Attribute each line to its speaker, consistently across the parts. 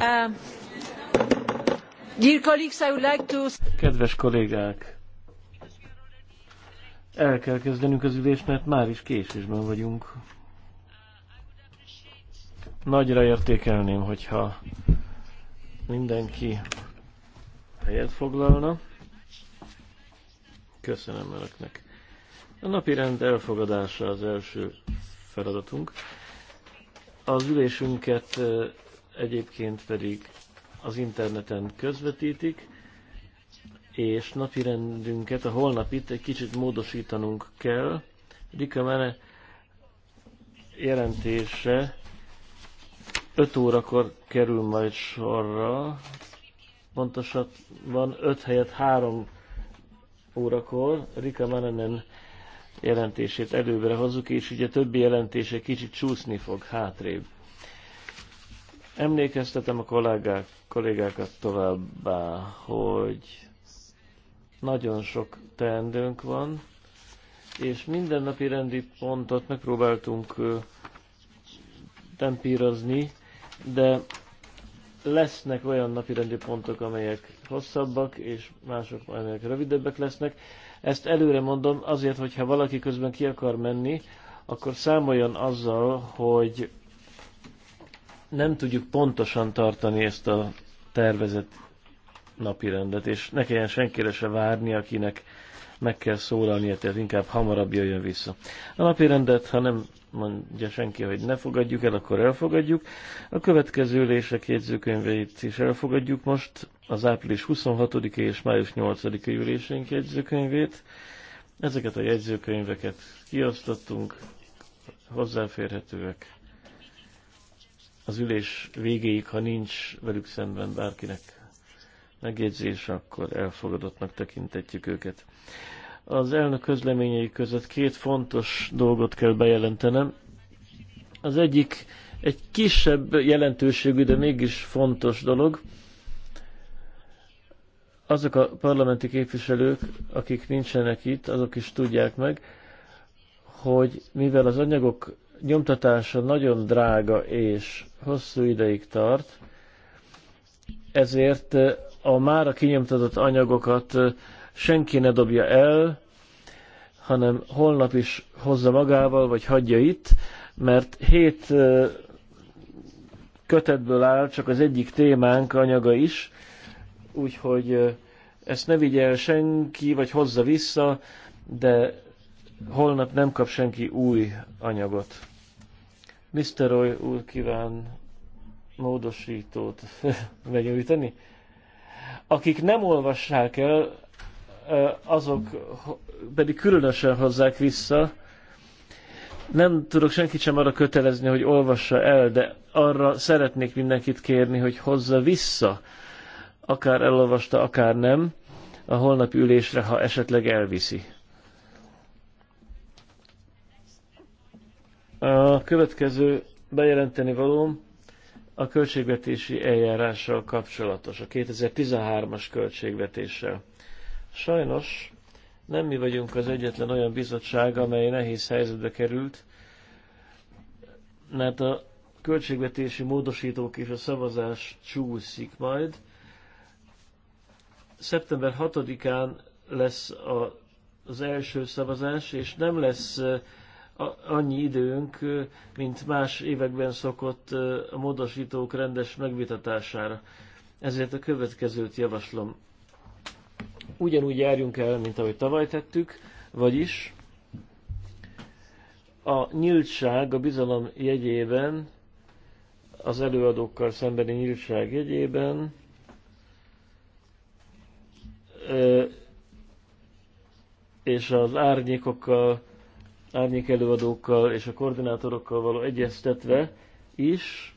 Speaker 1: Um,
Speaker 2: Kedves kollégák! El kell kezdenünk az ülést, mert már is késésben vagyunk. Nagyra értékelném, hogyha mindenki helyet foglalna. Köszönöm önöknek. A napi rend elfogadása az első feladatunk. Az ülésünket egyébként pedig az interneten közvetítik, és napirendünket a holnapit egy kicsit módosítanunk kell. Rika Mene jelentése 5 órakor kerül majd sorra, pontosabban 5 helyett 3 órakor Rika Menenen jelentését előbbre hozzuk, és ugye többi jelentése kicsit csúszni fog hátrébb. Emlékeztetem a kollégák, kollégákat továbbá, hogy nagyon sok teendőnk van, és minden napi rendi pontot megpróbáltunk tempírozni, de lesznek olyan napirendi pontok, amelyek hosszabbak, és mások, amelyek rövidebbek lesznek. Ezt előre mondom azért, hogyha valaki közben ki akar menni, akkor számoljon azzal, hogy nem tudjuk pontosan tartani ezt a tervezett napirendet, és ne kelljen senkire se várni, akinek meg kell szólalnia, tehát inkább hamarabb jöjjön vissza. A napirendet, ha nem mondja senki, hogy ne fogadjuk el, akkor elfogadjuk. A következő ülések jegyzőkönyveit is elfogadjuk most, az április 26-i és május 8-i ülésénk jegyzőkönyvét. Ezeket a jegyzőkönyveket kiosztottunk, hozzáférhetőek az ülés végéig, ha nincs velük szemben bárkinek megjegyzés, akkor elfogadottnak tekintetjük őket. Az elnök közleményei között két fontos dolgot kell bejelentenem. Az egyik egy kisebb jelentőségű, de mégis fontos dolog. Azok a parlamenti képviselők, akik nincsenek itt, azok is tudják meg, hogy mivel az anyagok nyomtatása nagyon drága és hosszú ideig tart, ezért a mára kinyomtatott anyagokat senki ne dobja el, hanem holnap is hozza magával, vagy hagyja itt, mert hét kötetből áll csak az egyik témánk anyaga is, úgyhogy ezt ne vigye el senki, vagy hozza vissza, de holnap nem kap senki új anyagot. Mr. Roy úr kíván módosítót benyújtani. Akik nem olvassák el, azok pedig különösen hozzák vissza. Nem tudok senkit sem arra kötelezni, hogy olvassa el, de arra szeretnék mindenkit kérni, hogy hozza vissza, akár elolvasta, akár nem, a holnapi ülésre, ha esetleg elviszi. A következő bejelenteni valóm a költségvetési eljárással kapcsolatos, a 2013-as költségvetéssel. Sajnos nem mi vagyunk az egyetlen olyan bizottság, amely nehéz helyzetbe került, mert a költségvetési módosítók és a szavazás csúszik majd. Szeptember 6-án lesz a, az első szavazás, és nem lesz annyi időnk, mint más években szokott a módosítók rendes megvitatására. Ezért a következőt javaslom. Ugyanúgy járjunk el, mint ahogy tavaly tettük, vagyis a nyíltság a bizalom jegyében, az előadókkal szembeni nyíltság jegyében és az árnyékokkal árnyékelőadókkal előadókkal és a koordinátorokkal való egyeztetve is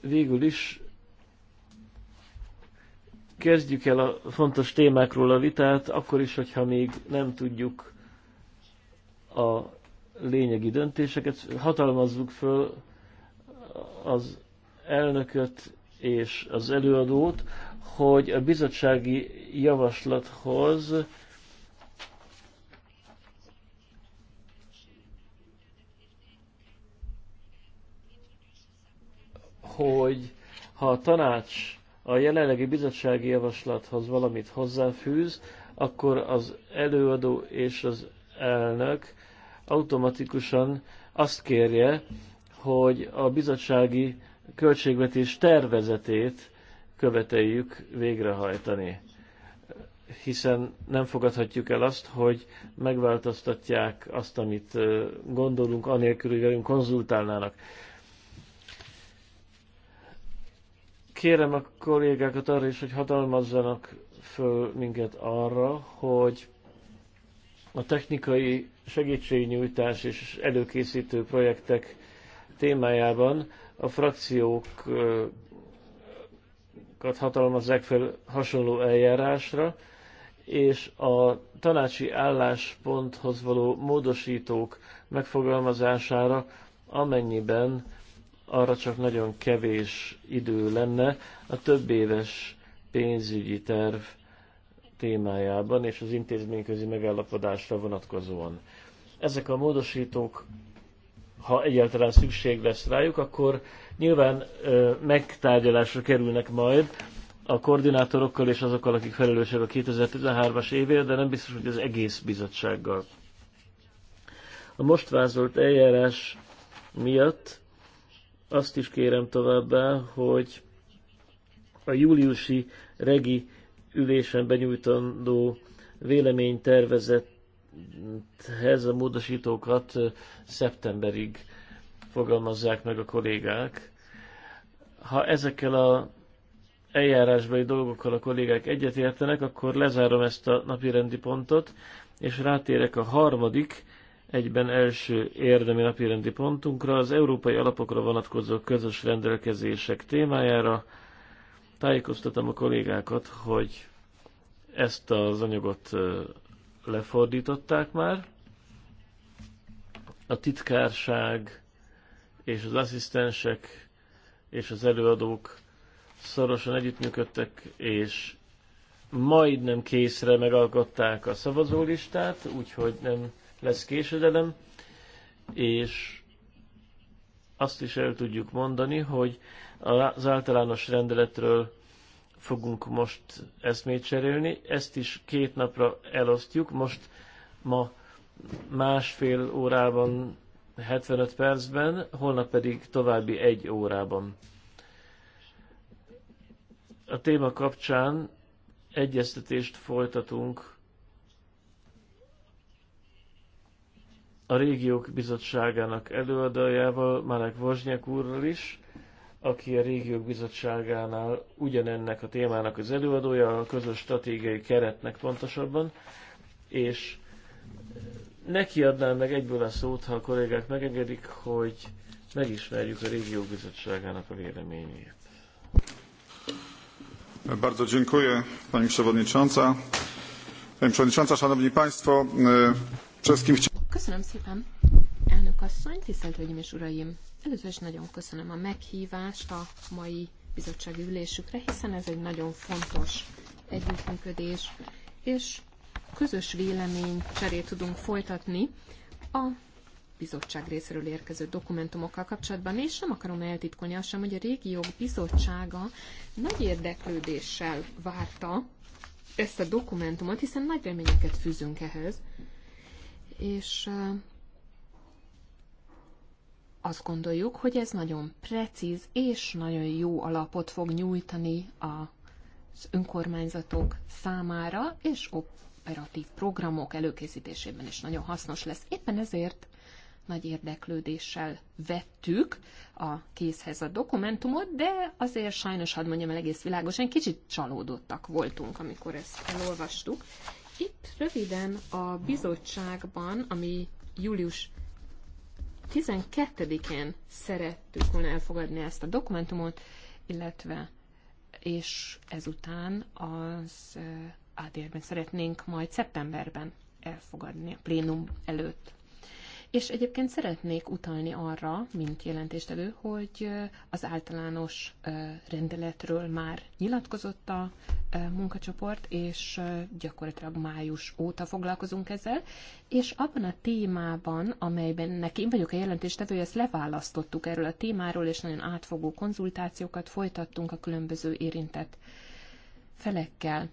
Speaker 2: végül is kezdjük el a fontos témákról a vitát, akkor is, hogyha még nem tudjuk a lényegi döntéseket, hatalmazzuk föl az elnököt és az előadót, hogy a bizottsági javaslathoz hogy ha a tanács a jelenlegi bizottsági javaslathoz valamit hozzáfűz, akkor az előadó és az elnök automatikusan azt kérje, hogy a bizottsági költségvetés tervezetét követeljük végrehajtani. Hiszen nem fogadhatjuk el azt, hogy megváltoztatják azt, amit gondolunk, anélkül, hogy velünk konzultálnának. Kérem a kollégákat arra is, hogy hatalmazzanak föl minket arra, hogy a technikai segítségnyújtás és előkészítő projektek témájában a frakciókat hatalmazzák fel hasonló eljárásra, és a tanácsi állásponthoz való módosítók megfogalmazására, amennyiben arra csak nagyon kevés idő lenne. A több éves pénzügyi terv témájában és az intézményközi megállapodásra vonatkozóan. Ezek a módosítók, ha egyáltalán szükség lesz rájuk, akkor nyilván ö, megtárgyalásra kerülnek majd a koordinátorokkal és azokkal, akik felelősek a 2013-as évért, de nem biztos, hogy az egész bizottsággal. A most vázolt eljárás miatt azt is kérem továbbá, hogy a júliusi regi ülésen benyújtandó véleménytervezethez a módosítókat szeptemberig fogalmazzák meg a kollégák. Ha ezekkel a eljárásbeli dolgokkal a kollégák egyetértenek, akkor lezárom ezt a napirendi pontot, és rátérek a harmadik egyben első érdemi napirendi pontunkra, az európai alapokra vonatkozó közös rendelkezések témájára. Tájékoztatom a kollégákat, hogy ezt az anyagot lefordították már. A titkárság és az asszisztensek és az előadók szorosan együttműködtek, és majdnem készre megalkották a szavazólistát, úgyhogy nem lesz késedelem, és azt is el tudjuk mondani, hogy az általános rendeletről fogunk most eszmét cserélni, ezt is két napra elosztjuk, most ma másfél órában, 75 percben, holnap pedig további egy órában. A téma kapcsán egyeztetést folytatunk a régiók bizottságának előadójával, Marek Vozsnyák úrral is, aki a régiók bizottságánál ugyanennek a témának az előadója, a közös stratégiai keretnek pontosabban, és neki adnám meg egyből a szót, ha a kollégák megengedik, hogy megismerjük a régiók bizottságának a véleményét. Bardzo dziękuję Pani Przewodnicząca. Pani Przewodnicząca,
Speaker 1: Szanowni Państwo, e, przede wszystkim chciałbym...
Speaker 3: Köszönöm szépen, elnök asszony, tisztelt hölgyeim és uraim! Először is nagyon köszönöm a meghívást a mai bizottsági ülésükre, hiszen ez egy nagyon fontos együttműködés, és közös vélemény cserét tudunk folytatni a bizottság részéről érkező dokumentumokkal kapcsolatban, és nem akarom eltitkolni azt sem, hogy a régiók bizottsága nagy érdeklődéssel várta ezt a dokumentumot, hiszen nagy reményeket fűzünk ehhez, és azt gondoljuk, hogy ez nagyon precíz és nagyon jó alapot fog nyújtani az önkormányzatok számára, és operatív programok előkészítésében is nagyon hasznos lesz. Éppen ezért nagy érdeklődéssel vettük a készhez a dokumentumot, de azért sajnos, hadd mondjam el egész világosan, kicsit csalódottak voltunk, amikor ezt elolvastuk, itt röviden a bizottságban, ami július 12-én szerettük volna elfogadni ezt a dokumentumot, illetve és ezután az eh, ADR-ben szeretnénk majd szeptemberben elfogadni a plénum előtt. És egyébként szeretnék utalni arra, mint jelentéstevő, hogy az általános rendeletről már nyilatkozott a munkacsoport, és gyakorlatilag május óta foglalkozunk ezzel, és abban a témában, amelyben neki én vagyok a jelentéstevő, ezt leválasztottuk erről a témáról, és nagyon átfogó konzultációkat folytattunk a különböző érintett felekkel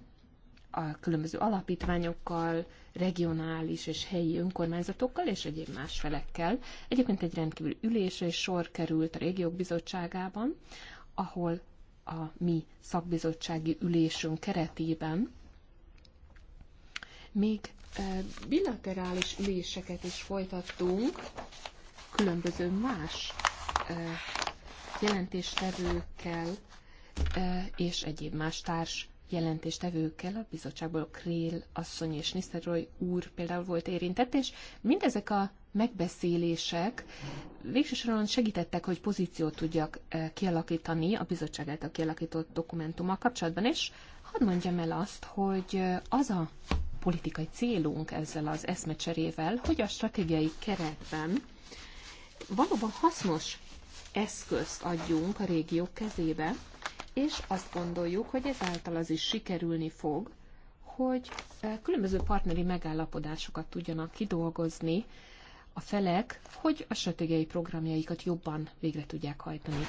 Speaker 3: a különböző alapítványokkal, regionális és helyi önkormányzatokkal és egyéb más felekkel. Egyébként egy rendkívül ülésre és sor került a régiók bizottságában, ahol a mi szakbizottsági ülésünk keretében még bilaterális üléseket is folytattunk különböző más jelentéstevőkkel és egyéb más társ jelentéstevőkkel, a bizottságból Krél asszony és Nisztelrooy úr például volt érintett, és mindezek a megbeszélések végsősorban segítettek, hogy pozíciót tudjak eh, kialakítani a bizottság által kialakított dokumentummal kapcsolatban, és hadd mondjam el azt, hogy eh, az a politikai célunk ezzel az eszmecserével, hogy a stratégiai keretben valóban hasznos eszközt adjunk a régiók kezébe, és azt gondoljuk, hogy ezáltal az is sikerülni fog, hogy e, különböző partneri megállapodásokat tudjanak kidolgozni a felek, hogy a stratégiai programjaikat jobban végre tudják hajtani.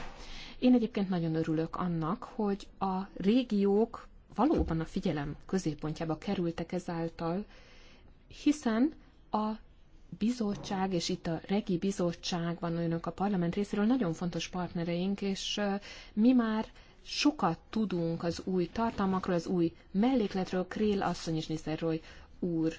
Speaker 3: Én egyébként nagyon örülök annak, hogy a régiók valóban a figyelem középpontjába kerültek ezáltal, hiszen a bizottság, és itt a regi van önök a parlament részéről nagyon fontos partnereink, és e, mi már sokat tudunk az új tartalmakról, az új mellékletről, Krél asszony és Nisztelrooy úr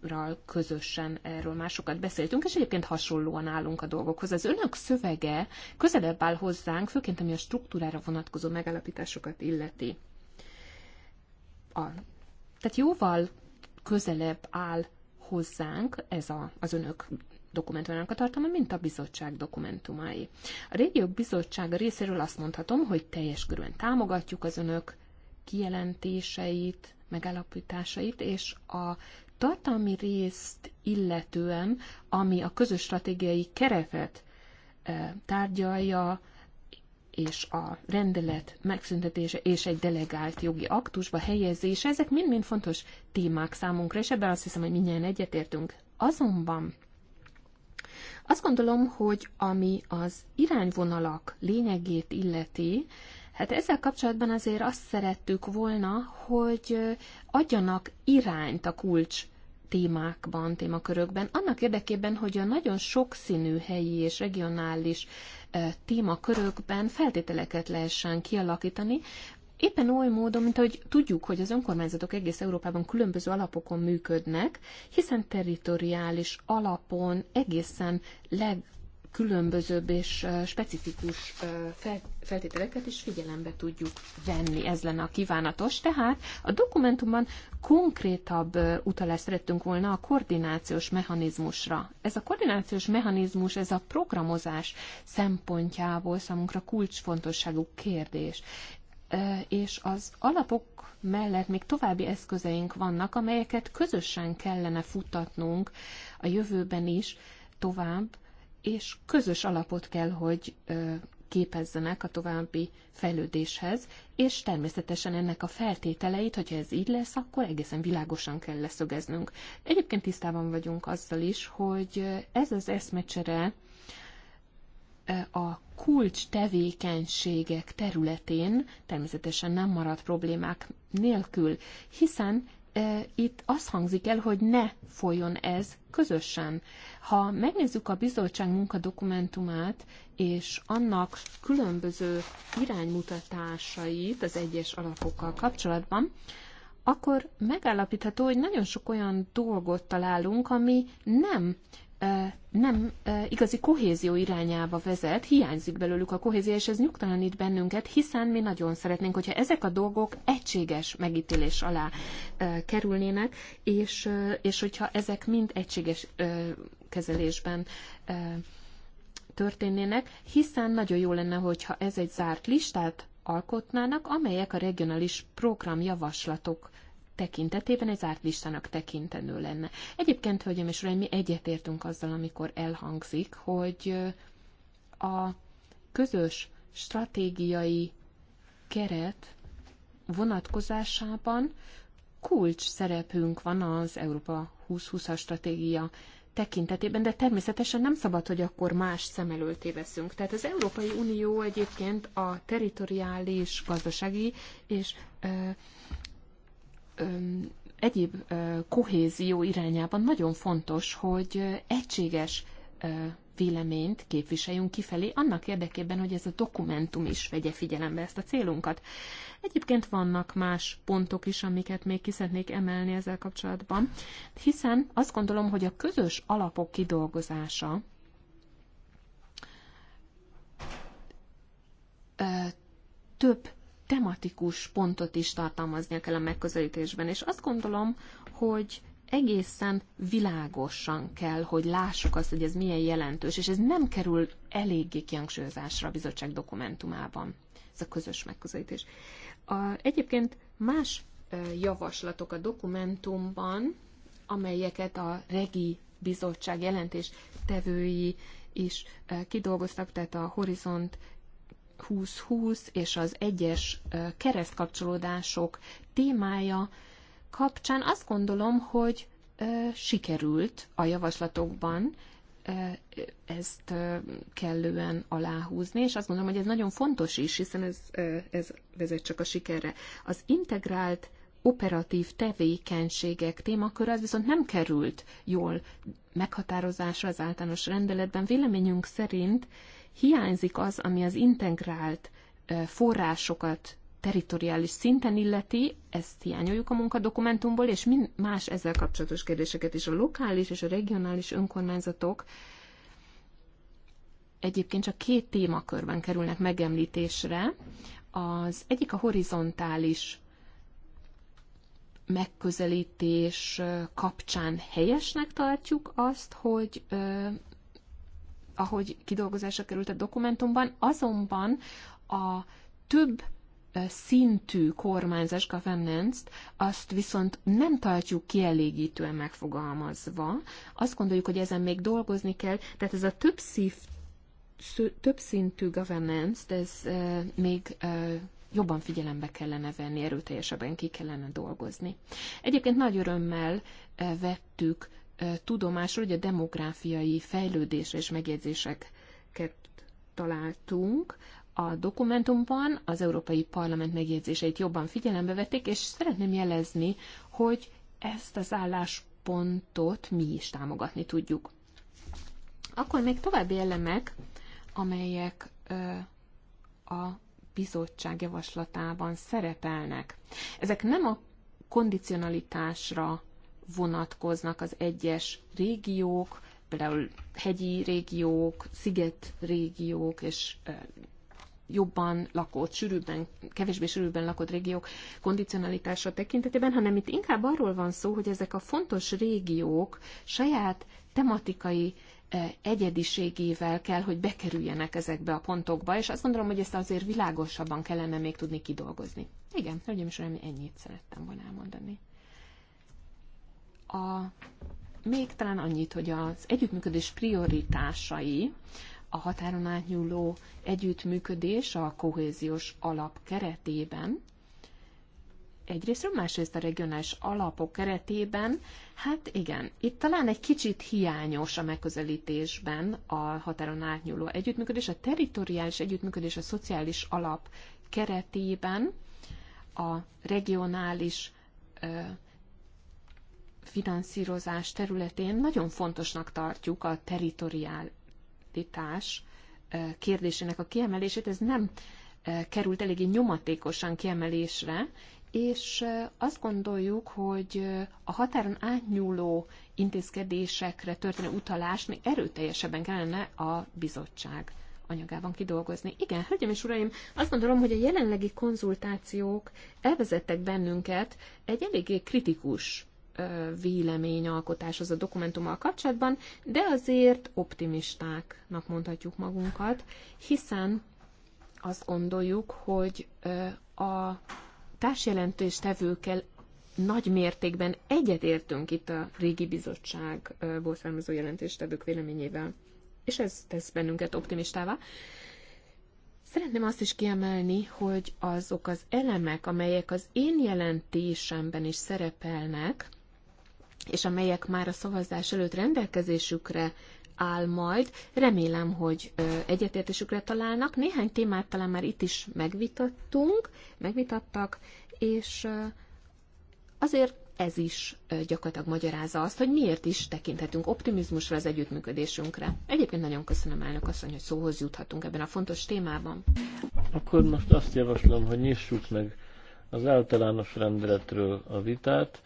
Speaker 3: ral közösen erről már sokat beszéltünk, és egyébként hasonlóan állunk a dolgokhoz. Az önök szövege közelebb áll hozzánk, főként ami a struktúrára vonatkozó megállapításokat illeti. A, tehát jóval közelebb áll hozzánk ez a, az önök dokumentumának a tartalma, mint a bizottság dokumentumai. A régiók bizottsága részéről azt mondhatom, hogy teljes körülön támogatjuk az önök kijelentéseit, megállapításait, és a tartalmi részt illetően, ami a közös stratégiai keretet e, tárgyalja, és a rendelet megszüntetése és egy delegált jogi aktusba helyezése, ezek mind-mind fontos témák számunkra, és ebben azt hiszem, hogy mindjárt egyetértünk. Azonban azt gondolom, hogy ami az irányvonalak lényegét illeti, Hát ezzel kapcsolatban azért azt szerettük volna, hogy adjanak irányt a kulcs témákban, témakörökben, annak érdekében, hogy a nagyon sokszínű helyi és regionális témakörökben feltételeket lehessen kialakítani, éppen oly módon, mint ahogy tudjuk, hogy az önkormányzatok egész Európában különböző alapokon működnek, hiszen territoriális alapon egészen legkülönbözőbb és specifikus feltételeket is figyelembe tudjuk venni. Ez lenne a kívánatos. Tehát a dokumentumban konkrétabb utalást szerettünk volna a koordinációs mechanizmusra. Ez a koordinációs mechanizmus, ez a programozás szempontjából számunkra kulcsfontosságú kérdés és az alapok mellett még további eszközeink vannak, amelyeket közösen kellene futtatnunk a jövőben is tovább, és közös alapot kell, hogy képezzenek a további fejlődéshez, és természetesen ennek a feltételeit, hogyha ez így lesz, akkor egészen világosan kell leszögeznünk. Egyébként tisztában vagyunk azzal is, hogy ez az eszmecsere a kulcs tevékenységek területén természetesen nem marad problémák nélkül, hiszen e, itt az hangzik el, hogy ne folyjon ez közösen. Ha megnézzük a bizottság munkadokumentumát, és annak különböző iránymutatásait az egyes alapokkal kapcsolatban, akkor megállapítható, hogy nagyon sok olyan dolgot találunk, ami nem nem igazi kohézió irányába vezet, hiányzik belőlük a kohézió, és ez nyugtalanít bennünket, hiszen mi nagyon szeretnénk, hogyha ezek a dolgok egységes megítélés alá kerülnének, és, és hogyha ezek mind egységes kezelésben történnének, hiszen nagyon jó lenne, hogyha ez egy zárt listát alkotnának, amelyek a regionális javaslatok tekintetében egy zárt listának tekintenő lenne. Egyébként, hogy és uraim, mi egyetértünk azzal, amikor elhangzik, hogy a közös stratégiai keret vonatkozásában kulcs szerepünk van az Európa 2020-as stratégia tekintetében, de természetesen nem szabad, hogy akkor más szem előtt téveszünk. Tehát az Európai Unió egyébként a teritoriális, gazdasági és ö, egyéb kohézió irányában nagyon fontos, hogy egységes véleményt képviseljünk kifelé, annak érdekében, hogy ez a dokumentum is vegye figyelembe ezt a célunkat. Egyébként vannak más pontok is, amiket még ki szeretnék emelni ezzel kapcsolatban, hiszen azt gondolom, hogy a közös alapok kidolgozása több tematikus pontot is tartalmaznia kell a megközelítésben, és azt gondolom, hogy egészen világosan kell, hogy lássuk azt, hogy ez milyen jelentős, és ez nem kerül eléggé kihangsúlyozásra a bizottság dokumentumában. Ez a közös megközelítés. A, egyébként más javaslatok a dokumentumban, amelyeket a regi bizottság jelentés tevői is kidolgoztak, tehát a Horizont 2020 és az egyes keresztkapcsolódások témája kapcsán azt gondolom, hogy sikerült a javaslatokban ezt kellően aláhúzni, és azt gondolom, hogy ez nagyon fontos is, hiszen ez, ez vezet csak a sikerre. Az integrált operatív tevékenységek témakör az viszont nem került jól meghatározásra az általános rendeletben. Véleményünk szerint hiányzik az, ami az integrált forrásokat teritoriális szinten illeti, ezt hiányoljuk a munkadokumentumból, és mind más ezzel kapcsolatos kérdéseket is. A lokális és a regionális önkormányzatok egyébként csak két témakörben kerülnek megemlítésre. Az egyik a horizontális megközelítés kapcsán helyesnek tartjuk azt, hogy ahogy kidolgozásra került a dokumentumban, azonban a több szintű kormányzás governance azt viszont nem tartjuk kielégítően megfogalmazva. Azt gondoljuk, hogy ezen még dolgozni kell, tehát ez a több, szív, több szintű governance, ez még jobban figyelembe kellene venni, erőteljesebben ki kellene dolgozni. Egyébként nagy örömmel vettük tudomásról, hogy a demográfiai fejlődésre és megjegyzéseket találtunk a dokumentumban az Európai Parlament megjegyzéseit jobban figyelembe vették, és szeretném jelezni, hogy ezt az álláspontot mi is támogatni tudjuk. Akkor még további elemek, amelyek a bizottság javaslatában szerepelnek. Ezek nem a kondicionalitásra vonatkoznak az egyes régiók, például hegyi régiók, sziget régiók és jobban lakott, sűrűbben, kevésbé sűrűbben lakott régiók kondicionalitása tekintetében, hanem itt inkább arról van szó, hogy ezek a fontos régiók saját tematikai egyediségével kell, hogy bekerüljenek ezekbe a pontokba, és azt gondolom, hogy ezt azért világosabban kellene még tudni kidolgozni. Igen, hölgyeim és ennyit szerettem volna elmondani a, még talán annyit, hogy az együttműködés prioritásai, a határon átnyúló együttműködés a kohéziós alap keretében, egyrészt, másrészt a regionális alapok keretében, hát igen, itt talán egy kicsit hiányos a megközelítésben a határon átnyúló együttműködés, a teritoriális együttműködés a szociális alap keretében, a regionális finanszírozás területén nagyon fontosnak tartjuk a teritoriálitás kérdésének a kiemelését. Ez nem került eléggé nyomatékosan kiemelésre, és azt gondoljuk, hogy a határon átnyúló intézkedésekre történő utalás még erőteljesebben kellene a bizottság anyagában kidolgozni. Igen, hölgyeim és uraim, azt gondolom, hogy a jelenlegi konzultációk elvezettek bennünket egy eléggé kritikus véleményalkotás az a dokumentummal kapcsolatban, de azért optimistáknak mondhatjuk magunkat, hiszen azt gondoljuk, hogy a társjelentéstevőkkel nagy mértékben egyetértünk itt a régi bizottság származó jelentéstevők véleményével, és ez tesz bennünket optimistává. Szeretném azt is kiemelni, hogy azok az elemek, amelyek az én jelentésemben is szerepelnek, és amelyek már a szavazás előtt rendelkezésükre áll majd. Remélem, hogy egyetértésükre találnak. Néhány témát talán már itt is megvitattunk, megvitattak, és azért ez is gyakorlatilag magyarázza azt, hogy miért is tekinthetünk optimizmusra az együttműködésünkre. Egyébként nagyon köszönöm elnök asszony, hogy szóhoz juthatunk ebben a fontos témában.
Speaker 2: Akkor most azt javaslom, hogy nyissuk meg az általános rendeletről a vitát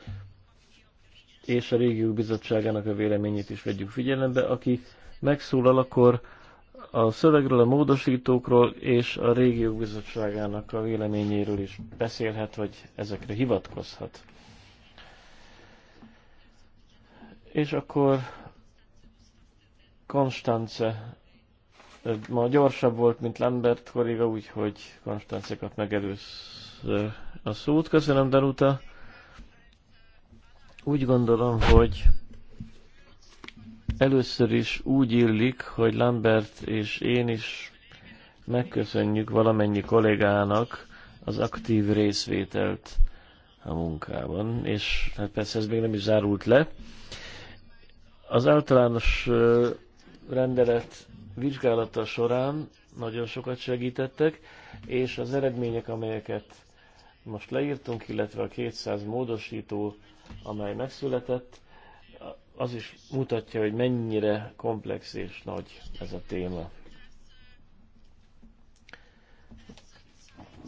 Speaker 2: és a régiók bizottságának a véleményét is vegyük figyelembe, aki megszólal, akkor a szövegről, a módosítókról és a régiók bizottságának a véleményéről is beszélhet, vagy ezekre hivatkozhat. És akkor Konstance ma gyorsabb volt, mint Lambert kolléga, úgyhogy Konstance kap meg először a szót. Köszönöm, Danuta. Úgy gondolom, hogy először is úgy illik, hogy Lambert és én is megköszönjük valamennyi kollégának az aktív részvételt a munkában, és hát persze ez még nem is zárult le. Az általános rendelet vizsgálata során nagyon sokat segítettek, és az eredmények, amelyeket most leírtunk, illetve a 200 módosító amely megszületett, az is mutatja, hogy mennyire komplex és nagy ez a téma.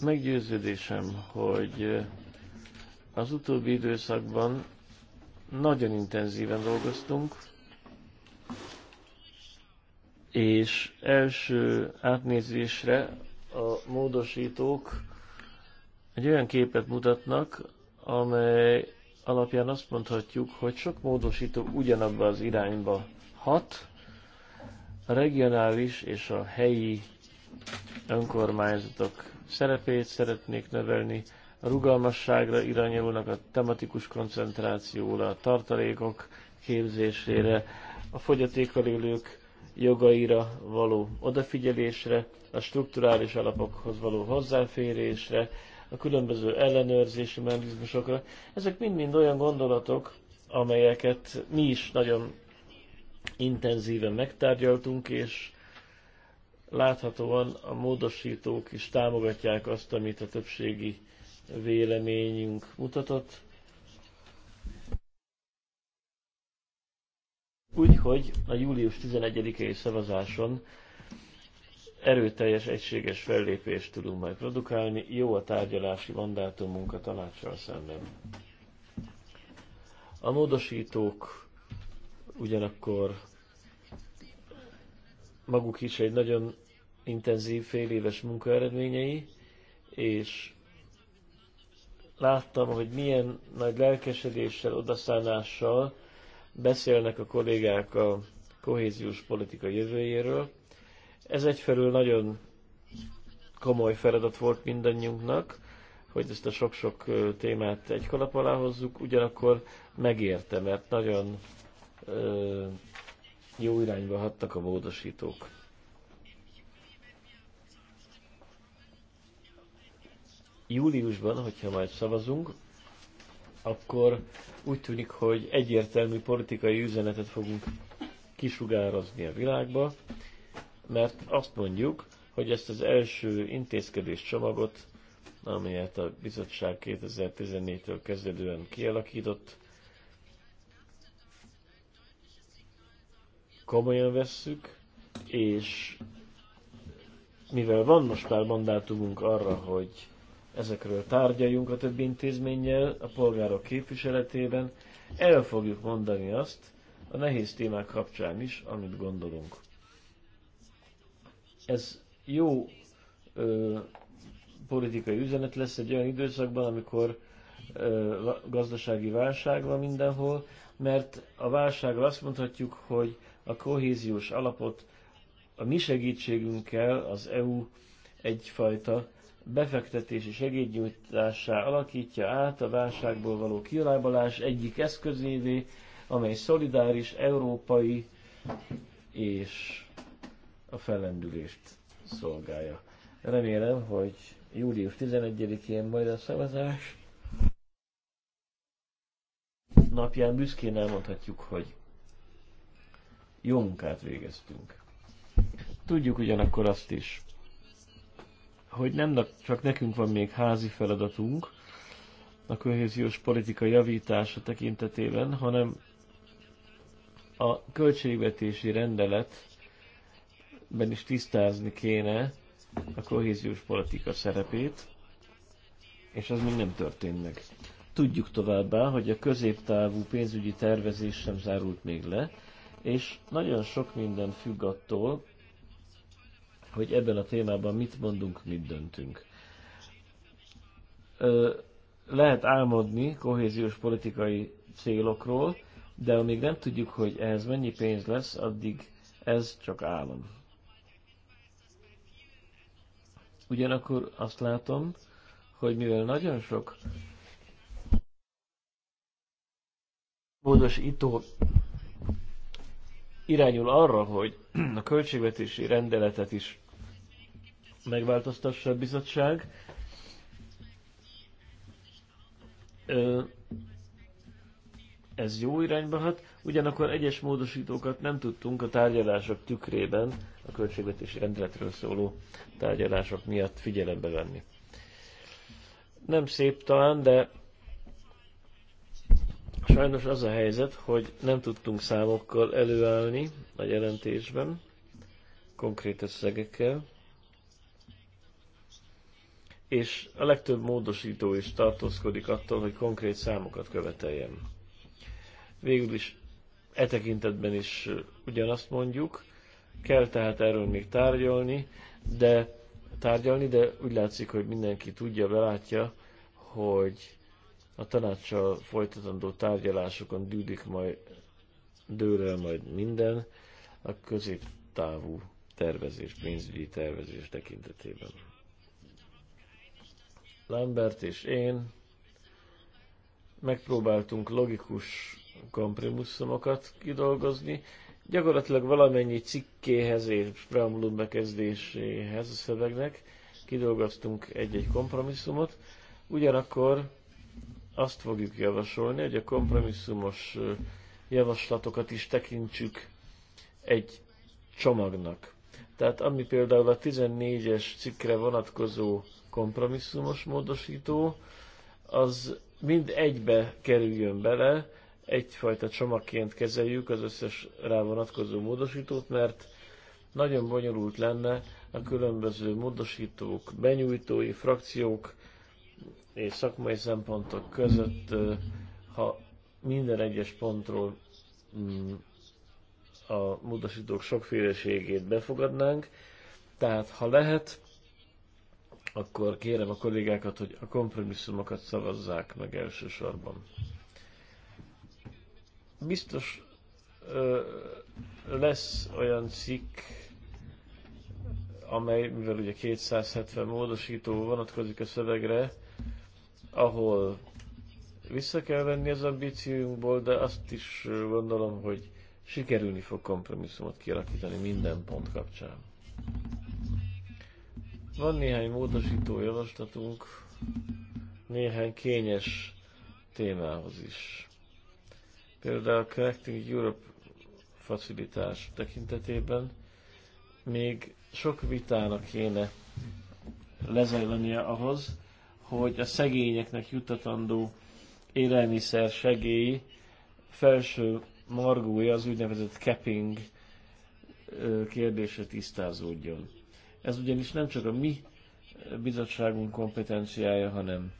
Speaker 2: Meggyőződésem, hogy az utóbbi időszakban nagyon intenzíven dolgoztunk, és első átnézésre a módosítók egy olyan képet mutatnak, amely alapján azt mondhatjuk, hogy sok módosító ugyanabba az irányba hat, a regionális és a helyi önkormányzatok szerepét szeretnék növelni, a rugalmasságra irányulnak, a tematikus koncentrációra, a tartalékok képzésére, a fogyatékkal élők jogaira való odafigyelésre, a strukturális alapokhoz való hozzáférésre, a különböző ellenőrzési mechanizmusokra. Ezek mind-mind olyan gondolatok, amelyeket mi is nagyon intenzíven megtárgyaltunk, és láthatóan a módosítók is támogatják azt, amit a többségi véleményünk mutatott. Úgyhogy a július 11-i szavazáson erőteljes, egységes fellépést tudunk majd produkálni, jó a tárgyalási mandátumunk a tanácssal szemben. A módosítók ugyanakkor maguk is egy nagyon intenzív fél éves munka eredményei, és láttam, hogy milyen nagy lelkesedéssel, odaszánással beszélnek a kollégák a kohéziós politika jövőjéről, ez egyfelől nagyon komoly feladat volt mindannyiunknak, hogy ezt a sok-sok témát egy kalap alá hozzuk, ugyanakkor megérte, mert nagyon ö, jó irányba hattak a módosítók. Júliusban, hogyha majd szavazunk, akkor úgy tűnik, hogy egyértelmű politikai üzenetet fogunk kisugározni a világba, mert azt mondjuk, hogy ezt az első intézkedés csomagot, amelyet a bizottság 2014-től kezdődően kialakított, komolyan vesszük, és mivel van most már mandátumunk arra, hogy ezekről tárgyaljunk a több intézménnyel, a polgárok képviseletében, el fogjuk mondani azt a nehéz témák kapcsán is, amit gondolunk. Ez jó ö, politikai üzenet lesz egy olyan időszakban, amikor ö, gazdasági válság van mindenhol, mert a válságra azt mondhatjuk, hogy a kohéziós alapot a mi segítségünkkel az EU egyfajta befektetési segédnyújtásá alakítja át a válságból való kilábalás egyik eszközévé, amely szolidáris, európai és a fellendülést szolgálja. Remélem, hogy július 11-én majd a szavazás napján büszkén elmondhatjuk, hogy jó munkát végeztünk. Tudjuk ugyanakkor azt is, hogy nem csak nekünk van még házi feladatunk a kohéziós politika javítása tekintetében, hanem a költségvetési rendelet ben is tisztázni kéne a kohéziós politika szerepét, és az még nem történt meg. Tudjuk továbbá, hogy a középtávú pénzügyi tervezés sem zárult még le, és nagyon sok minden függ attól, hogy ebben a témában mit mondunk, mit döntünk. Ö, lehet álmodni kohéziós politikai célokról, de amíg nem tudjuk, hogy ehhez mennyi pénz lesz, addig ez csak álom. Ugyanakkor azt látom, hogy mivel nagyon sok módosító irányul arra, hogy a költségvetési rendeletet is megváltoztassa a bizottság, ez jó irányba hat, ugyanakkor egyes módosítókat nem tudtunk a tárgyalások tükrében a költségvetési rendeletről szóló tárgyalások miatt figyelembe venni. Nem szép talán, de sajnos az a helyzet, hogy nem tudtunk számokkal előállni a jelentésben, konkrét összegekkel, és a legtöbb módosító is tartózkodik attól, hogy konkrét számokat követeljem. Végül is e tekintetben is ugyanazt mondjuk, Kell tehát erről még tárgyalni, de tárgyalni, de úgy látszik, hogy mindenki tudja, belátja, hogy a tanácssal folytatandó tárgyalásokon dűdik majd, dől el majd minden a középtávú tervezés, pénzügyi tervezés tekintetében. Lambert és én megpróbáltunk logikus kompromisszumokat kidolgozni, Gyakorlatilag valamennyi cikkéhez és preambulum bekezdéséhez a szövegnek kidolgoztunk egy-egy kompromisszumot, ugyanakkor azt fogjuk javasolni, hogy a kompromisszumos javaslatokat is tekintsük egy csomagnak. Tehát ami például a 14-es cikkre vonatkozó kompromisszumos módosító, az mind egybe kerüljön bele egyfajta csomagként kezeljük az összes rá vonatkozó módosítót, mert nagyon bonyolult lenne a különböző módosítók, benyújtói, frakciók és szakmai szempontok között, ha minden egyes pontról mm, a módosítók sokféleségét befogadnánk. Tehát ha lehet, akkor kérem a kollégákat, hogy a kompromisszumokat szavazzák meg elsősorban. Biztos ö, lesz olyan cikk, amely, mivel ugye 270 módosító vonatkozik a szövegre, ahol vissza kell venni az ambícióinkból, de azt is gondolom, hogy sikerülni fog kompromisszumot kialakítani minden pont kapcsán. Van néhány módosító javaslatunk, néhány kényes témához is. Például a Connecting Europe facilitás tekintetében még sok vitának kéne lezajlania ahhoz, hogy a szegényeknek juttatandó élelmiszer segély felső margója az úgynevezett capping kérdése tisztázódjon. Ez ugyanis nem csak a mi bizottságunk kompetenciája, hanem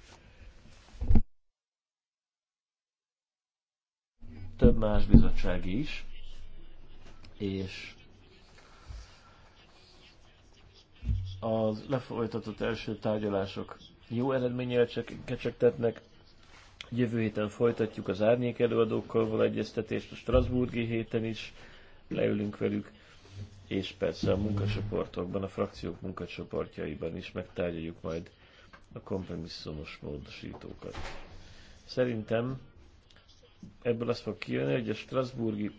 Speaker 2: több más bizottság is, és az lefolytatott első tárgyalások jó eredményére kecsegtetnek. Jövő héten folytatjuk az árnyék előadókkal való egyeztetést, a Strasburgi héten is leülünk velük, és persze a munkacsoportokban, a frakciók munkacsoportjaiban is megtárgyaljuk majd a kompromisszumos módosítókat. Szerintem ebből azt fog kijönni, hogy a Strasburgi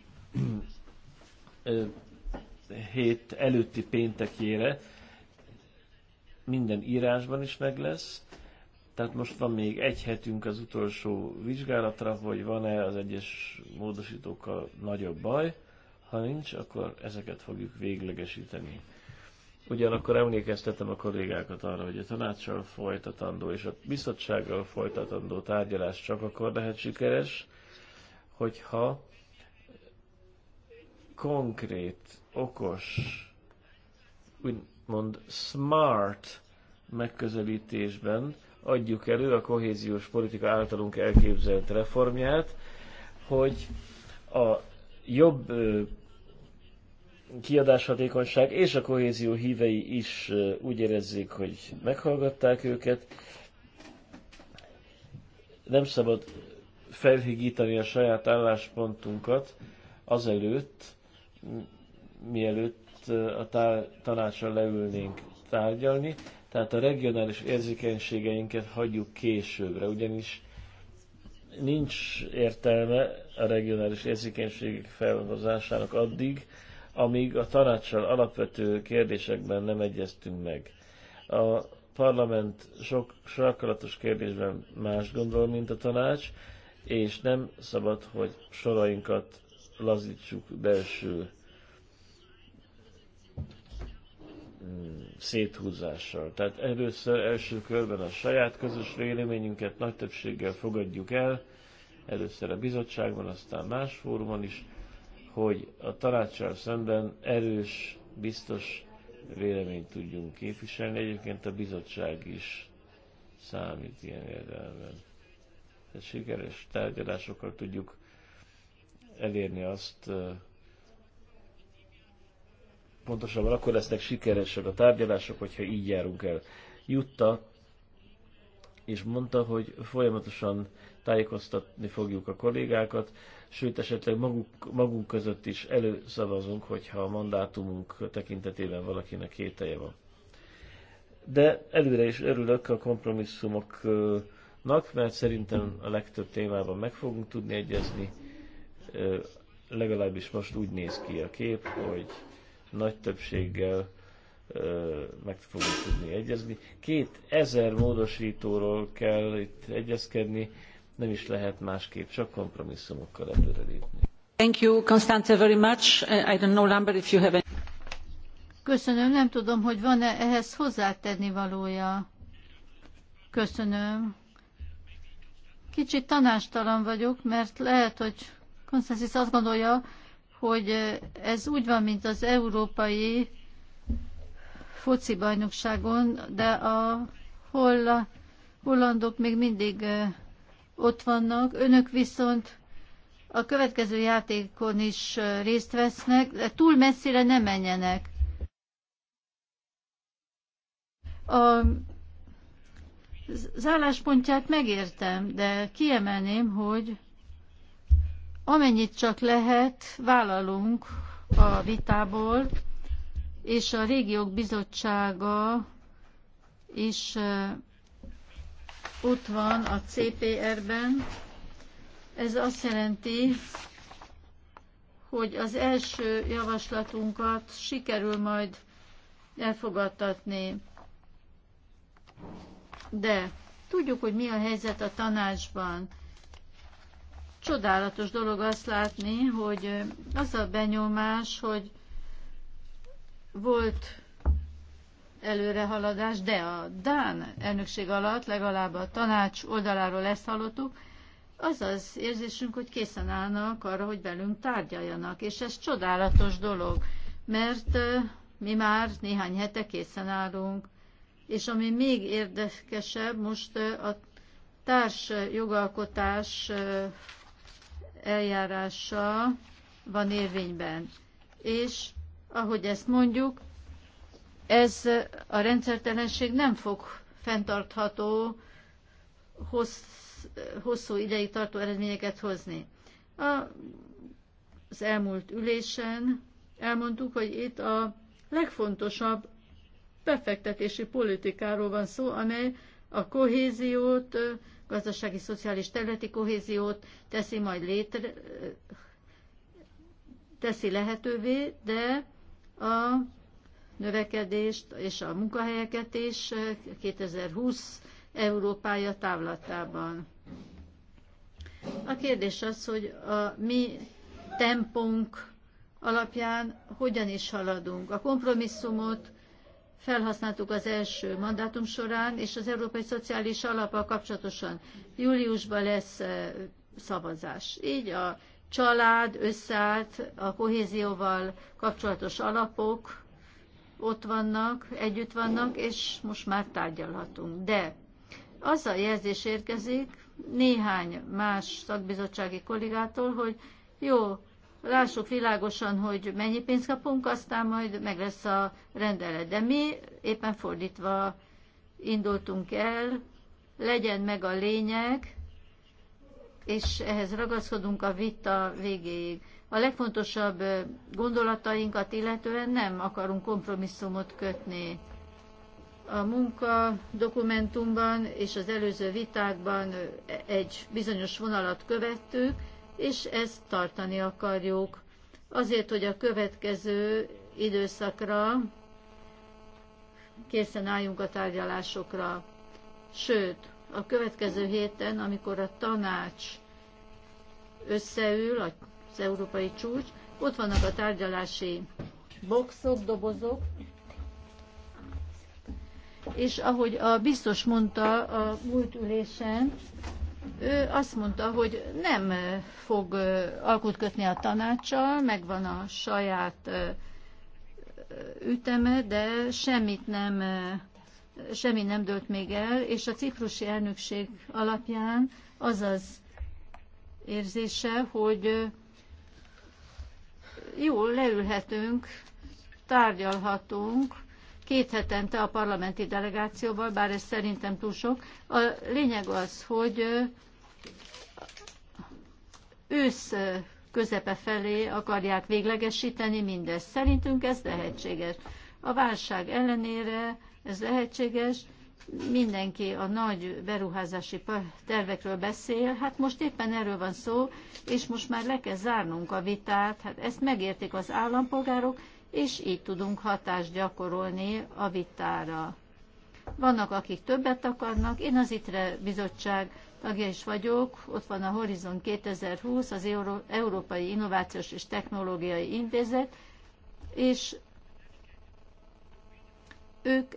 Speaker 2: hét előtti péntekére minden írásban is meg lesz, tehát most van még egy hetünk az utolsó vizsgálatra, hogy van-e az egyes módosítókkal nagyobb baj. Ha nincs, akkor ezeket fogjuk véglegesíteni. Ugyanakkor emlékeztetem a kollégákat arra, hogy a tanácssal folytatandó és a bizottsággal folytatandó tárgyalás csak akkor lehet sikeres, hogyha konkrét, okos, úgymond smart megközelítésben adjuk elő a kohéziós politika általunk elképzelt reformját, hogy a jobb kiadáshatékonyság és a kohézió hívei is úgy érezzék, hogy meghallgatták őket. Nem szabad felhigítani a saját álláspontunkat azelőtt, mielőtt a tanácsra leülnénk tárgyalni, tehát a regionális érzékenységeinket hagyjuk későbbre, ugyanis nincs értelme a regionális érzékenységek felhozásának addig, amíg a tanácssal alapvető kérdésekben nem egyeztünk meg. A parlament sok sarkalatos kérdésben más gondol, mint a tanács, és nem szabad, hogy sorainkat lazítsuk belső mm, széthúzással. Tehát először, első körben a saját közös véleményünket nagy többséggel fogadjuk el, először a bizottságban, aztán más fórumon is, hogy a tanácssal szemben erős, biztos véleményt tudjunk képviselni. Egyébként a bizottság is számít ilyen érdelemben sikeres tárgyalásokkal tudjuk elérni azt, pontosabban akkor lesznek sikeresek a tárgyalások, hogyha így járunk el. Jutta, és mondta, hogy folyamatosan tájékoztatni fogjuk a kollégákat, sőt esetleg maguk, magunk között is előszavazunk, hogyha a mandátumunk tekintetében valakinek kételje van. De előre is örülök a kompromisszumok Nak, mert szerintem a legtöbb témában meg fogunk tudni egyezni. Legalábbis most úgy néz ki a kép, hogy nagy többséggel meg fogunk tudni egyezni. Két ezer módosítóról kell itt egyezkedni, nem is lehet másképp, csak kompromisszumokkal lépni.
Speaker 1: Thank you, Constanze, very much. I don't know, Lambert, if you have any... Köszönöm, nem tudom, hogy van-e ehhez hozzátenni valója. Köszönöm. Kicsit tanástalan vagyok, mert lehet, hogy Konstantin azt gondolja, hogy ez úgy van, mint az európai foci bajnokságon, de a holla, hollandok még mindig ott vannak, önök viszont a következő játékon is részt vesznek, de túl messzire ne menjenek. A az álláspontját megértem, de kiemelném, hogy amennyit csak lehet, vállalunk a vitából, és a régiók bizottsága is ott van a CPR-ben. Ez azt jelenti, hogy az első javaslatunkat sikerül majd elfogadtatni de tudjuk, hogy mi a helyzet a tanácsban. Csodálatos dolog azt látni, hogy az a benyomás, hogy volt előrehaladás, de a Dán elnökség alatt legalább a tanács oldaláról ezt hallottuk, az az érzésünk, hogy készen állnak arra, hogy velünk tárgyaljanak, és ez csodálatos dolog, mert mi már néhány hete készen állunk és ami még érdekesebb, most a társ jogalkotás eljárása van érvényben. És ahogy ezt mondjuk, ez a rendszertelenség nem fog fenntartható, hossz, hosszú ideig tartó eredményeket hozni. A, az elmúlt ülésen elmondtuk, hogy itt a legfontosabb befektetési politikáról van szó, amely a kohéziót, gazdasági, szociális területi kohéziót teszi majd létre, teszi lehetővé, de a növekedést és a munkahelyeket is 2020 Európája távlatában. A kérdés az, hogy a mi tempónk alapján hogyan is haladunk. A kompromisszumot felhasználtuk az első mandátum során, és az Európai Szociális Alappal kapcsolatosan júliusban lesz szavazás. Így a család összeállt, a kohézióval kapcsolatos alapok ott vannak, együtt vannak, és most már tárgyalhatunk. De az a jelzés érkezik néhány más szakbizottsági kollégától, hogy jó, lássuk világosan, hogy mennyi pénzt kapunk, aztán majd meg lesz a rendelet. De mi éppen fordítva indultunk el, legyen meg a lényeg, és ehhez ragaszkodunk a vita végéig. A legfontosabb gondolatainkat illetően nem akarunk kompromisszumot kötni. A munka dokumentumban és az előző vitákban egy bizonyos vonalat követtük, és ezt tartani akarjuk. Azért, hogy a következő időszakra készen álljunk a tárgyalásokra. Sőt, a következő héten, amikor a tanács összeül, az európai csúcs, ott vannak a tárgyalási boxok, dobozok, és ahogy a biztos mondta a múlt ülésen, ő azt mondta, hogy nem fog alkut kötni a tanácssal, megvan a saját üteme, de semmit nem, semmi nem dőlt még el, és a ciprusi elnökség alapján az az érzése, hogy jól leülhetünk, tárgyalhatunk, két hetente a parlamenti delegációval, bár ez szerintem túl sok. A lényeg az, hogy ősz közepe felé akarják véglegesíteni mindezt. Szerintünk ez lehetséges. A válság ellenére ez lehetséges, mindenki a nagy beruházási tervekről beszél, hát most éppen erről van szó, és most már le kell zárnunk a vitát, hát ezt megértik az állampolgárok, és így tudunk hatást gyakorolni a vitára. Vannak, akik többet akarnak, én az ITRE bizottság tagja is vagyok, ott van a Horizon 2020, az Euró- Európai Innovációs és Technológiai Intézet, és ők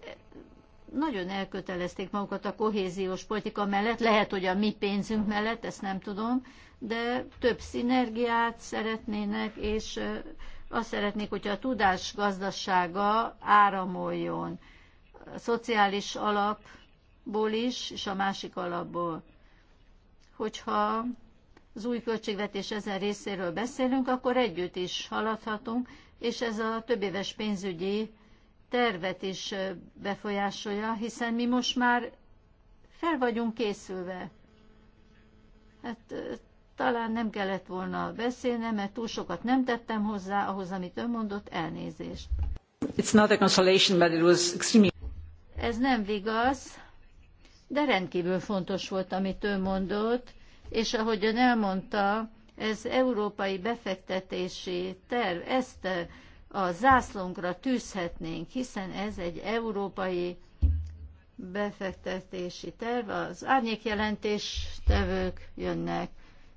Speaker 1: nagyon elkötelezték magukat a kohéziós politika mellett, lehet, hogy a mi pénzünk mellett, ezt nem tudom, de több szinergiát szeretnének, és azt szeretnék, hogyha a tudás gazdasága áramoljon a szociális alapból is, és a másik alapból. Hogyha az új költségvetés ezen részéről beszélünk, akkor együtt is haladhatunk, és ez a többéves pénzügyi tervet is befolyásolja, hiszen mi most már fel vagyunk készülve. Hát talán nem kellett volna beszélnem, mert túl sokat nem tettem hozzá ahhoz, amit ön mondott, elnézést. It's not a consolation, but it
Speaker 3: was extremely...
Speaker 1: Ez nem vigasz, de rendkívül fontos volt, amit ő mondott, és ahogy ön elmondta, ez európai befektetési terv, ezt a zászlónkra tűzhetnénk, hiszen ez egy európai befektetési terv, az árnyékjelentés tevők jönnek.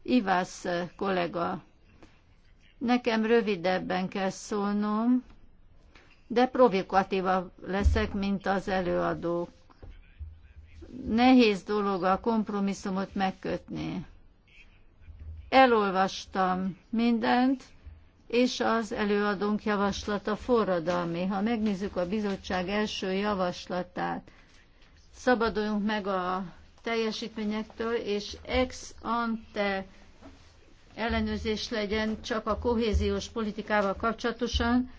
Speaker 1: Ivász eh, kollega, nekem rövidebben kell szólnom, de provokatívabb leszek, mint az előadók. Nehéz dolog a kompromisszumot megkötni. Elolvastam mindent, és az előadónk javaslata forradalmi. Ha megnézzük a bizottság első javaslatát, szabaduljunk meg a teljesítményektől, és ex ante ellenőrzés legyen csak a kohéziós politikával kapcsolatosan.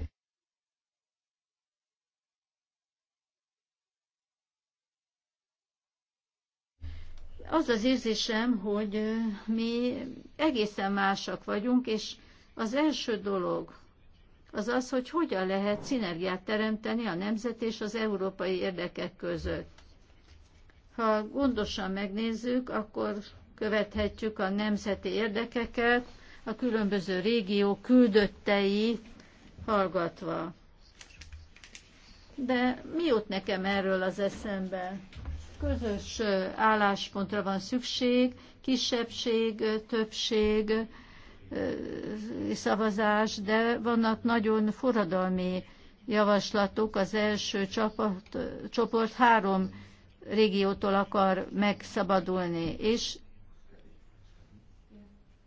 Speaker 1: Az az érzésem, hogy mi egészen másak vagyunk, és az első dolog az az, hogy hogyan lehet szinergiát teremteni a nemzet és az európai érdekek között. Ha gondosan megnézzük, akkor követhetjük a nemzeti érdekeket, a különböző régió küldöttei hallgatva. De mi jut nekem erről az eszembe? Közös álláspontra van szükség, kisebbség, többség, szavazás, de vannak nagyon forradalmi javaslatok. Az első csapat, csoport három régiótól akar megszabadulni, és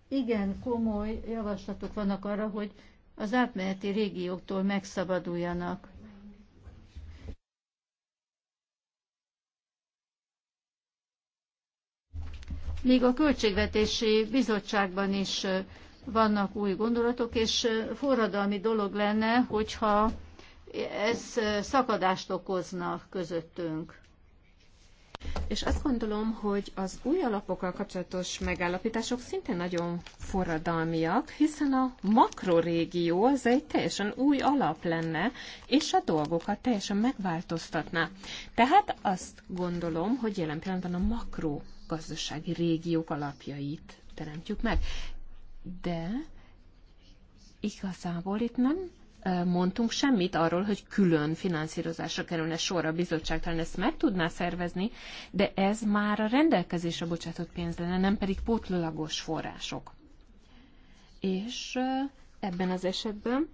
Speaker 1: igen komoly javaslatok vannak arra, hogy az átmeneti régióktól megszabaduljanak. Még a Költségvetési Bizottságban is vannak új gondolatok, és forradalmi dolog lenne, hogyha ez szakadást
Speaker 3: okozna közöttünk. És azt gondolom, hogy az új alapokkal kapcsolatos megállapítások szintén nagyon forradalmiak, hiszen a makrorégió az egy teljesen új alap lenne, és a dolgokat teljesen megváltoztatná. Tehát azt gondolom, hogy jelen pillanatban a makro gazdasági régiók alapjait teremtjük meg. De igazából itt nem mondtunk semmit arról, hogy külön finanszírozásra kerülne sor a bizottság, talán ezt meg tudná szervezni, de ez már a rendelkezésre bocsátott pénz lenne, nem pedig pótlólagos források. És ebben az esetben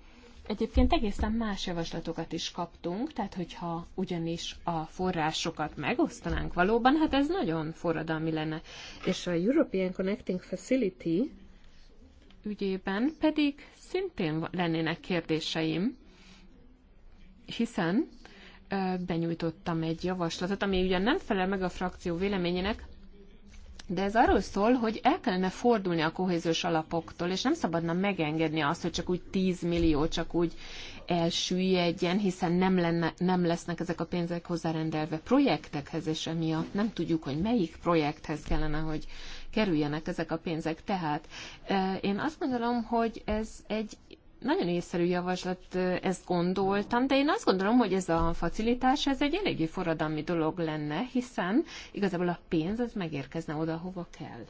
Speaker 3: Egyébként egészen más javaslatokat is kaptunk, tehát hogyha ugyanis a forrásokat megosztanánk valóban, hát ez nagyon forradalmi lenne. És a European Connecting Facility ügyében pedig szintén lennének kérdéseim, hiszen benyújtottam egy javaslatot, ami ugyan nem felel meg a frakció véleményének, de ez arról szól, hogy el kellene fordulni a kohéziós alapoktól, és nem szabadna megengedni azt, hogy csak úgy 10 millió csak úgy elsüllyedjen, hiszen nem, lenne, nem lesznek ezek a pénzek hozzárendelve projektekhez, és emiatt nem tudjuk, hogy melyik projekthez kellene, hogy kerüljenek ezek a pénzek. Tehát én azt gondolom, hogy ez egy nagyon észszerű javaslat, ezt gondoltam, de én azt gondolom, hogy ez a facilitás, ez egy eléggé forradalmi dolog lenne, hiszen igazából a pénz az megérkezne oda, hova kell.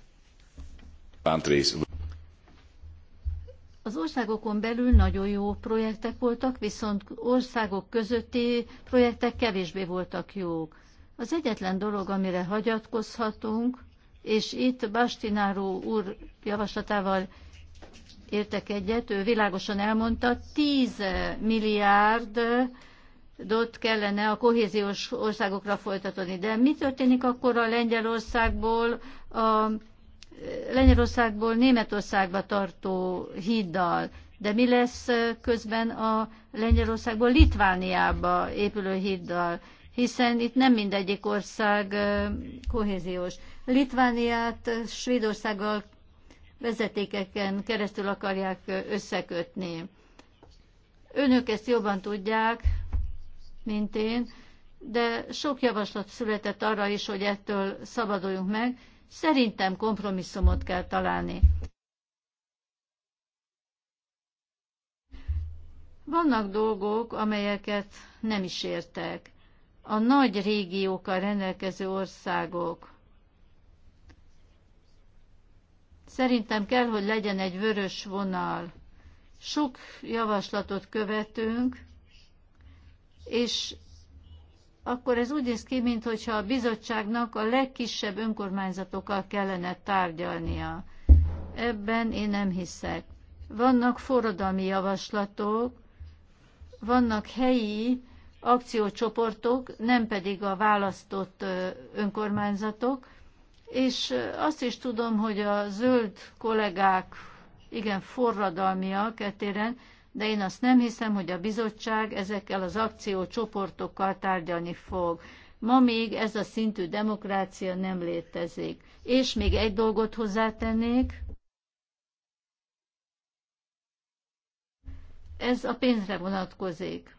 Speaker 3: Az
Speaker 1: országokon belül nagyon jó projektek voltak, viszont országok közötti projektek kevésbé voltak jók. Az egyetlen dolog, amire hagyatkozhatunk, és itt Bastináró úr javaslatával értek egyet, ő világosan elmondta, 10 milliárd dot kellene a kohéziós országokra folytatni. De mi történik akkor a Lengyelországból, a Lengyelországból Németországba tartó híddal? De mi lesz közben a Lengyelországból Litvániába épülő híddal? hiszen itt nem mindegyik ország kohéziós. Litvániát Svédországgal vezetékeken keresztül akarják összekötni. Önök ezt jobban tudják, mint én, de sok javaslat született arra is, hogy ettől szabaduljunk meg. Szerintem kompromisszumot kell találni. Vannak dolgok, amelyeket nem is értek a nagy régiókkal rendelkező országok. Szerintem kell, hogy legyen egy vörös vonal. Sok javaslatot követünk, és akkor ez úgy néz ki, mintha a bizottságnak a legkisebb önkormányzatokkal kellene tárgyalnia. Ebben én nem hiszek. Vannak forradalmi javaslatok, vannak helyi akciócsoportok, nem pedig a választott önkormányzatok, és azt is tudom, hogy a zöld kollégák igen forradalmiak etéren, de én azt nem hiszem, hogy a bizottság ezekkel az akciócsoportokkal tárgyalni fog. Ma még ez a szintű demokrácia nem létezik. És még egy dolgot hozzátennék. Ez a pénzre vonatkozik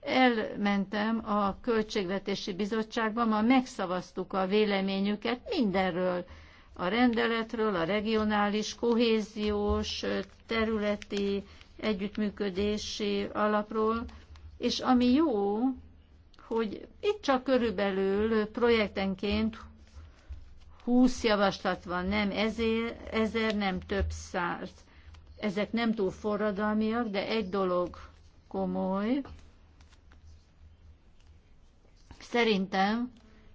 Speaker 1: elmentem a Költségvetési Bizottságba, ma megszavaztuk a véleményüket mindenről, a rendeletről, a regionális, kohéziós, területi, együttműködési alapról, és ami jó, hogy itt csak körülbelül projektenként 20 javaslat van, nem ezer, ezer nem több száz. Ezek nem túl forradalmiak, de egy dolog komoly, Szerintem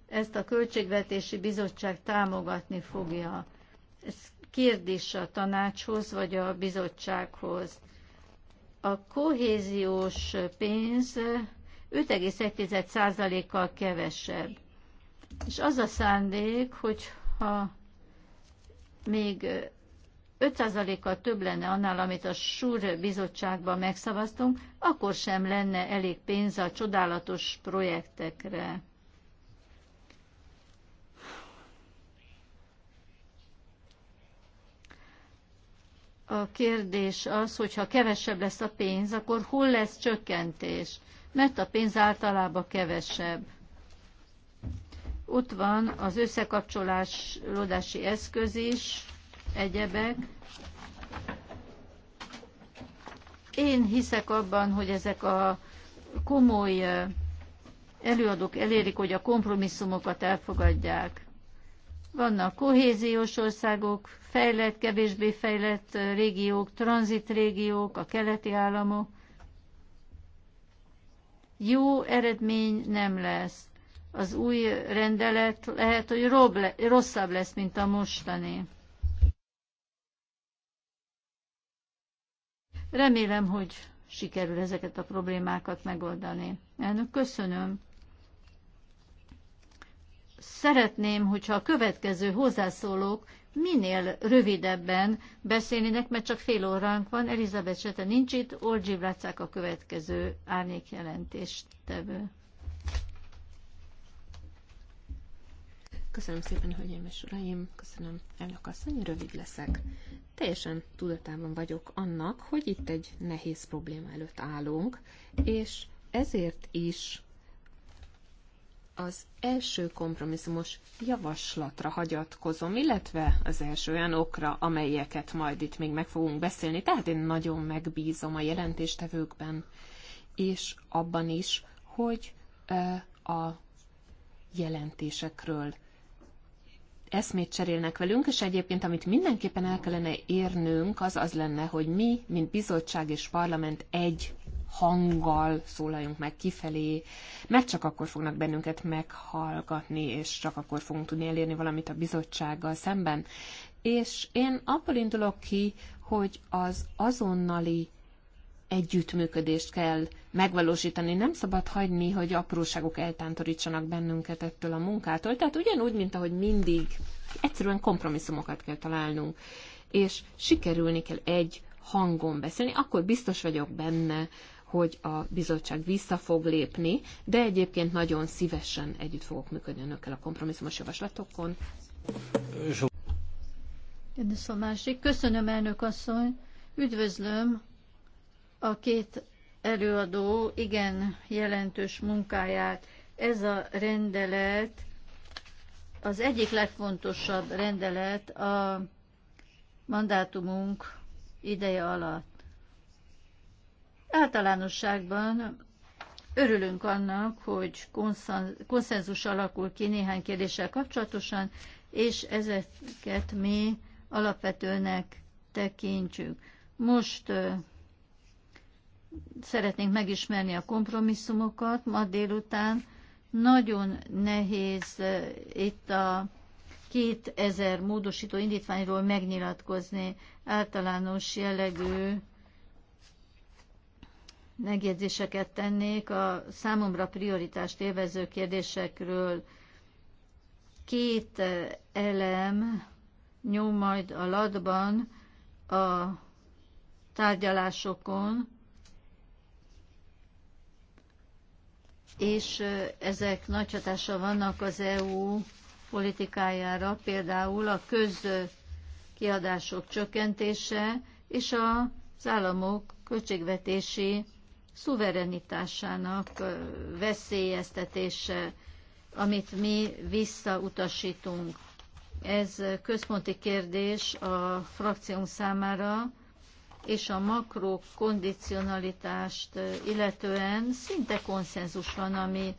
Speaker 1: ezt a Költségvetési Bizottság támogatni fogja. Ez kérdés a tanácshoz vagy a bizottsághoz. A kohéziós pénz 5,1%-kal kevesebb. És az a szándék, hogy ha még 5%-kal több lenne annál, amit a SUR bizottságban megszavaztunk, akkor sem lenne elég pénz a csodálatos projektekre. A kérdés az, hogy ha kevesebb lesz a pénz, akkor hol lesz csökkentés? Mert a pénz általában kevesebb. Ott van az összekapcsolódási eszköz is, egyebek. Én hiszek abban, hogy ezek a komoly eh, előadók elérik, hogy a kompromisszumokat elfogadják. Vannak kohéziós országok, fejlett, kevésbé fejlett eh, régiók, tranzitrégiók, a keleti államok. Jó eredmény nem lesz. Az új rendelet lehet, hogy rosszabb lesz, mint a mostani. Remélem, hogy sikerül ezeket a problémákat megoldani. Elnök, köszönöm. Szeretném, hogyha a következő hozzászólók minél rövidebben beszélnének, mert csak fél óránk van. Elizabeth Sete nincs itt, Olgyi a következő árnyékjelentést tevő.
Speaker 3: Köszönöm szépen, hölgyeim és uraim, köszönöm elnök asszony, rövid leszek. Teljesen tudatában vagyok annak, hogy itt egy nehéz probléma előtt állunk, és ezért is az első kompromisszumos javaslatra hagyatkozom, illetve az első olyan okra, amelyeket majd itt még meg fogunk beszélni. Tehát én nagyon megbízom a jelentéstevőkben, és abban is, hogy a jelentésekről eszmét cserélnek velünk, és egyébként amit mindenképpen el kellene érnünk, az az lenne, hogy mi, mint bizottság és parlament egy hanggal szólaljunk meg kifelé, mert csak akkor fognak bennünket meghallgatni, és csak akkor fogunk tudni elérni valamit a bizottsággal szemben. És én abból indulok ki, hogy az azonnali együttműködést kell megvalósítani. Nem szabad hagyni, hogy apróságok eltántorítsanak bennünket ettől a munkától. Tehát ugyanúgy, mint ahogy mindig, egyszerűen kompromisszumokat kell találnunk, és sikerülni kell egy hangon beszélni, akkor biztos vagyok benne, hogy a bizottság vissza fog lépni, de egyébként nagyon szívesen együtt fogok működni önökkel a kompromisszumos javaslatokon.
Speaker 1: Én a másik. Köszönöm, elnök asszony. Üdvözlöm a két előadó igen jelentős munkáját. Ez a rendelet az egyik legfontosabb rendelet a mandátumunk ideje alatt. Általánosságban örülünk annak, hogy konszenzus alakul ki néhány kérdéssel kapcsolatosan, és ezeket mi alapvetőnek tekintjük. Most szeretnénk megismerni a kompromisszumokat ma délután. Nagyon nehéz eh, itt a 2000 módosító indítványról megnyilatkozni általános jellegű megjegyzéseket tennék a számomra prioritást élvező kérdésekről. Két eh, elem nyom majd a ladban a tárgyalásokon, és ezek nagy hatása vannak az EU politikájára, például a közkiadások csökkentése és az államok költségvetési szuverenitásának veszélyeztetése, amit mi visszautasítunk. Ez központi kérdés a frakciónk számára, és a makrokondicionalitást illetően szinte konszenzus van, ami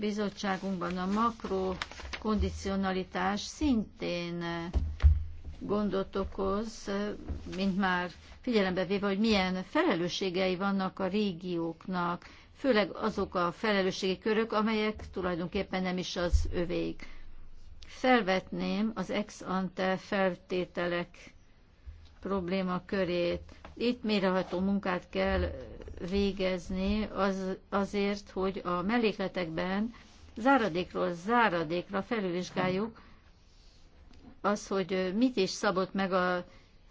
Speaker 1: bizottságunkban a makrokondicionalitás szintén gondot okoz, mint már figyelembe véve, hogy milyen felelősségei vannak a régióknak, főleg azok a felelősségi körök, amelyek tulajdonképpen nem is az övék. Felvetném az ex ante feltételek probléma körét. Itt méreható munkát kell végezni az, azért, hogy a mellékletekben záradékról záradékra felülvizsgáljuk az, hogy mit is szabott meg az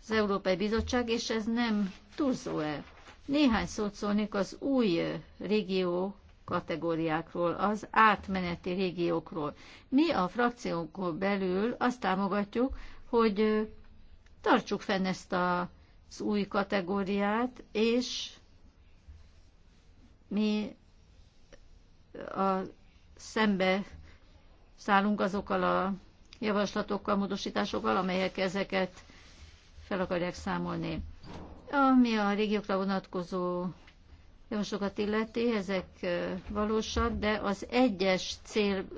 Speaker 1: Európai Bizottság, és ez nem túlzó-e. Néhány szót szólnék az új régió kategóriákról, az átmeneti régiókról. Mi a frakciónkon belül azt támogatjuk, hogy Tartsuk fenn ezt az új kategóriát, és mi a szembe szállunk azokkal a javaslatokkal, módosításokkal, amelyek ezeket fel akarják számolni. Ami a régiókra vonatkozó javaslatokat illeti, ezek valósak, de az egyes célhoz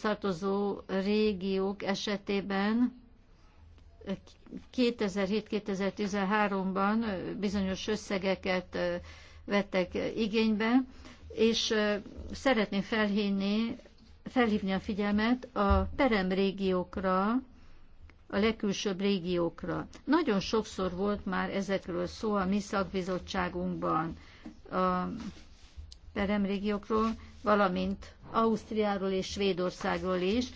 Speaker 1: tartozó régiók esetében 2007-2013-ban bizonyos összegeket vettek igénybe, és szeretném felhívni, felhívni a figyelmet a perem régiókra, a legkülsőbb régiókra. Nagyon sokszor volt már ezekről szó a mi szakbizottságunkban, a perem régiókról, valamint Ausztriáról és Svédországról is,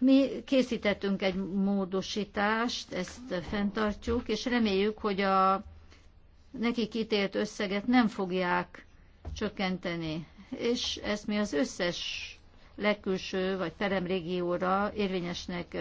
Speaker 1: mi készítettünk egy módosítást, ezt fenntartjuk, és reméljük, hogy a nekik ítélt összeget nem fogják csökkenteni. És ezt mi az összes legkülső vagy peremrégióra érvényesnek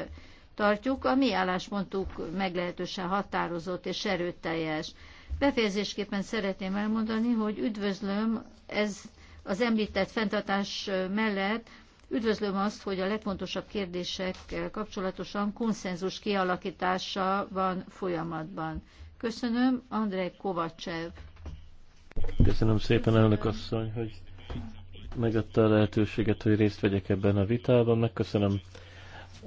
Speaker 1: tartjuk. A mi álláspontunk meglehetősen határozott és erőteljes. Befejezésképpen szeretném elmondani, hogy üdvözlöm ez az említett fenntartás mellett Üdvözlöm azt, hogy a legfontosabb kérdésekkel kapcsolatosan konszenzus kialakítása van folyamatban. Köszönöm, Andrej Kovacsev.
Speaker 2: Köszönöm szépen, elnök asszony, hogy megadta a lehetőséget, hogy részt vegyek ebben a vitában. Megköszönöm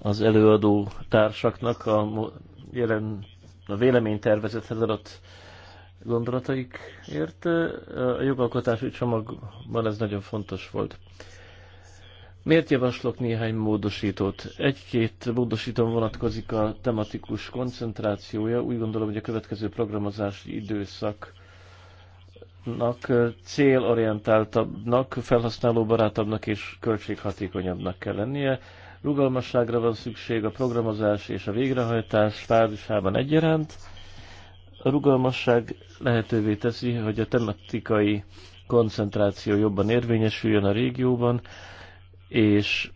Speaker 2: az előadó társaknak a, jelen, a véleménytervezethez adott gondolataikért. A jogalkotási csomagban ez nagyon fontos volt. Miért javaslok néhány módosítót? Egy-két módosítón vonatkozik a tematikus koncentrációja. Úgy gondolom, hogy a következő programozási időszaknak célorientáltabbnak, felhasználóbarátabbnak és költséghatékonyabbnak kell lennie. Rugalmasságra van szükség a programozás és a végrehajtás fázisában egyaránt. A rugalmasság lehetővé teszi, hogy a tematikai koncentráció jobban érvényesüljön a régióban, és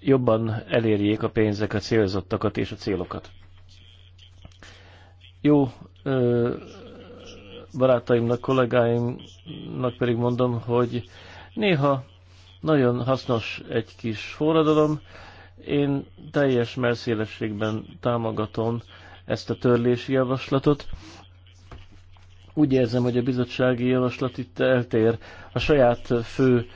Speaker 2: jobban elérjék a pénzek a célzottakat és a célokat. Jó barátaimnak, kollégáimnak pedig mondom, hogy néha nagyon hasznos egy kis forradalom. Én teljes merszélességben támogatom ezt a törlési javaslatot. Úgy érzem, hogy a bizottsági javaslat itt eltér a saját fő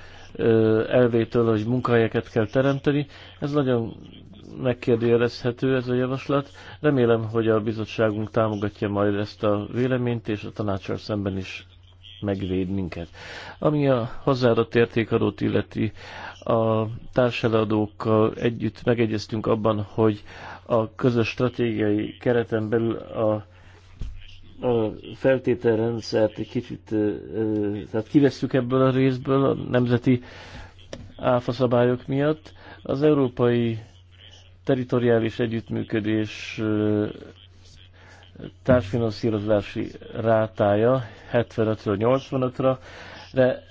Speaker 2: elvétől, hogy munkahelyeket kell teremteni. Ez nagyon megkérdőjelezhető ez a javaslat. Remélem, hogy a bizottságunk támogatja majd ezt a véleményt, és a tanácsal szemben is megvéd minket. Ami a hozzáadott értékadót illeti, a társeladókkal együtt megegyeztünk abban, hogy a közös stratégiai kereten belül a a feltételrendszert egy kicsit, tehát kivesszük ebből a részből a nemzeti áfaszabályok miatt. Az európai teritoriális együttműködés társfinanszírozási rátája 75-ről 85-ra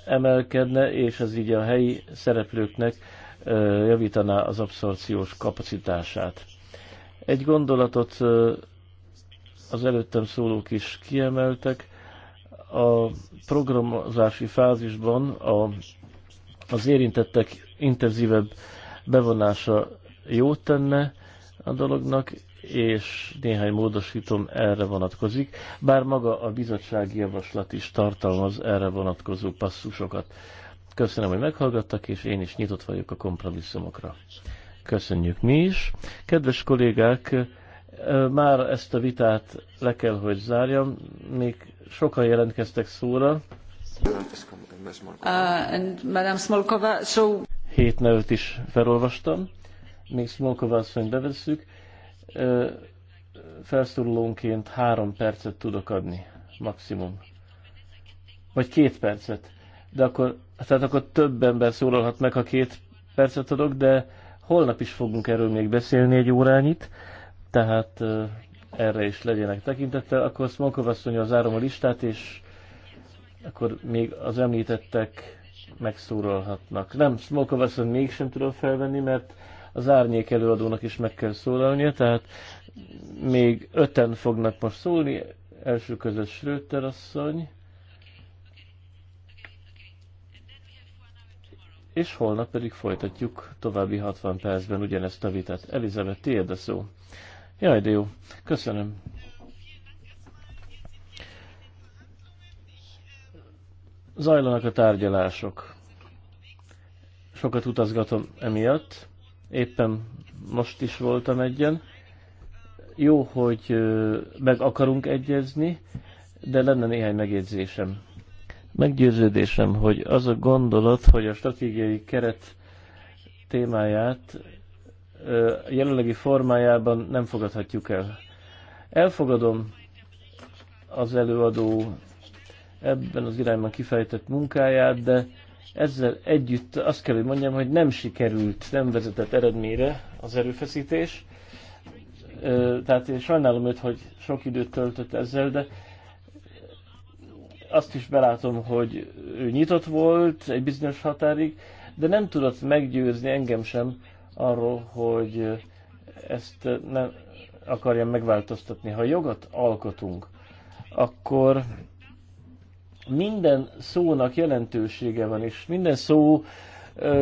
Speaker 2: emelkedne, és ez így a helyi szereplőknek javítaná az abszorciós kapacitását. Egy gondolatot az előttem szólók is kiemeltek, a programozási fázisban a, az érintettek intenzívebb bevonása jót tenne a dolognak, és néhány módosítom erre vonatkozik, bár maga a bizottsági javaslat is tartalmaz erre vonatkozó passzusokat. Köszönöm, hogy meghallgattak, és én is nyitott vagyok a kompromisszumokra. Köszönjük mi is. Kedves kollégák, már ezt a vitát le kell, hogy zárjam. Még sokan jelentkeztek szóra.
Speaker 1: Uh, so...
Speaker 2: Hét nevet is felolvastam. Még Smolkova asszonyt bevesszük. Felszólalónként három percet tudok adni, maximum. Vagy két percet. De akkor, tehát akkor több ember szólalhat meg, ha két percet adok, de holnap is fogunk erről még beszélni egy órányit tehát erre is legyenek tekintettel. Akkor Smolkov asszonyra zárom a listát, és akkor még az említettek megszólalhatnak. Nem, Smolkov asszony mégsem tudom felvenni, mert az árnyék előadónak is meg kell szólalnia, tehát még öten fognak most szólni. Első között Schröter asszony. És holnap pedig folytatjuk további 60 percben ugyanezt a vitát. Elizabeth, tiéd a szó. Jaj, de jó. Köszönöm. Zajlanak a tárgyalások. Sokat utazgatom emiatt. Éppen most is voltam egyen. Jó, hogy meg akarunk egyezni, de lenne néhány megjegyzésem. Meggyőződésem, hogy az a gondolat, hogy a stratégiai keret témáját jelenlegi formájában nem fogadhatjuk el. Elfogadom az előadó ebben az irányban kifejtett munkáját, de ezzel együtt azt kell, hogy mondjam, hogy nem sikerült, nem vezetett eredményre az erőfeszítés. Tehát én sajnálom őt, hogy sok időt töltött ezzel, de azt is belátom, hogy ő nyitott volt egy bizonyos határig, de nem tudott meggyőzni engem sem arról, hogy ezt nem akarja megváltoztatni. Ha jogot alkotunk, akkor minden szónak jelentősége van, és minden szó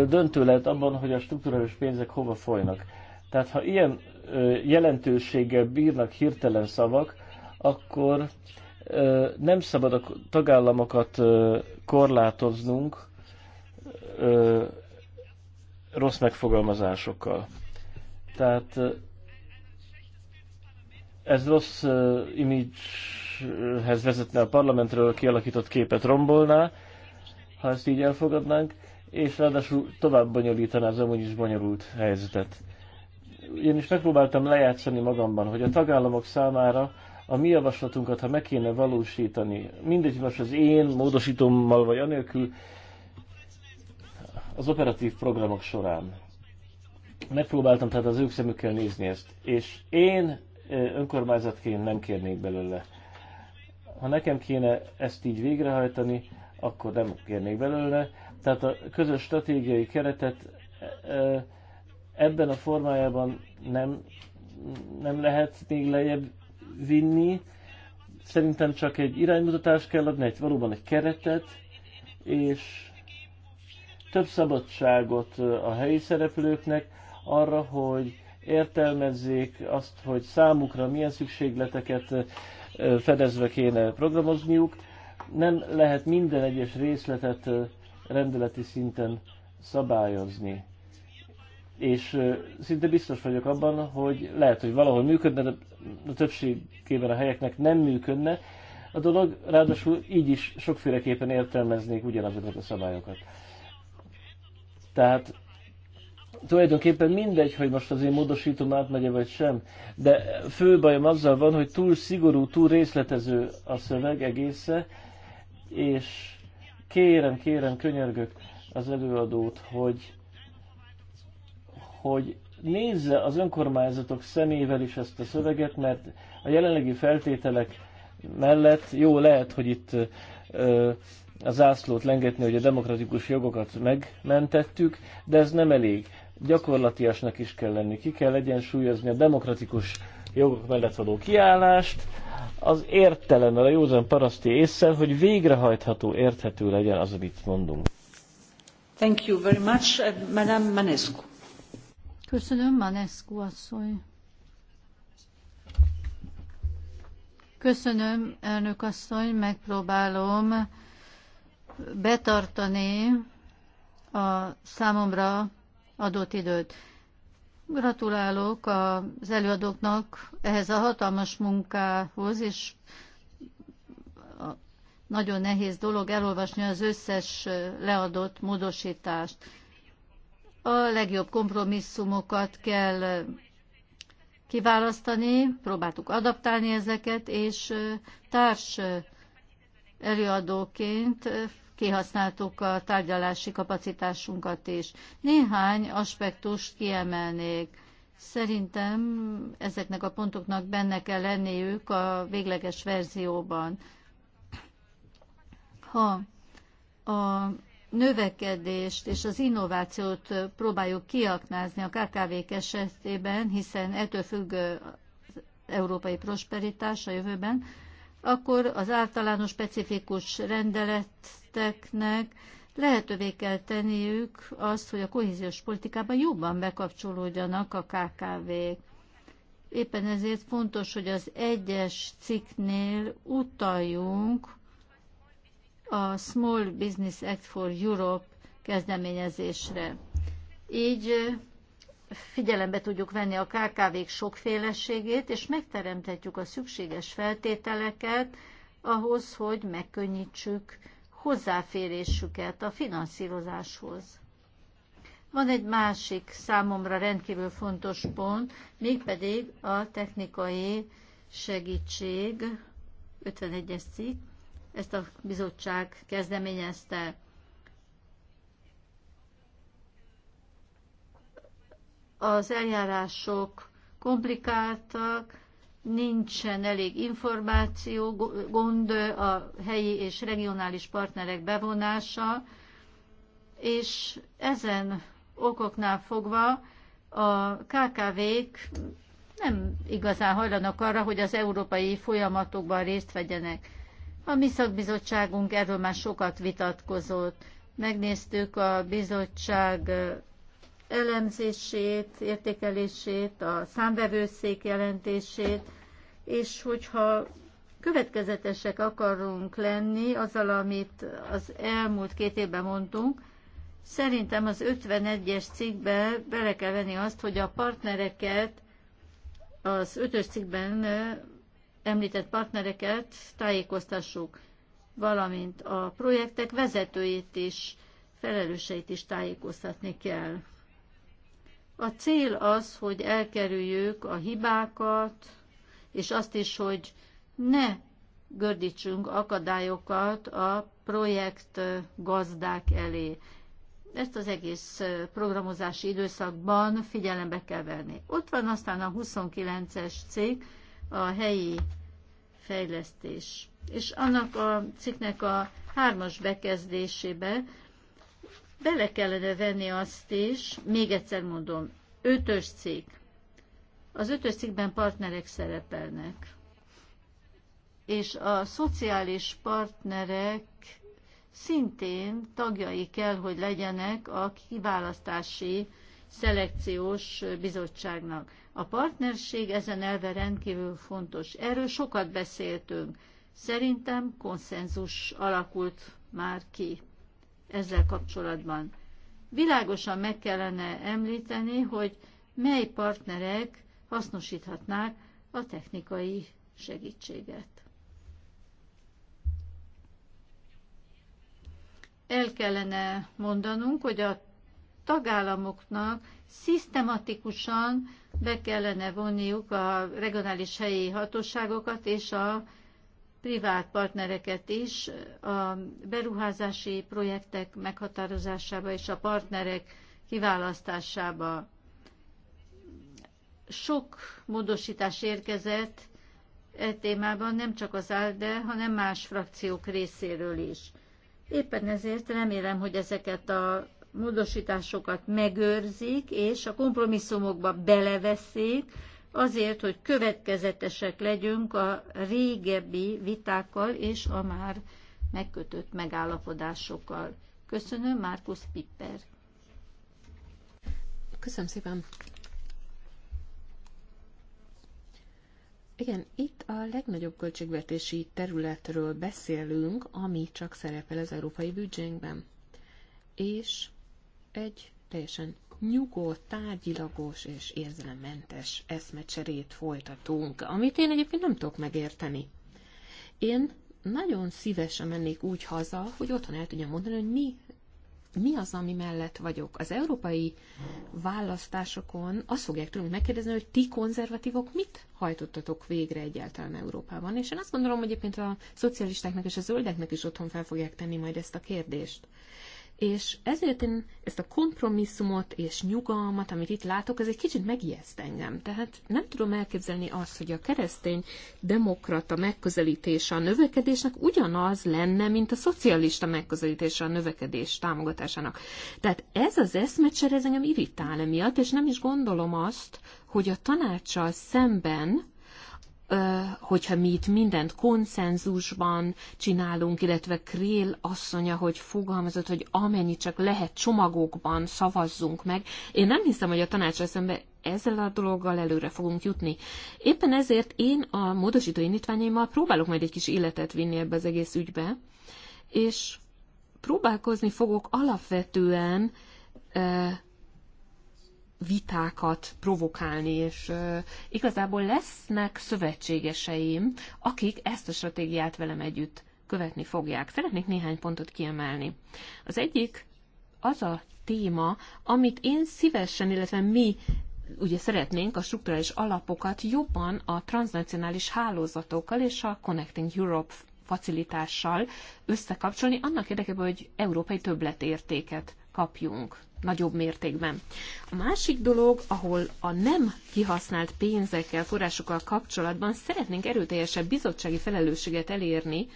Speaker 2: döntő lehet abban, hogy a strukturális pénzek hova folynak. Tehát ha ilyen jelentőséggel bírnak hirtelen szavak, akkor nem szabad a tagállamokat korlátoznunk rossz megfogalmazásokkal. Tehát ez rossz imidzshez vezetne a parlamentről kialakított képet rombolná, ha ezt így elfogadnánk, és ráadásul tovább bonyolítaná az amúgy is bonyolult helyzetet. Én is megpróbáltam lejátszani magamban, hogy a tagállamok számára a mi javaslatunkat, ha meg kéne valósítani, mindegy, most az én módosítommal vagy anélkül, az operatív programok során. Megpróbáltam tehát az ők szemükkel nézni ezt, és én önkormányzatként nem kérnék belőle. Ha nekem kéne ezt így végrehajtani, akkor nem kérnék belőle. Tehát a közös stratégiai keretet ebben a formájában nem, nem lehet még lejjebb vinni. Szerintem csak egy iránymutatást kell adni, egy valóban egy keretet, és több szabadságot a helyi szereplőknek arra, hogy értelmezzék azt, hogy számukra milyen szükségleteket fedezve kéne programozniuk. Nem lehet minden egyes részletet rendeleti szinten szabályozni. És szinte biztos vagyok abban, hogy lehet, hogy valahol működne, de a többségében a helyeknek nem működne a dolog, ráadásul így is sokféleképpen értelmeznék ugyanazokat a szabályokat. Tehát tulajdonképpen mindegy, hogy most az én módosítom átmegye vagy sem, de fő bajom azzal van, hogy túl szigorú, túl részletező a szöveg egésze, és kérem, kérem, könyörgök az előadót, hogy, hogy nézze az önkormányzatok szemével is ezt a szöveget, mert a jelenlegi feltételek mellett jó lehet, hogy itt ö, a zászlót lengetni, hogy a demokratikus jogokat megmentettük, de ez nem elég. Gyakorlatiasnak is kell lenni, ki kell egyensúlyozni a demokratikus jogok mellett való kiállást, az értelemmel, a józan paraszti észre, hogy végrehajtható, érthető legyen az, amit mondunk.
Speaker 1: Thank you very much, Madame Manescu. Köszönöm, Manescu asszony. Köszönöm, elnök asszony, megpróbálom betartani a számomra adott időt. Gratulálok az előadóknak ehhez a hatalmas munkához, és nagyon nehéz dolog elolvasni az összes leadott módosítást. A legjobb kompromisszumokat kell kiválasztani, próbáltuk adaptálni ezeket, és társ előadóként kihasználtuk a tárgyalási kapacitásunkat is. Néhány aspektust kiemelnék. Szerintem ezeknek a pontoknak benne kell lenniük a végleges verzióban. Ha a növekedést és az innovációt próbáljuk kiaknázni a KKV-k esetében, hiszen ettől függ az európai prosperitás a jövőben, akkor az általános specifikus rendelet projekteknek lehetővé kell tenniük azt, hogy a kohéziós politikában jobban bekapcsolódjanak a KKV-k. Éppen ezért fontos, hogy az egyes cikknél utaljunk a Small Business Act for Europe kezdeményezésre. Így figyelembe tudjuk venni a KKV-k sokféleségét, és megteremthetjük a szükséges feltételeket ahhoz, hogy megkönnyítsük hozzáférésüket a finanszírozáshoz. Van egy másik számomra rendkívül fontos pont, mégpedig a technikai segítség, 51-es cikk, ezt a bizottság kezdeményezte. Az eljárások komplikáltak, nincsen elég információ, gond a helyi és regionális partnerek bevonása, és ezen okoknál fogva a KKV-k nem igazán hajlanak arra, hogy az európai folyamatokban részt vegyenek. A mi szakbizottságunk erről már sokat vitatkozott. Megnéztük a bizottság elemzését, értékelését, a számvevőszék jelentését, és hogyha következetesek akarunk lenni azzal, amit az elmúlt két évben mondtunk, szerintem az 51-es cikkbe bele kell venni azt, hogy a partnereket, az 5-ös cikkben említett partnereket tájékoztassuk, valamint a projektek vezetőjét is, felelőseit is tájékoztatni kell. A cél az, hogy elkerüljük a hibákat, és azt is, hogy ne gördítsünk akadályokat a projekt gazdák elé. Ezt az egész programozási időszakban figyelembe kell venni. Ott van aztán a 29-es cég, a helyi fejlesztés. És annak a cikknek a hármas bekezdésébe bele kellene venni azt is, még egyszer mondom, ötös cikk. Az ötös cikkben partnerek szerepelnek. És a szociális partnerek szintén tagjai kell, hogy legyenek a kiválasztási szelekciós bizottságnak. A partnerség ezen elve rendkívül fontos. Erről sokat beszéltünk. Szerintem konszenzus alakult már ki ezzel kapcsolatban. Világosan meg kellene említeni, hogy mely partnerek hasznosíthatnák a technikai segítséget. El kellene mondanunk, hogy a tagállamoknak szisztematikusan be kellene vonniuk a regionális helyi hatóságokat és a privát partnereket is a beruházási projektek meghatározásába és a partnerek kiválasztásába. Sok módosítás érkezett e témában nem csak az ALDE, hanem más frakciók részéről is. Éppen ezért remélem, hogy ezeket a módosításokat megőrzik, és a kompromisszumokba beleveszik, azért, hogy következetesek legyünk a régebbi vitákkal és a már megkötött megállapodásokkal.
Speaker 3: Köszönöm, Márkusz Pipper. Köszönöm szépen. Igen, itt a legnagyobb költségvetési területről beszélünk, ami csak szerepel az európai büdzsénkben. És egy teljesen nyugodt, tárgyilagos és érzelemmentes eszmecserét folytatunk, amit én egyébként nem tudok megérteni. Én nagyon szívesen mennék úgy haza, hogy otthon el tudjam mondani, hogy mi mi az, ami mellett vagyok. Az európai választásokon azt fogják tudni. megkérdezni, hogy ti konzervatívok mit hajtottatok végre egyáltalán Európában. És én azt gondolom, hogy egyébként a szocialistáknak és a zöldeknek is otthon fel fogják tenni majd ezt a kérdést és ezért én ezt a kompromisszumot és nyugalmat, amit itt látok, ez egy kicsit megijeszt engem. Tehát nem tudom elképzelni azt, hogy a keresztény demokrata megközelítése a növekedésnek ugyanaz lenne, mint a szocialista megközelítése a növekedés támogatásának. Tehát ez az eszmecser, ez engem irritál emiatt, és nem is gondolom azt, hogy a tanácssal szemben hogyha mi itt mindent konszenzusban csinálunk, illetve Krél asszonya, hogy fogalmazott, hogy amennyit csak lehet csomagokban szavazzunk meg. Én nem hiszem, hogy a tanács eszembe ezzel a dologgal előre fogunk jutni. Éppen ezért én a módosító indítványaimmal próbálok majd egy kis életet vinni ebbe az egész ügybe, és próbálkozni fogok alapvetően vitákat provokálni, és igazából lesznek szövetségeseim, akik ezt a stratégiát velem együtt követni fogják. Szeretnék néhány pontot kiemelni. Az egyik az a téma, amit én szívesen, illetve mi ugye szeretnénk a strukturális alapokat jobban a transnacionális hálózatokkal és a Connecting Europe facilitással összekapcsolni, annak érdekében, hogy európai többletértéket kapjunk nagyobb mértékben. A másik dolog, ahol a nem kihasznált pénzekkel, forrásokkal kapcsolatban szeretnénk erőteljesebb bizottsági felelősséget elérni,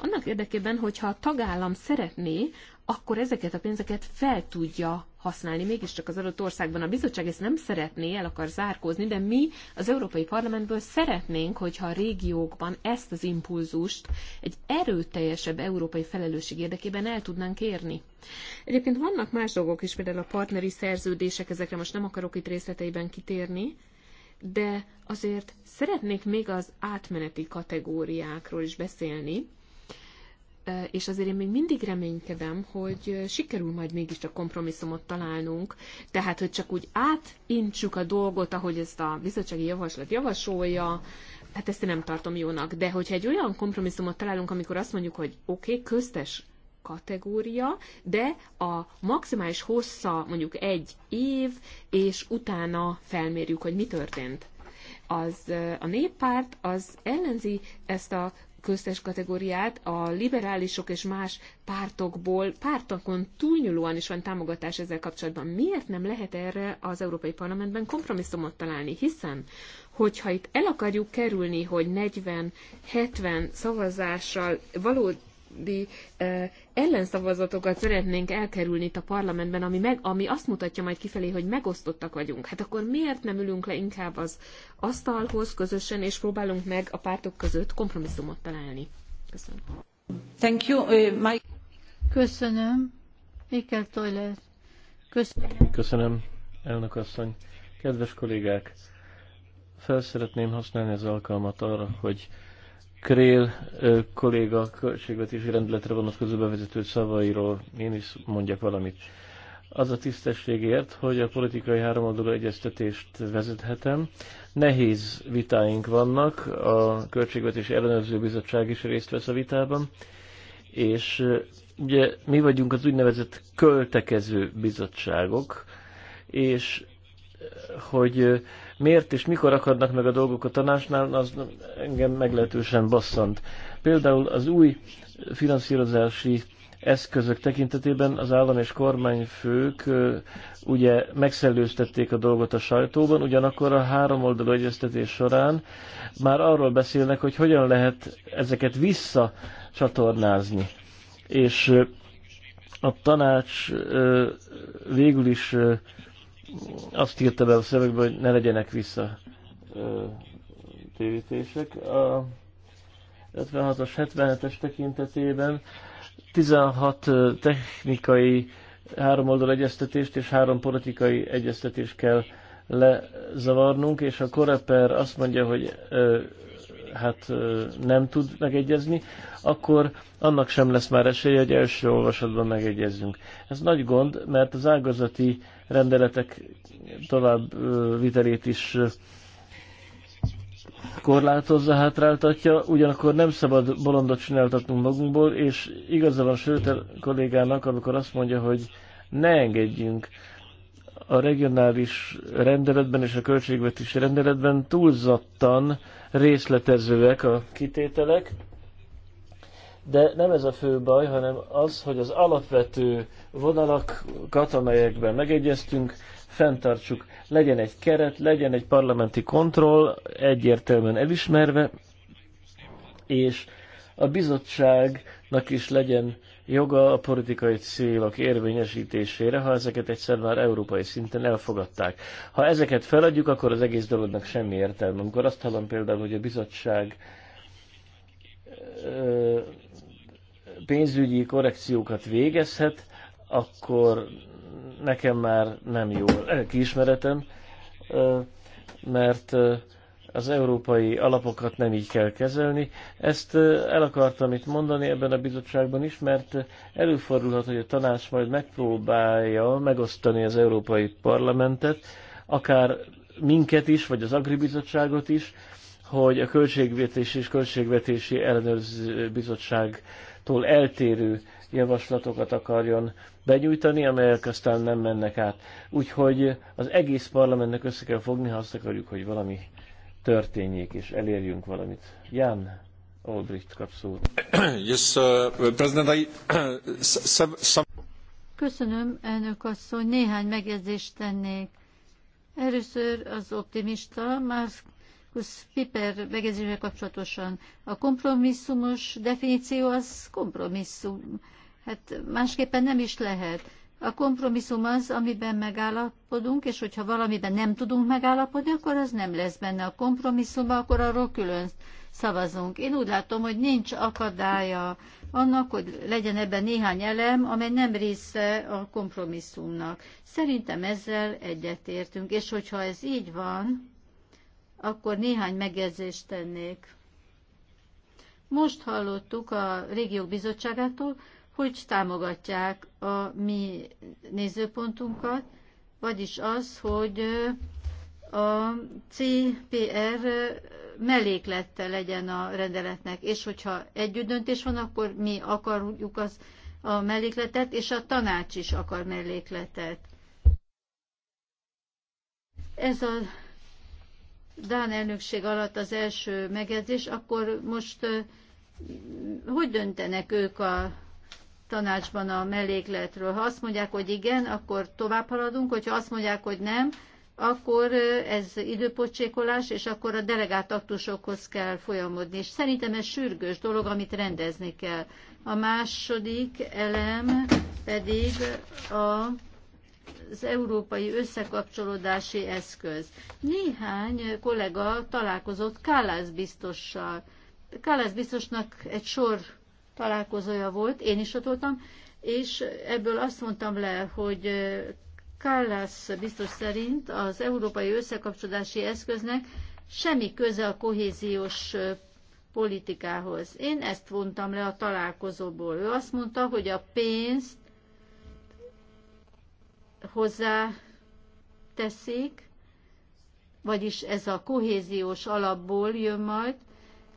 Speaker 3: annak érdekében, hogyha a tagállam szeretné akkor ezeket a pénzeket fel tudja használni mégiscsak az adott országban. A bizottság ezt nem szeretné, el akar zárkózni, de mi az Európai Parlamentből szeretnénk, hogyha a régiókban ezt az impulzust egy erőteljesebb európai felelősség érdekében el tudnánk érni. Egyébként vannak más dolgok is, például a partneri szerződések, ezekre most nem akarok itt részleteiben kitérni, de azért szeretnék még az átmeneti kategóriákról is beszélni, és azért én még mindig reménykedem, hogy sikerül majd mégis a kompromisszumot találnunk, tehát hogy csak úgy átintsük a dolgot, ahogy ezt a bizottsági javaslat javasolja, hát ezt én nem tartom jónak, de hogyha egy olyan kompromisszumot találunk, amikor azt mondjuk, hogy oké, okay, köztes kategória, de a maximális hossza mondjuk egy év, és utána felmérjük, hogy mi történt az a néppárt az ellenzi ezt a köztes kategóriát a liberálisok és más pártokból, pártokon túlnyúlóan is van támogatás ezzel kapcsolatban. Miért nem lehet erre az Európai Parlamentben kompromisszumot találni? Hiszen, hogyha itt el akarjuk kerülni, hogy 40-70 szavazással való további ellenszavazatokat szeretnénk elkerülni itt a parlamentben, ami, meg, ami azt mutatja majd kifelé, hogy megosztottak vagyunk. Hát akkor miért nem ülünk le inkább az asztalhoz közösen, és próbálunk meg a pártok között kompromisszumot találni? Köszönöm. Thank you, uh, my...
Speaker 1: Köszönöm. Mikkel Toilet. Köszönöm.
Speaker 2: Köszönöm, elnök asszony. Kedves kollégák, fel szeretném használni az alkalmat arra, hogy Krél kolléga költségvetési rendeletre vonatkozó bevezető szavairól én is mondjak valamit. Az a tisztességért, hogy a politikai háromoldalú egyeztetést vezethetem. Nehéz vitáink vannak, a Költségvetési Ellenőrző Bizottság is részt vesz a vitában, és ugye mi vagyunk az úgynevezett költekező bizottságok, és hogy miért és mikor akadnak meg a dolgok a tanácsnál, az engem meglehetősen basszant. Például az új finanszírozási eszközök tekintetében az állam és kormányfők ugye megszellőztették a dolgot a sajtóban, ugyanakkor a három oldalú egyeztetés során már arról beszélnek, hogy hogyan lehet ezeket visszacsatornázni. És a tanács végül is azt írta be a szövegbe, hogy ne legyenek vissza tévítések. A 56-as, 77-es tekintetében 16 technikai három oldal egyeztetést és három politikai egyeztetést kell lezavarnunk, és a Koreper azt mondja, hogy ö, hát ö, nem tud megegyezni, akkor annak sem lesz már esélye, hogy első olvasatban megegyezzünk. Ez nagy gond, mert az ágazati ö, rendeletek tovább vitelét is korlátozza, hátráltatja, ugyanakkor nem szabad bolondot csináltatnunk magunkból, és igaza van Sőter kollégának, amikor azt mondja, hogy ne engedjünk a regionális rendeletben és a költségvetési rendeletben túlzattan részletezőek a kitételek, de nem ez a fő baj, hanem az, hogy az alapvető vonalakat, amelyekben megegyeztünk, fenntartsuk. Legyen egy keret, legyen egy parlamenti kontroll, egyértelműen elismerve, és a bizottságnak is legyen joga a politikai célok érvényesítésére, ha ezeket egyszer már európai szinten elfogadták. Ha ezeket feladjuk, akkor az egész dolognak semmi értelme. Amikor azt hallom például, hogy a bizottság pénzügyi korrekciókat végezhet, akkor nekem már nem jó kiismeretem, mert az európai alapokat nem így kell kezelni. Ezt el akartam itt mondani ebben a bizottságban is, mert előfordulhat, hogy a tanács majd megpróbálja megosztani az európai parlamentet, akár minket is, vagy az agribizottságot is, hogy a Költségvetési és Költségvetési Ellenőrző Bizottságtól eltérő javaslatokat akarjon benyújtani, amelyek aztán nem mennek át. Úgyhogy az egész parlamentnek össze kell fogni, ha azt akarjuk, hogy valami történjék, és elérjünk valamit. Jan Albrecht kap szót. Yes, uh, President, I, uh, some...
Speaker 1: Köszönöm, elnök asszony. Néhány megjegyzést tennék. Először az optimista, Markus Piper megjegyzésével kapcsolatosan. A kompromisszumos definíció az kompromisszum Hát másképpen nem is lehet. A kompromisszum az, amiben megállapodunk, és hogyha valamiben nem tudunk megállapodni, akkor az nem lesz benne a kompromisszum, akkor arról külön szavazunk. Én úgy látom, hogy nincs akadálya annak, hogy legyen ebben néhány elem, amely nem része a kompromisszumnak. Szerintem ezzel egyetértünk, és hogyha ez így van, akkor néhány megjegyzést tennék. Most hallottuk a régiók bizottságától, hogy támogatják a mi nézőpontunkat, vagyis az, hogy a CPR melléklette legyen a rendeletnek, és hogyha együtt döntés van, akkor mi akarjuk az a mellékletet, és a tanács is akar mellékletet. Ez a Dán elnökség alatt az első megjegyzés, akkor most hogy döntenek ők a tanácsban a mellékletről. Ha azt mondják, hogy igen, akkor tovább haladunk, hogyha azt mondják, hogy nem, akkor ez időpocsékolás, és akkor a delegált aktusokhoz kell folyamodni. És szerintem ez sürgős dolog, amit rendezni kell. A második elem pedig a az európai összekapcsolódási eszköz. Néhány kollega találkozott Kálász biztossal. Kálász biztosnak egy sor találkozója volt, én is ott voltam, és ebből azt mondtam le, hogy Kállász biztos szerint az európai összekapcsolási eszköznek semmi köze a kohéziós politikához. Én ezt vontam le a találkozóból. Ő azt mondta, hogy a pénzt hozzá teszik, vagyis ez a kohéziós alapból jön majd,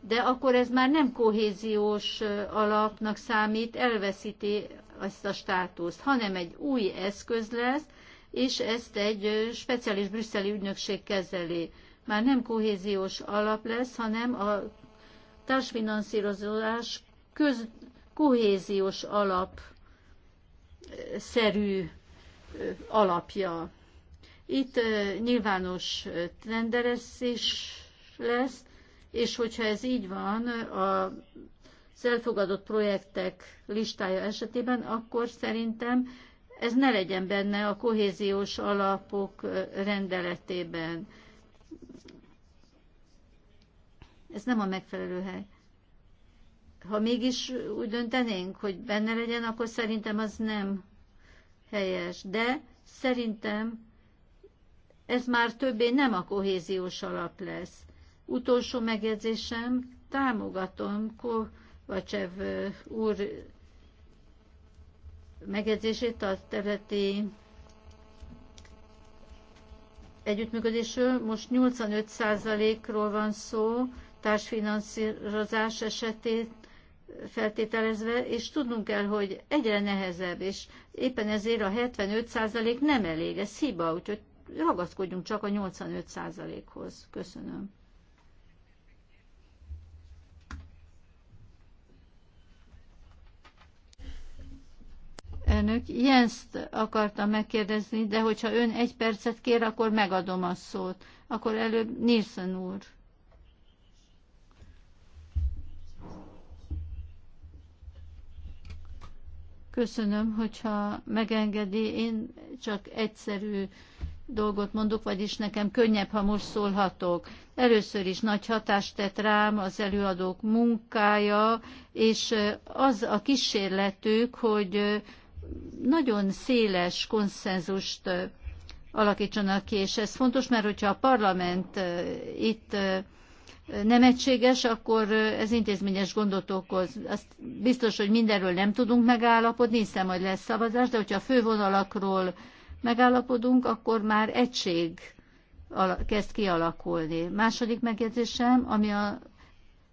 Speaker 1: de akkor ez már nem kohéziós alapnak számít, elveszíti ezt a státuszt, hanem egy új eszköz lesz, és ezt egy speciális brüsszeli ügynökség kezeli. Már nem kohéziós alap lesz, hanem a társfinanszírozás köz, kohéziós alap szerű alapja. Itt nyilvános is lesz, és hogyha ez így van, a az elfogadott projektek listája esetében, akkor szerintem ez ne legyen benne a kohéziós alapok rendeletében. Ez nem a megfelelő hely. Ha mégis úgy döntenénk, hogy benne legyen, akkor szerintem az nem helyes. De szerintem ez már többé nem a kohéziós alap lesz. Utolsó megjegyzésem, támogatom Kovacsev úr megjegyzését a területi együttműködésről. Most 85%-ról van szó társfinanszírozás esetét feltételezve, és tudnunk kell, hogy egyre nehezebb, és éppen ezért a 75% nem elég, ez hiba, úgyhogy ragaszkodjunk csak a 85%-hoz. Köszönöm. elnök. Jenszt akartam megkérdezni, de hogyha ön egy percet kér, akkor megadom a szót. Akkor előbb Nielsen úr. Köszönöm, hogyha megengedi, én csak egyszerű dolgot mondok, vagyis nekem könnyebb, ha most szólhatok. Először is nagy hatást tett rám az előadók munkája, és az a kísérletük, hogy nagyon széles konszenzust alakítsanak ki, és ez fontos, mert hogyha a parlament itt nem egységes, akkor ez intézményes gondot okoz. Azt biztos, hogy mindenről nem tudunk megállapodni, hiszen majd lesz szavazás, de hogyha a fővonalakról megállapodunk, akkor már egység kezd kialakulni. Második megjegyzésem, ami a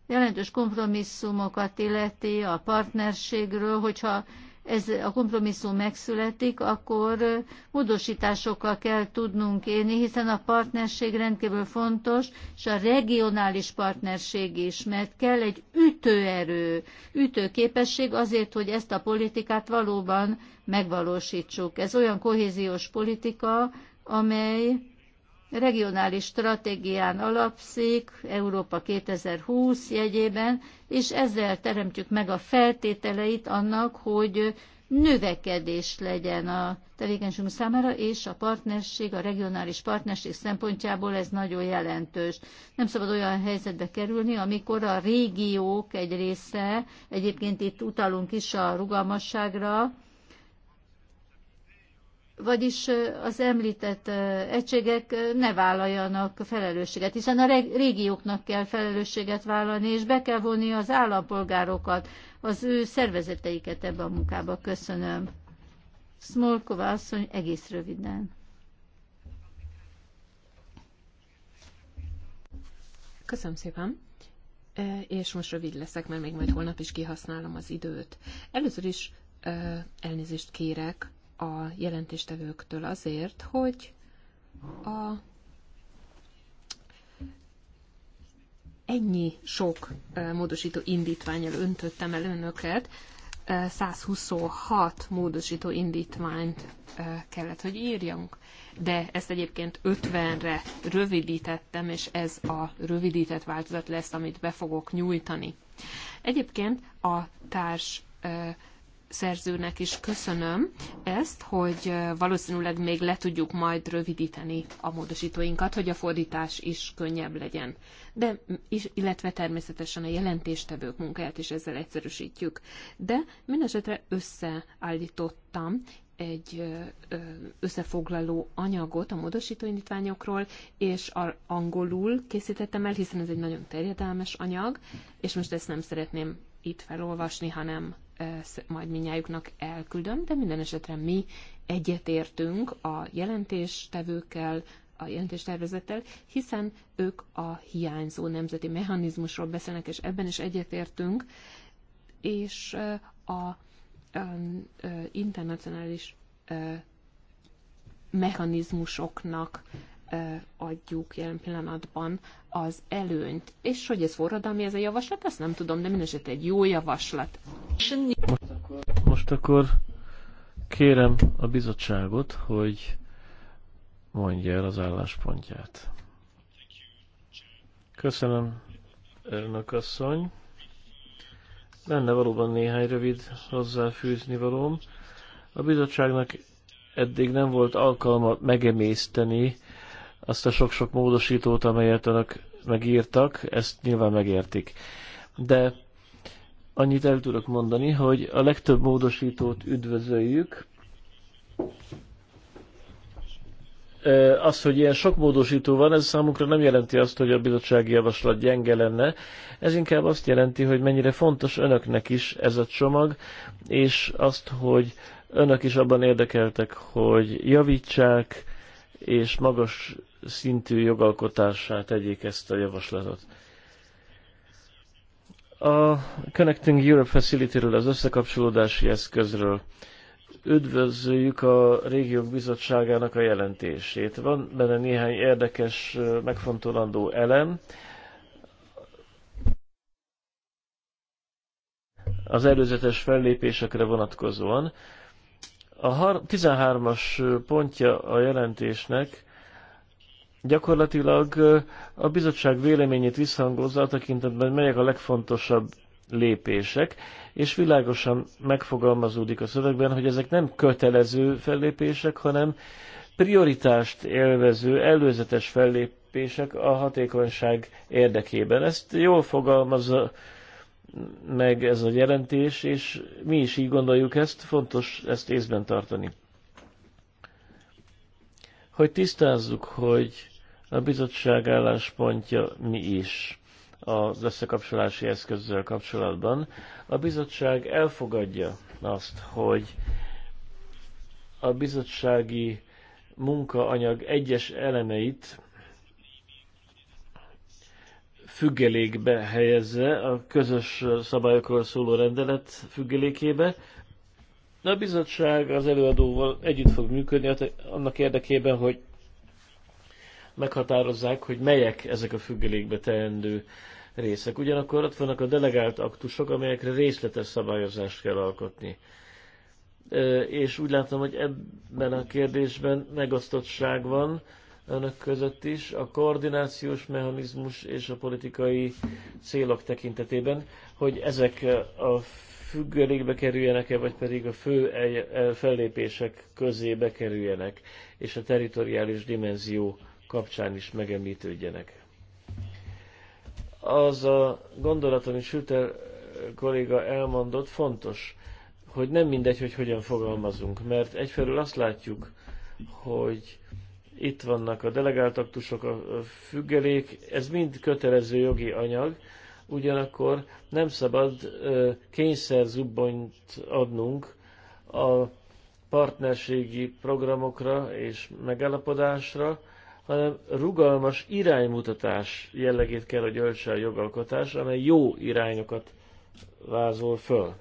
Speaker 1: jelentős kompromisszumokat illeti, a partnerségről, hogyha ez a kompromisszum megszületik, akkor módosításokkal kell tudnunk élni, hiszen a partnerség rendkívül fontos, és a regionális partnerség is, mert kell egy ütőerő, ütőképesség azért, hogy ezt a politikát valóban megvalósítsuk. Ez olyan kohéziós politika, amely regionális stratégián alapszik Európa 2020 jegyében, és ezzel teremtjük meg a feltételeit annak, hogy növekedés legyen a tevékenységünk számára, és a partnerség, a regionális partnerség szempontjából ez nagyon jelentős. Nem szabad olyan helyzetbe kerülni, amikor a régiók egy része, egyébként itt utalunk is a rugalmasságra, vagyis az említett egységek ne vállaljanak felelősséget, hiszen a régióknak kell felelősséget vállalni, és be kell vonni az állampolgárokat, az ő szervezeteiket ebbe a munkába. Köszönöm.
Speaker 3: Smolkova asszony egész röviden. Köszönöm szépen. És most rövid leszek, mert még majd holnap is kihasználom az időt. Először is elnézést kérek a jelentéstevőktől azért, hogy a ennyi sok módosító indítványjal öntöttem el önöket, 126 módosító indítványt kellett, hogy írjunk. De ezt egyébként 50-re rövidítettem, és ez a rövidített változat lesz, amit be fogok nyújtani. Egyébként a társ szerzőnek is köszönöm ezt, hogy valószínűleg még le tudjuk majd rövidíteni a módosítóinkat, hogy a fordítás is könnyebb legyen. De, illetve természetesen a jelentéstevők munkáját is ezzel egyszerűsítjük. De mindesetre összeállítottam egy összefoglaló anyagot a módosítóindítványokról, és angolul készítettem el, hiszen ez egy nagyon terjedelmes anyag, és most ezt nem szeretném itt felolvasni, hanem majd minnyájuknak elküldöm, de minden esetre mi egyetértünk a jelentéstevőkkel, a jelentéstervezettel, hiszen ők a hiányzó nemzeti mechanizmusról beszélnek, és ebben is egyetértünk, és a internacionális mechanizmusoknak adjuk jelen pillanatban az előnyt. És hogy ez forradalmi, ez a javaslat, azt nem tudom, de mindesetre egy jó javaslat. Most akkor,
Speaker 2: most akkor kérem a bizottságot, hogy mondja el az álláspontját. Köszönöm, elnök asszony. Lenne valóban néhány rövid hozzáfűzni valóm. A bizottságnak eddig nem volt alkalma megemészteni azt a sok-sok módosítót, amelyet önök megírtak, ezt nyilván megértik. De annyit el tudok mondani, hogy a legtöbb módosítót üdvözöljük. Az, hogy ilyen sok módosító van, ez számunkra nem jelenti azt, hogy a bizottsági javaslat gyenge lenne. Ez inkább azt jelenti, hogy mennyire fontos önöknek is ez a csomag, és azt, hogy önök is abban érdekeltek, hogy javítsák és magas szintű jogalkotásá tegyék ezt a javaslatot. A Connecting Europe Facility-ről, az összekapcsolódási eszközről üdvözöljük a régiók bizottságának a jelentését. Van benne néhány érdekes, megfontolandó elem. Az előzetes fellépésekre vonatkozóan. A 13-as pontja a jelentésnek gyakorlatilag a bizottság véleményét visszhangozza a tekintetben, melyek a legfontosabb lépések, és világosan megfogalmazódik a szövegben, hogy ezek nem kötelező fellépések, hanem prioritást élvező, előzetes fellépések a hatékonyság érdekében. Ezt jól fogalmazza meg ez a jelentés, és mi is így gondoljuk ezt, fontos ezt észben tartani. Hogy tisztázzuk, hogy a bizottság álláspontja mi is az összekapcsolási eszközzel kapcsolatban. A bizottság elfogadja azt, hogy a bizottsági munkaanyag egyes elemeit függelékbe helyezze, a közös szabályokról szóló rendelet függelékébe. A bizottság az előadóval együtt fog működni annak érdekében, hogy meghatározzák, hogy melyek ezek a függelékbe teendő részek. Ugyanakkor ott vannak a delegált aktusok, amelyekre részletes szabályozást kell alkotni. És úgy látom, hogy ebben a kérdésben megosztottság van önök között is, a koordinációs mechanizmus és a politikai célok tekintetében, hogy ezek a függelékbe kerüljenek-e, vagy pedig a fő fellépések közé bekerüljenek, és a teritoriális dimenzió kapcsán is megemlítődjenek. Az a gondolat, amit Schütter kolléga elmondott, fontos, hogy nem mindegy, hogy hogyan fogalmazunk, mert egyfelől azt látjuk, hogy itt vannak a delegált aktusok, a függelék, ez mind kötelező jogi anyag, ugyanakkor nem szabad kényszerzubbonyt adnunk a partnerségi programokra és megállapodásra, hanem rugalmas iránymutatás jellegét kell, hogy öltse a jogalkotás, amely jó irányokat vázol föl.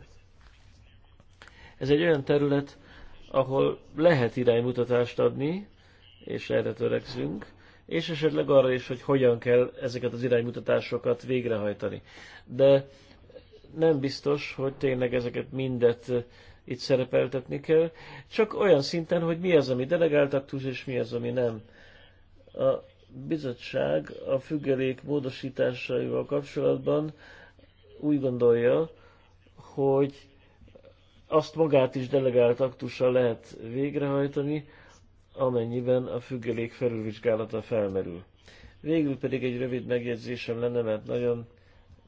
Speaker 2: Ez egy olyan terület, ahol lehet iránymutatást adni, és erre törekszünk, és esetleg arra is, hogy hogyan kell ezeket az iránymutatásokat végrehajtani. De nem biztos, hogy tényleg ezeket mindet eh, itt szerepeltetni kell, csak olyan szinten, hogy mi az, ami delegáltaktus, és mi az, ami nem a bizottság a függelék módosításaival kapcsolatban úgy gondolja, hogy azt magát is delegált aktussal lehet végrehajtani, amennyiben a függelék felülvizsgálata felmerül. Végül pedig egy rövid megjegyzésem lenne, mert nagyon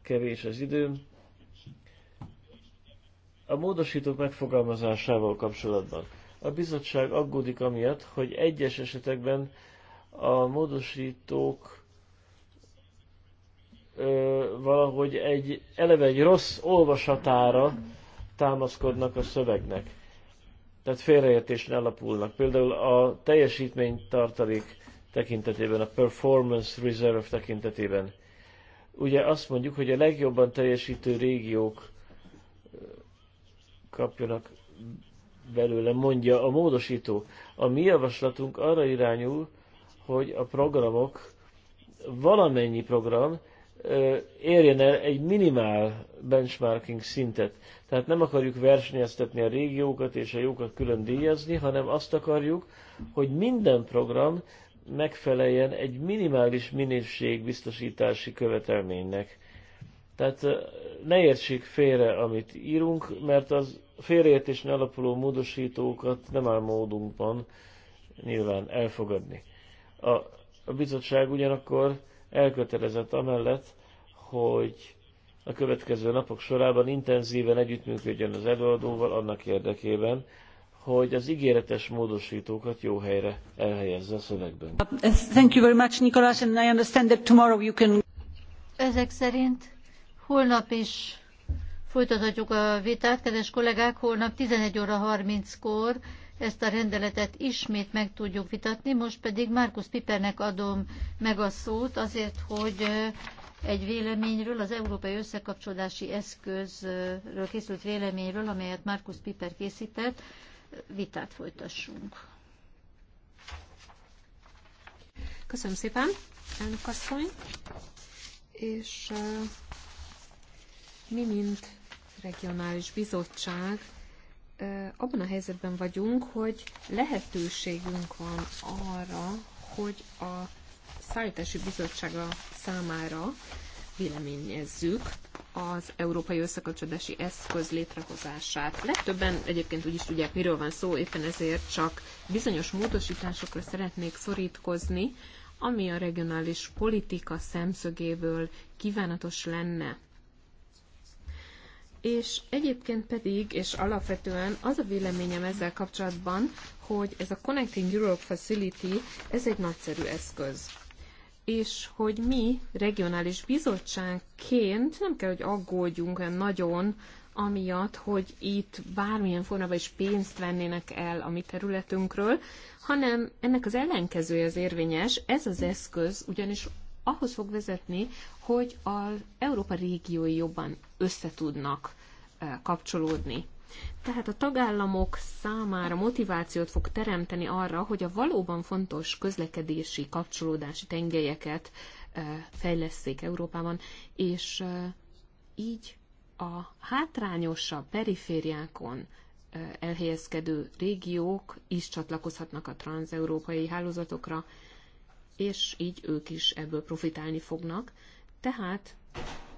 Speaker 2: kevés az időm. A módosítók megfogalmazásával kapcsolatban. A bizottság aggódik amiatt, hogy egyes esetekben a módosítók ö, valahogy egy eleve egy rossz olvasatára támaszkodnak a szövegnek. Tehát félreértésre alapulnak. Például a teljesítménytartalék tekintetében, a performance reserve tekintetében. Ugye azt mondjuk, hogy a legjobban teljesítő régiók kapjanak belőle, mondja a módosító. A mi javaslatunk arra irányul, hogy a programok, valamennyi program érjen el egy minimál benchmarking szintet. Tehát nem akarjuk versenyeztetni a régiókat és a jókat külön díjazni, hanem azt akarjuk, hogy minden program megfeleljen egy minimális minőségbiztosítási követelménynek. Tehát ne értsék félre, amit írunk, mert az félreértésnél alapuló módosítókat nem áll módunkban nyilván elfogadni. A, a bizottság ugyanakkor elkötelezett amellett, hogy a következő napok sorában intenzíven együttműködjön az előadóval annak érdekében, hogy az ígéretes módosítókat jó helyre elhelyezze a szövegben.
Speaker 1: Uh, thank you very much, Nicholas, and I understand that tomorrow you can... Ezek szerint holnap is folytathatjuk a vitát, kedves kollégák, holnap 11 óra 30-kor ezt a rendeletet ismét meg tudjuk vitatni. Most pedig Márkusz Pipernek adom meg a szót azért, hogy egy véleményről, az Európai Összekapcsolási Eszközről készült véleményről, amelyet Márkusz Piper készített, vitát
Speaker 3: folytassunk. Köszönöm szépen, elnök asszony. És uh, mi, mint regionális bizottság, abban a helyzetben vagyunk, hogy lehetőségünk van arra, hogy a szállítási bizottsága számára véleményezzük az Európai Összekapcsolódási Eszköz létrehozását. Legtöbben egyébként úgy is tudják, miről van szó, éppen ezért csak bizonyos módosításokra szeretnék szorítkozni, ami a regionális politika szemszögéből kívánatos lenne és egyébként pedig, és alapvetően az a véleményem ezzel kapcsolatban, hogy ez a Connecting Europe Facility, ez egy nagyszerű eszköz és hogy mi regionális bizottságként nem kell, hogy aggódjunk olyan nagyon, amiatt, hogy itt bármilyen formában is pénzt vennének el a mi területünkről, hanem ennek az ellenkezője az érvényes, ez az eszköz ugyanis ahhoz fog vezetni, hogy az Európa régiói jobban összetudnak kapcsolódni. Tehát a tagállamok számára motivációt fog teremteni arra, hogy a valóban fontos közlekedési, kapcsolódási tengelyeket fejleszték Európában, és így a hátrányosabb perifériákon elhelyezkedő régiók is csatlakozhatnak a transeurópai hálózatokra, és így ők is ebből profitálni fognak. Tehát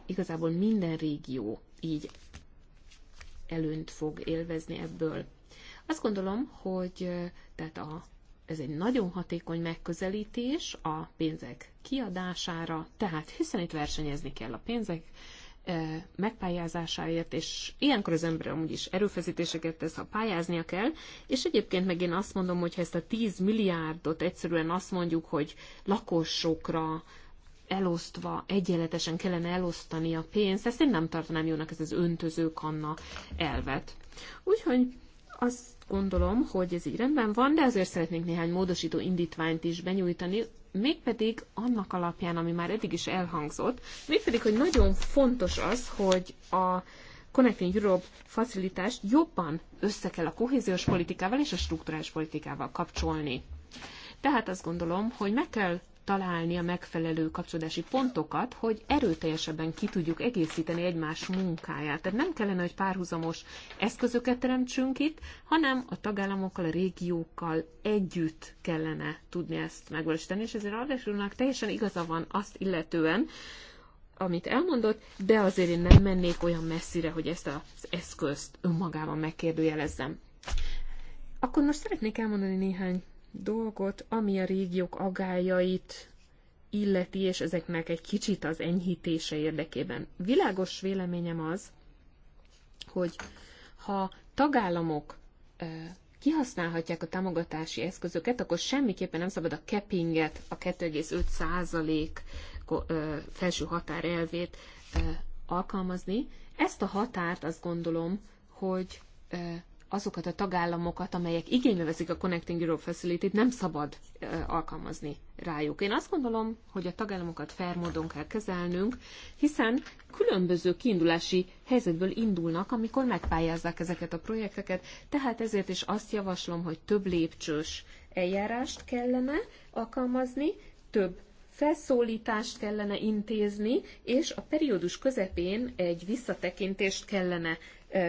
Speaker 3: igazából minden régió így előnt fog élvezni ebből. Azt gondolom, hogy tehát a, ez egy nagyon hatékony megközelítés a pénzek kiadására, tehát hiszen itt versenyezni kell a pénzek megpályázásáért, és ilyenkor az ember amúgy is erőfeszítéseket tesz, ha pályáznia kell, és egyébként meg én azt mondom, hogy ha ezt a 10 milliárdot egyszerűen azt mondjuk, hogy lakosokra elosztva, egyenletesen kellene elosztani a pénzt, ezt én nem tartanám jónak ez az öntöző kanna elvet. Úgyhogy azt gondolom, hogy ez így rendben van, de azért szeretnék néhány módosító indítványt is benyújtani, mégpedig annak alapján, ami már eddig is elhangzott, mégpedig, hogy nagyon fontos az, hogy a Connecting Europe facilitást jobban össze kell a kohéziós politikával és a struktúrális politikával kapcsolni. Tehát azt gondolom, hogy meg kell találni a megfelelő kapcsolódási pontokat, hogy erőteljesebben ki tudjuk egészíteni egymás munkáját. Tehát nem kellene, hogy párhuzamos eszközöket teremtsünk itt, hanem a tagállamokkal, a régiókkal együtt kellene tudni ezt megvalósítani, és ezért úrnak teljesen igaza van azt illetően, amit elmondott, de azért én nem mennék olyan messzire, hogy ezt az eszközt önmagában megkérdőjelezzem. Akkor most szeretnék elmondani néhány dolgot, ami a régiók agályait illeti, és ezeknek egy kicsit az enyhítése érdekében. Világos véleményem az, hogy ha tagállamok kihasználhatják a támogatási eszközöket, akkor semmiképpen nem szabad a cappinget, a 2,5% felső határ elvét alkalmazni. Ezt a határt azt gondolom, hogy azokat a tagállamokat, amelyek igénybe veszik a Connecting Europe facility nem szabad alkalmazni rájuk. Én azt gondolom, hogy a tagállamokat fair módon kell kezelnünk, hiszen különböző kiindulási helyzetből indulnak, amikor megpályázzák ezeket a projekteket, tehát ezért is azt javaslom, hogy több lépcsős eljárást kellene alkalmazni, több felszólítást kellene intézni, és a periódus közepén egy visszatekintést kellene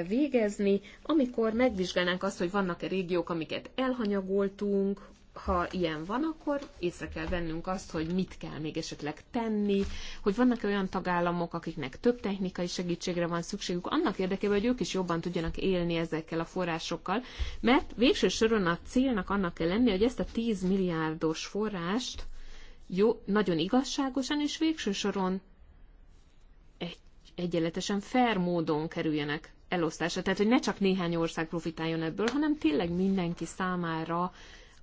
Speaker 3: végezni, amikor megvizsgálnánk azt, hogy vannak-e régiók, amiket elhanyagoltunk, ha ilyen van, akkor észre kell vennünk azt, hogy mit kell még esetleg tenni, hogy vannak -e olyan tagállamok, akiknek több technikai segítségre van szükségük, annak érdekében, hogy ők is jobban tudjanak élni ezekkel a forrásokkal, mert végső soron a célnak annak kell lenni, hogy ezt a 10 milliárdos forrást jó, nagyon igazságosan és végső soron egy, egyenletesen fair módon kerüljenek elosztása. Tehát, hogy ne csak néhány ország profitáljon ebből, hanem tényleg mindenki számára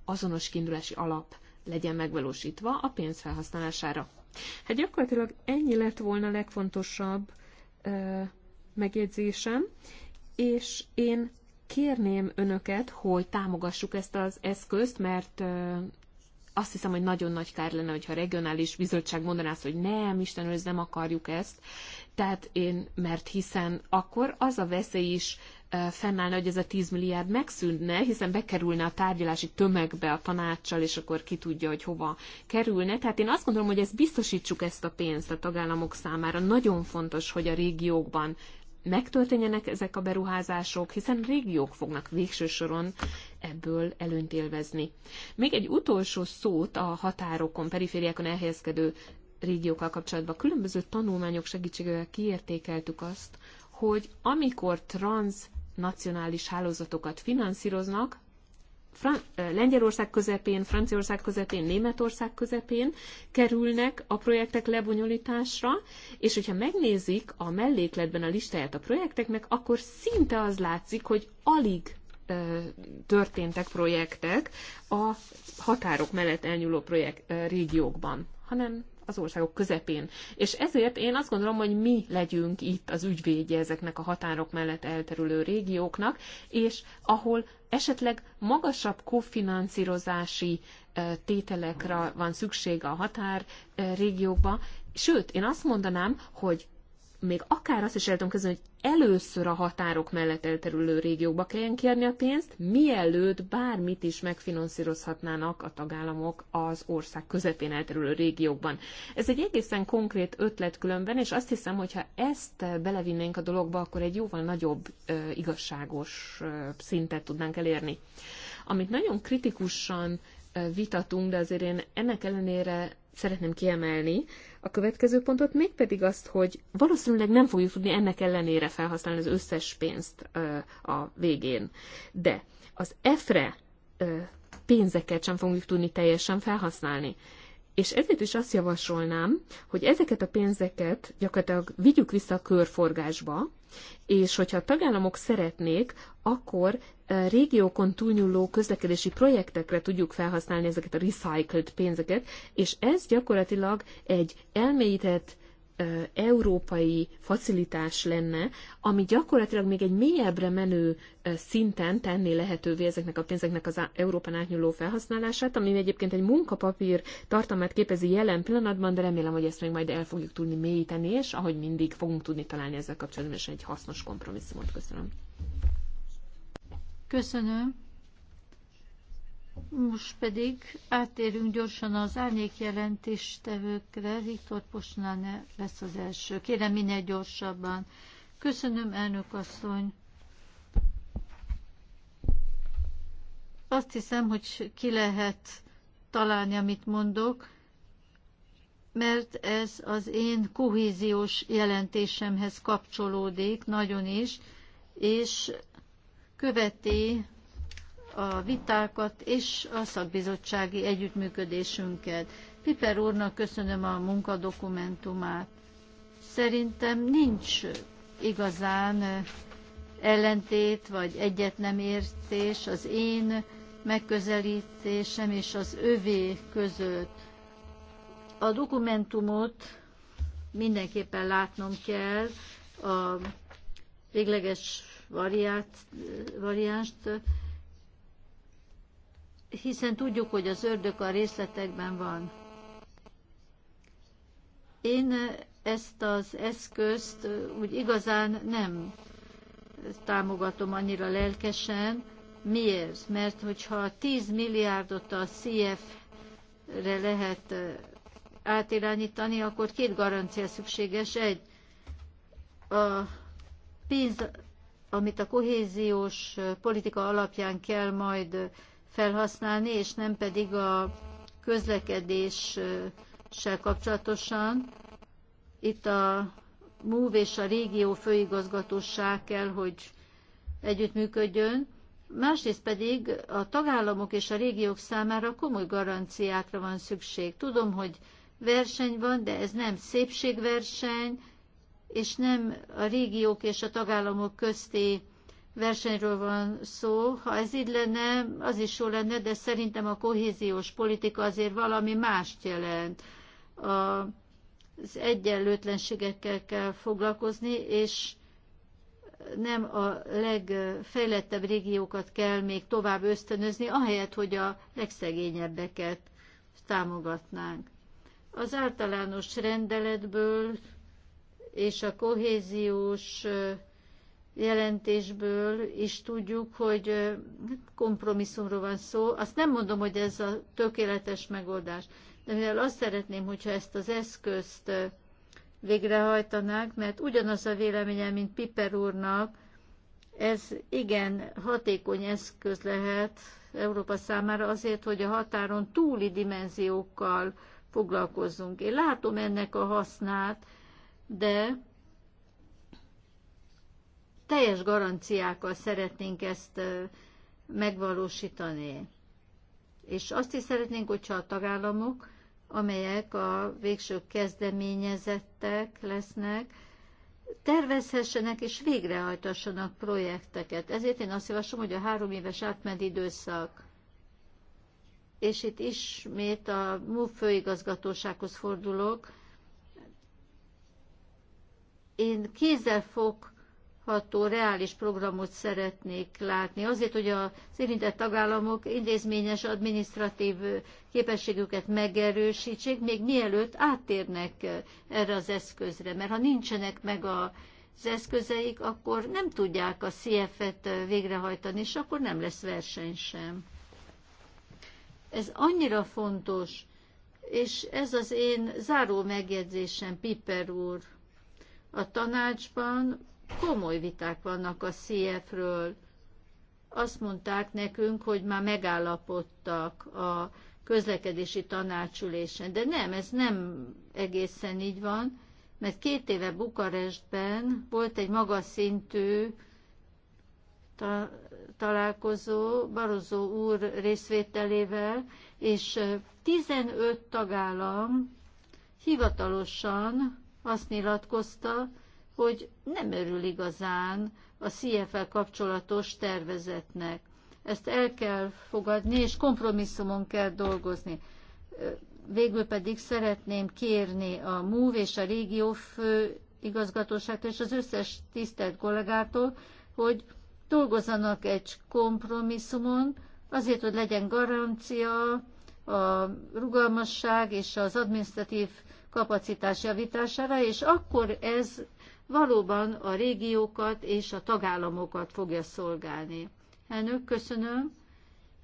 Speaker 3: azonos kiindulási alap legyen megvalósítva a pénz felhasználására. Hát gyakorlatilag ennyi lett volna a legfontosabb ö, megjegyzésem, és én kérném önöket, hogy támogassuk ezt az eszközt, mert ö, azt hiszem, hogy nagyon nagy kár lenne, hogyha a regionális bizottság mondaná hogy nem, Isten ősz, nem akarjuk ezt, tehát én, mert hiszen akkor az a veszély is fennállna, hogy ez a 10 milliárd megszűnne, hiszen bekerülne a tárgyalási tömegbe a tanácssal, és akkor ki tudja, hogy hova kerülne. Tehát én azt gondolom, hogy ezt biztosítsuk ezt a pénzt a tagállamok számára. Nagyon fontos, hogy a régiókban megtörténjenek ezek a beruházások, hiszen régiók fognak végső soron ebből előnyt élvezni. Még egy utolsó szót a határokon, perifériákon elhelyezkedő régiókkal kapcsolatban. Különböző tanulmányok segítségével kiértékeltük azt, hogy amikor transnacionális hálózatokat finanszíroznak, Fran- Lengyelország közepén, Franciaország közepén, Németország közepén kerülnek a projektek lebonyolításra, és hogyha megnézik a mellékletben a listáját a projekteknek, akkor szinte az látszik, hogy alig történtek projektek a határok mellett elnyúló projekt régiókban, hanem az országok közepén. És ezért én azt gondolom, hogy mi legyünk itt az ügyvédje ezeknek a határok mellett elterülő régióknak, és ahol esetleg magasabb kofinanszírozási tételekre van szükség a határ régiókba, Sőt, én azt mondanám, hogy még akár azt is el tudom közölni, hogy először a határok mellett elterülő régiókba kelljen kérni a pénzt, mielőtt bármit is megfinanszírozhatnának a tagállamok az ország közepén elterülő régiókban. Ez egy egészen konkrét ötlet különben, és azt hiszem, hogy ha ezt belevinnénk a dologba, akkor egy jóval nagyobb igazságos szintet tudnánk elérni. Amit nagyon kritikusan vitatunk, de azért én ennek ellenére szeretném kiemelni a következő pontot, mégpedig azt, hogy valószínűleg nem fogjuk tudni ennek ellenére felhasználni az összes pénzt a végén. De az EFRE pénzeket sem fogjuk tudni teljesen felhasználni és ezért is azt javasolnám, hogy ezeket a pénzeket gyakorlatilag vigyük vissza a körforgásba, és hogyha a tagállamok szeretnék, akkor e, régiókon túlnyúló közlekedési projektekre tudjuk felhasználni ezeket a recycled pénzeket, és ez gyakorlatilag egy elmélyített európai facilitás lenne, ami gyakorlatilag még egy mélyebbre menő szinten tenni lehetővé ezeknek a pénzeknek az Európán átnyúló felhasználását, ami egyébként egy munkapapír tartalmát képezi jelen pillanatban, de remélem, hogy ezt még majd el fogjuk tudni mélyíteni, és ahogy mindig fogunk tudni találni ezzel kapcsolatban is egy hasznos kompromisszumot. Köszönöm.
Speaker 1: Köszönöm. Most pedig átérünk gyorsan az árnyék jelentéstevőkre. Viktor Posnán lesz az első. Kérem minél gyorsabban. Köszönöm, elnök asszony. Azt hiszem, hogy ki lehet találni, amit mondok, mert ez az én kohéziós jelentésemhez kapcsolódik nagyon is, és követi a vitákat és a szakbizottsági együttműködésünket. Piper úrnak köszönöm a munkadokumentumát. Szerintem nincs igazán ellentét vagy egyet nem értés az én megközelítésem és az övé között. A dokumentumot mindenképpen látnom kell, a végleges variát, variánst hiszen tudjuk, hogy az ördög a részletekben van. Én ezt az eszközt úgy igazán nem támogatom annyira lelkesen. Miért? Mert hogyha 10 milliárdot a CF-re lehet átirányítani, akkor két garancia szükséges. Egy, a pénz, amit a kohéziós politika alapján kell majd felhasználni, és nem pedig a közlekedéssel kapcsolatosan. Itt a MÚV és a régió főigazgatóság kell, hogy együttműködjön, másrészt pedig a tagállamok és a régiók számára komoly garanciákra van szükség. Tudom, hogy verseny van, de ez nem szépségverseny, és nem a régiók és a tagállamok közti versenyről van szó. Ha ez így lenne, az is jó lenne, de szerintem a kohéziós politika azért valami mást jelent. A, az egyenlőtlenségekkel kell foglalkozni, és nem a legfejlettebb régiókat kell még tovább ösztönözni, ahelyett, hogy a legszegényebbeket támogatnánk. Az általános rendeletből és a kohéziós jelentésből is tudjuk, hogy kompromisszumról van szó. Azt nem mondom, hogy ez a tökéletes megoldás, de mivel azt szeretném, hogyha ezt az eszközt végrehajtanák, mert ugyanaz a véleményem, mint Piper úrnak, ez igen hatékony eszköz lehet Európa számára azért, hogy a határon túli dimenziókkal foglalkozzunk. Én látom ennek a hasznát, de teljes garanciákkal szeretnénk ezt megvalósítani. És azt is szeretnénk, hogyha a tagállamok, amelyek a végső kezdeményezettek lesznek, tervezhessenek és végrehajtassanak projekteket. Ezért én azt javaslom, hogy a három éves átmeneti időszak, és itt ismét a MUF főigazgatósághoz fordulok, én kézzel fog ható reális programot szeretnék látni, azért, hogy az érintett tagállamok intézményes adminisztratív képességüket megerősítsék, még mielőtt áttérnek erre az eszközre, mert ha nincsenek meg a az eszközeik, akkor nem tudják a CF-et végrehajtani, és akkor nem lesz verseny sem. Ez annyira fontos, és ez az én záró megjegyzésem, Piper úr. A tanácsban komoly viták vannak a CF-ről. Azt mondták nekünk, hogy már megállapodtak a közlekedési tanácsülésen, de nem, ez nem egészen így van, mert két éve Bukarestben volt egy magas szintű ta- találkozó Barozó úr részvételével, és 15 tagállam hivatalosan azt nyilatkozta, hogy nem örül igazán a CFL kapcsolatos tervezetnek. Ezt el kell fogadni, és kompromisszumon kell dolgozni. Végül pedig szeretném kérni a MÚV és a régió fő igazgatóságot és az összes tisztelt kollégától, hogy dolgozzanak egy kompromisszumon, azért, hogy legyen garancia, a rugalmasság és az administratív kapacitás javítására, és akkor ez valóban a régiókat és a tagállamokat fogja szolgálni. Elnök, köszönöm.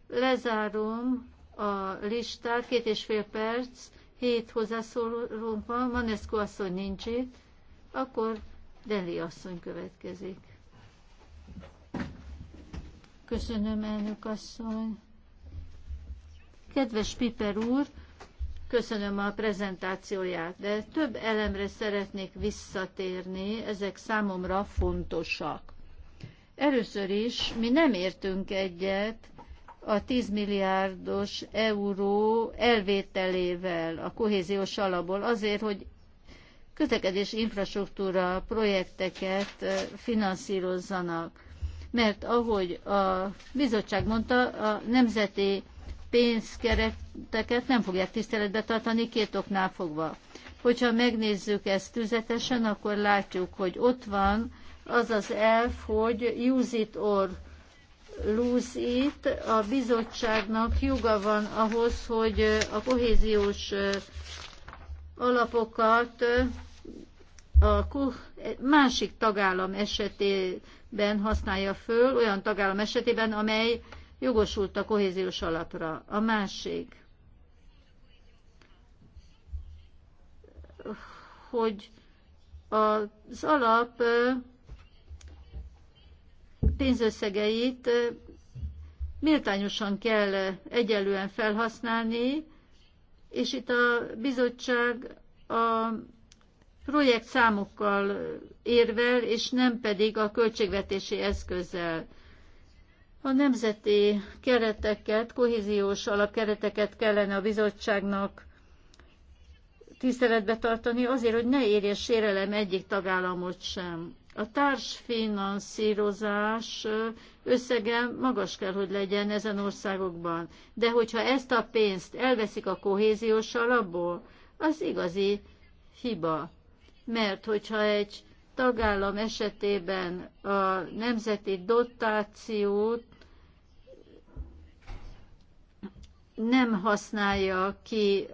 Speaker 1: Lezárom a listát, két és fél perc, hét hozzászólónk van, Manesko asszony nincs itt, akkor Deli asszony következik. Köszönöm, elnök asszony. Kedves Piper úr, Köszönöm a prezentációját, de több elemre szeretnék visszatérni, ezek számomra fontosak. Először is mi nem értünk egyet a 10 milliárdos euró elvételével a kohéziós alapból azért, hogy közlekedés infrastruktúra projekteket eh, finanszírozzanak. Mert ahogy a bizottság mondta, a nemzeti pénzkereteket nem fogják tiszteletbe tartani két oknál fogva. Hogyha megnézzük ezt tüzetesen, akkor látjuk, hogy ott van az az elf, hogy use it or lose it. A bizottságnak joga van ahhoz, hogy a kohéziós alapokat a másik tagállam esetében használja föl, olyan tagállam esetében, amely jogosult a kohéziós alapra. A másik, hogy az alap pénzösszegeit méltányosan kell egyelően felhasználni, és itt a bizottság a projekt számokkal érvel, és nem pedig a költségvetési eszközzel. A nemzeti kereteket, kohéziós alapkereteket kellene a bizottságnak tiszteletbe tartani azért, hogy ne érje sérelem egyik tagállamot sem. A társfinanszírozás összege magas kell, hogy legyen ezen országokban. De hogyha ezt a pénzt elveszik a kohéziós alapból, az igazi hiba. Mert hogyha egy tagállam esetében a nemzeti dotációt nem használja ki,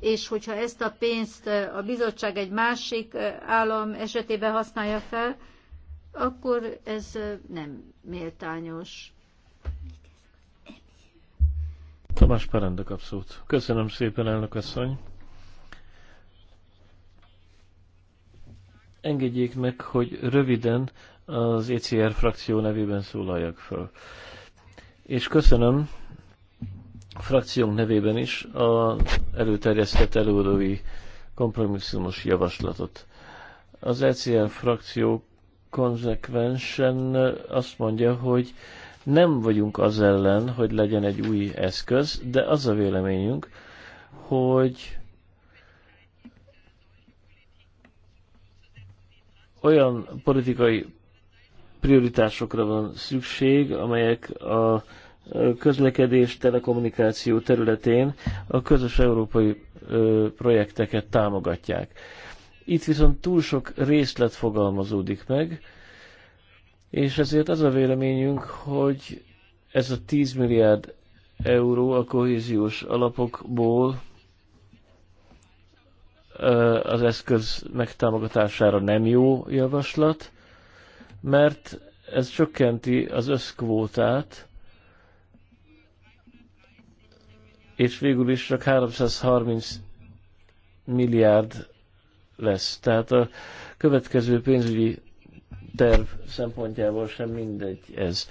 Speaker 1: és hogyha ezt a pénzt a bizottság egy másik állam esetében használja fel, akkor ez nem méltányos.
Speaker 2: Tamás Perenda abszolút. Köszönöm szépen, elnök asszony. Engedjék meg, hogy röviden az ECR frakció nevében szólaljak föl. És köszönöm a frakciónk nevében is a előterjesztett előadói kompromisszumos javaslatot. Az ECR frakció konzekvensen azt mondja, hogy nem vagyunk az ellen, hogy legyen egy új eszköz, de az a véleményünk, hogy olyan politikai prioritásokra van szükség, amelyek a közlekedés, telekommunikáció területén a közös európai projekteket támogatják. Itt viszont túl sok részlet fogalmazódik meg, és ezért az a véleményünk, hogy ez a 10 milliárd euró a kohéziós alapokból az eszköz megtámogatására nem jó javaslat, mert ez csökkenti az összkvótát, és végül is csak 330 milliárd lesz. Tehát a következő pénzügyi terv szempontjából sem mindegy ez.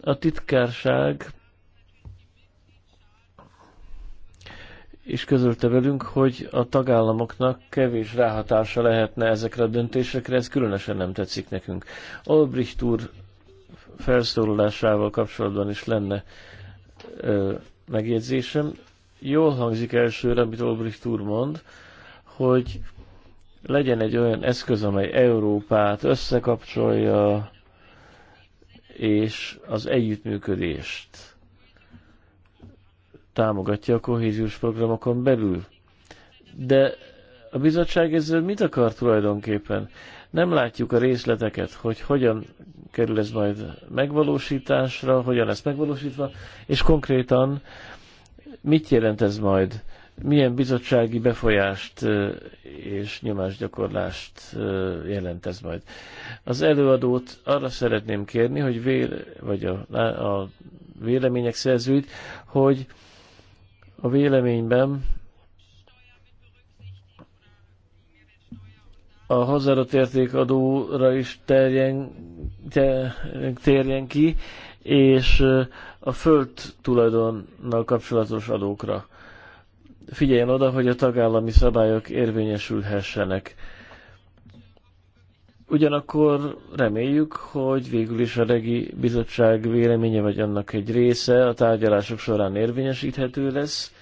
Speaker 2: A titkárság is közölte velünk, hogy a tagállamoknak kevés ráhatása lehetne ezekre a döntésekre, ez különösen nem tetszik nekünk. Albrecht úr felszólalásával kapcsolatban is lenne ö, megjegyzésem. Jól hangzik elsőre, amit Olbricht úr mond, hogy legyen egy olyan eszköz, amely Európát összekapcsolja, és az együttműködést támogatja a kohéziós programokon belül. De a bizottság ezzel mit akar tulajdonképpen? Nem látjuk a részleteket, hogy hogyan kerül ez majd megvalósításra, hogyan lesz megvalósítva, és konkrétan mit jelent ez majd, milyen bizottsági befolyást és nyomásgyakorlást jelent ez majd. Az előadót arra szeretném kérni, hogy véle, vagy a, a vélemények szerzőit, hogy a véleményben a hozzáadott értékadóra is terjen, térjen ki, és a föld tulajdonnal kapcsolatos adókra. Figyeljen oda, hogy a tagállami szabályok érvényesülhessenek. Ugyanakkor reméljük, hogy végül is a regi bizottság véleménye vagy annak egy része a tárgyalások során érvényesíthető lesz,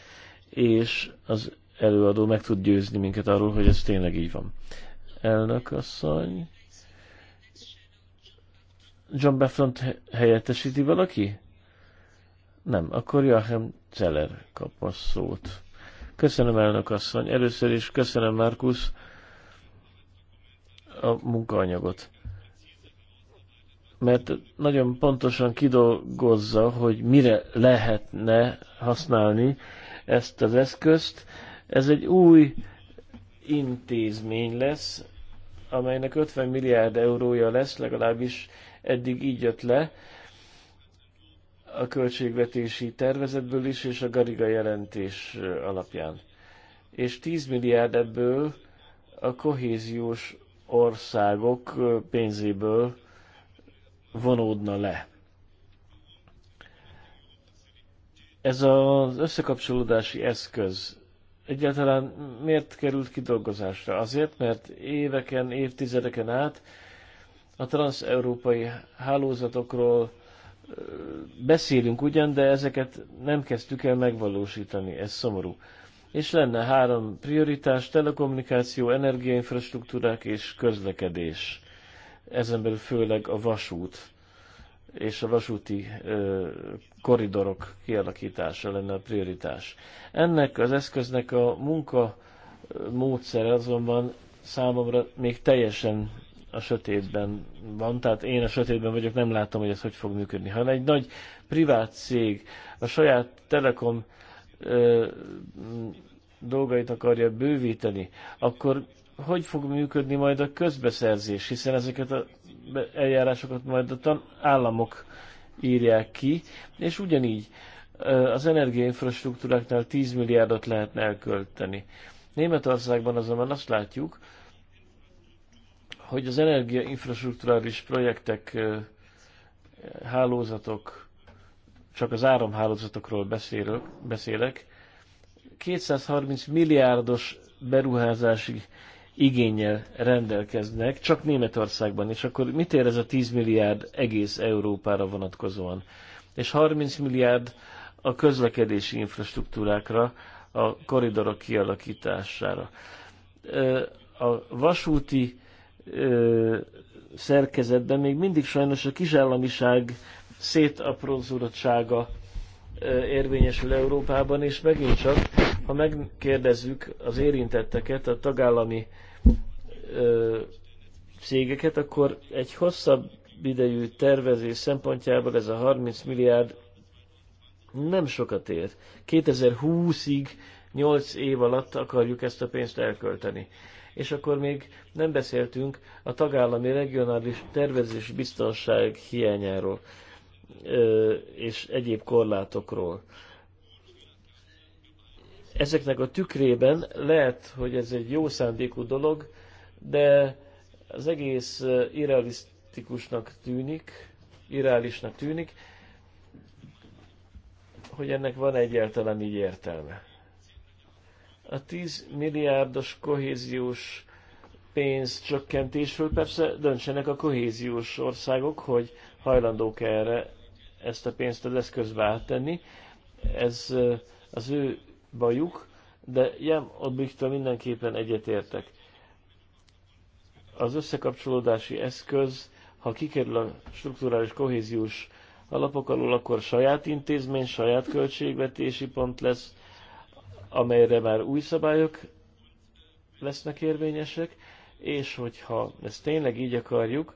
Speaker 2: és az előadó meg tud győzni minket arról, hogy ez tényleg így van elnök asszony. John Befront helyettesíti valaki? Nem, akkor Joachim Zeller kap a szót. Köszönöm, elnök asszony. Először is köszönöm, Markus, a munkaanyagot. Mert nagyon pontosan kidolgozza, hogy mire lehetne használni ezt az eszközt. Ez egy új intézmény lesz, amelynek 50 milliárd eurója lesz, legalábbis eddig így jött le a költségvetési tervezetből is, és a Gariga jelentés alapján. És 10 milliárd ebből a kohéziós országok pénzéből vonódna le. Ez az összekapcsolódási eszköz egyáltalán miért került kidolgozásra? Azért, mert éveken, évtizedeken át a transeurópai hálózatokról beszélünk ugyan, de ezeket nem kezdtük el megvalósítani, ez szomorú. És lenne három prioritás, telekommunikáció, energiainfrastruktúrák és közlekedés. Ezen belül főleg a vasút és a vasúti ö, koridorok kialakítása lenne a prioritás. Ennek az eszköznek a munka eh, módszere azonban számomra még teljesen a sötétben van, tehát én a sötétben vagyok, nem látom, hogy ez hogy fog működni. Ha egy nagy privát cég a saját telekom ö, eh, dolgait akarja bővíteni, akkor hogy fog működni majd a közbeszerzés, hiszen ezeket az eljárásokat majd a tan- államok írják ki, és ugyanígy az energiainfrastruktúráknál 10 milliárdot lehetne elkölteni. Németországban azonban azt látjuk, hogy az energiainfrastruktúrális projektek, hálózatok, csak az áramhálózatokról beszélek, 230 milliárdos beruházási igényel rendelkeznek, csak Németországban, és akkor mit ér ez a 10 milliárd egész Európára vonatkozóan? És 30 milliárd a közlekedési infrastruktúrákra, a koridorok kialakítására. A vasúti szerkezetben még mindig sajnos a kisállamiság szétaprózódottsága érvényesül Európában, és megint csak, ha megkérdezzük az érintetteket, a tagállami ö, cégeket, akkor egy hosszabb idejű tervezés szempontjából ez a 30 milliárd nem sokat ér. 2020-ig 8 év alatt akarjuk ezt a pénzt elkölteni. És akkor még nem beszéltünk a tagállami regionális tervezés biztonság hiányáról és egyéb korlátokról. Ezeknek a tükrében lehet, hogy ez egy jó szándékú dolog, de az egész irrealisztikusnak tűnik, irreálisnak tűnik, hogy ennek van egyáltalán így értelme. A 10 milliárdos kohéziós pénz csökkentésről persze döntsenek a kohéziós országok, hogy hajlandók erre ezt a pénzt az eszközbe áttenni. Ez az ő bajuk, de Jem Obrichtal mindenképpen egyetértek az összekapcsolódási eszköz, ha kikerül a strukturális kohéziós alapok alól, akkor saját intézmény, saját költségvetési pont lesz, amelyre már új szabályok lesznek érvényesek, és hogyha ezt tényleg így akarjuk,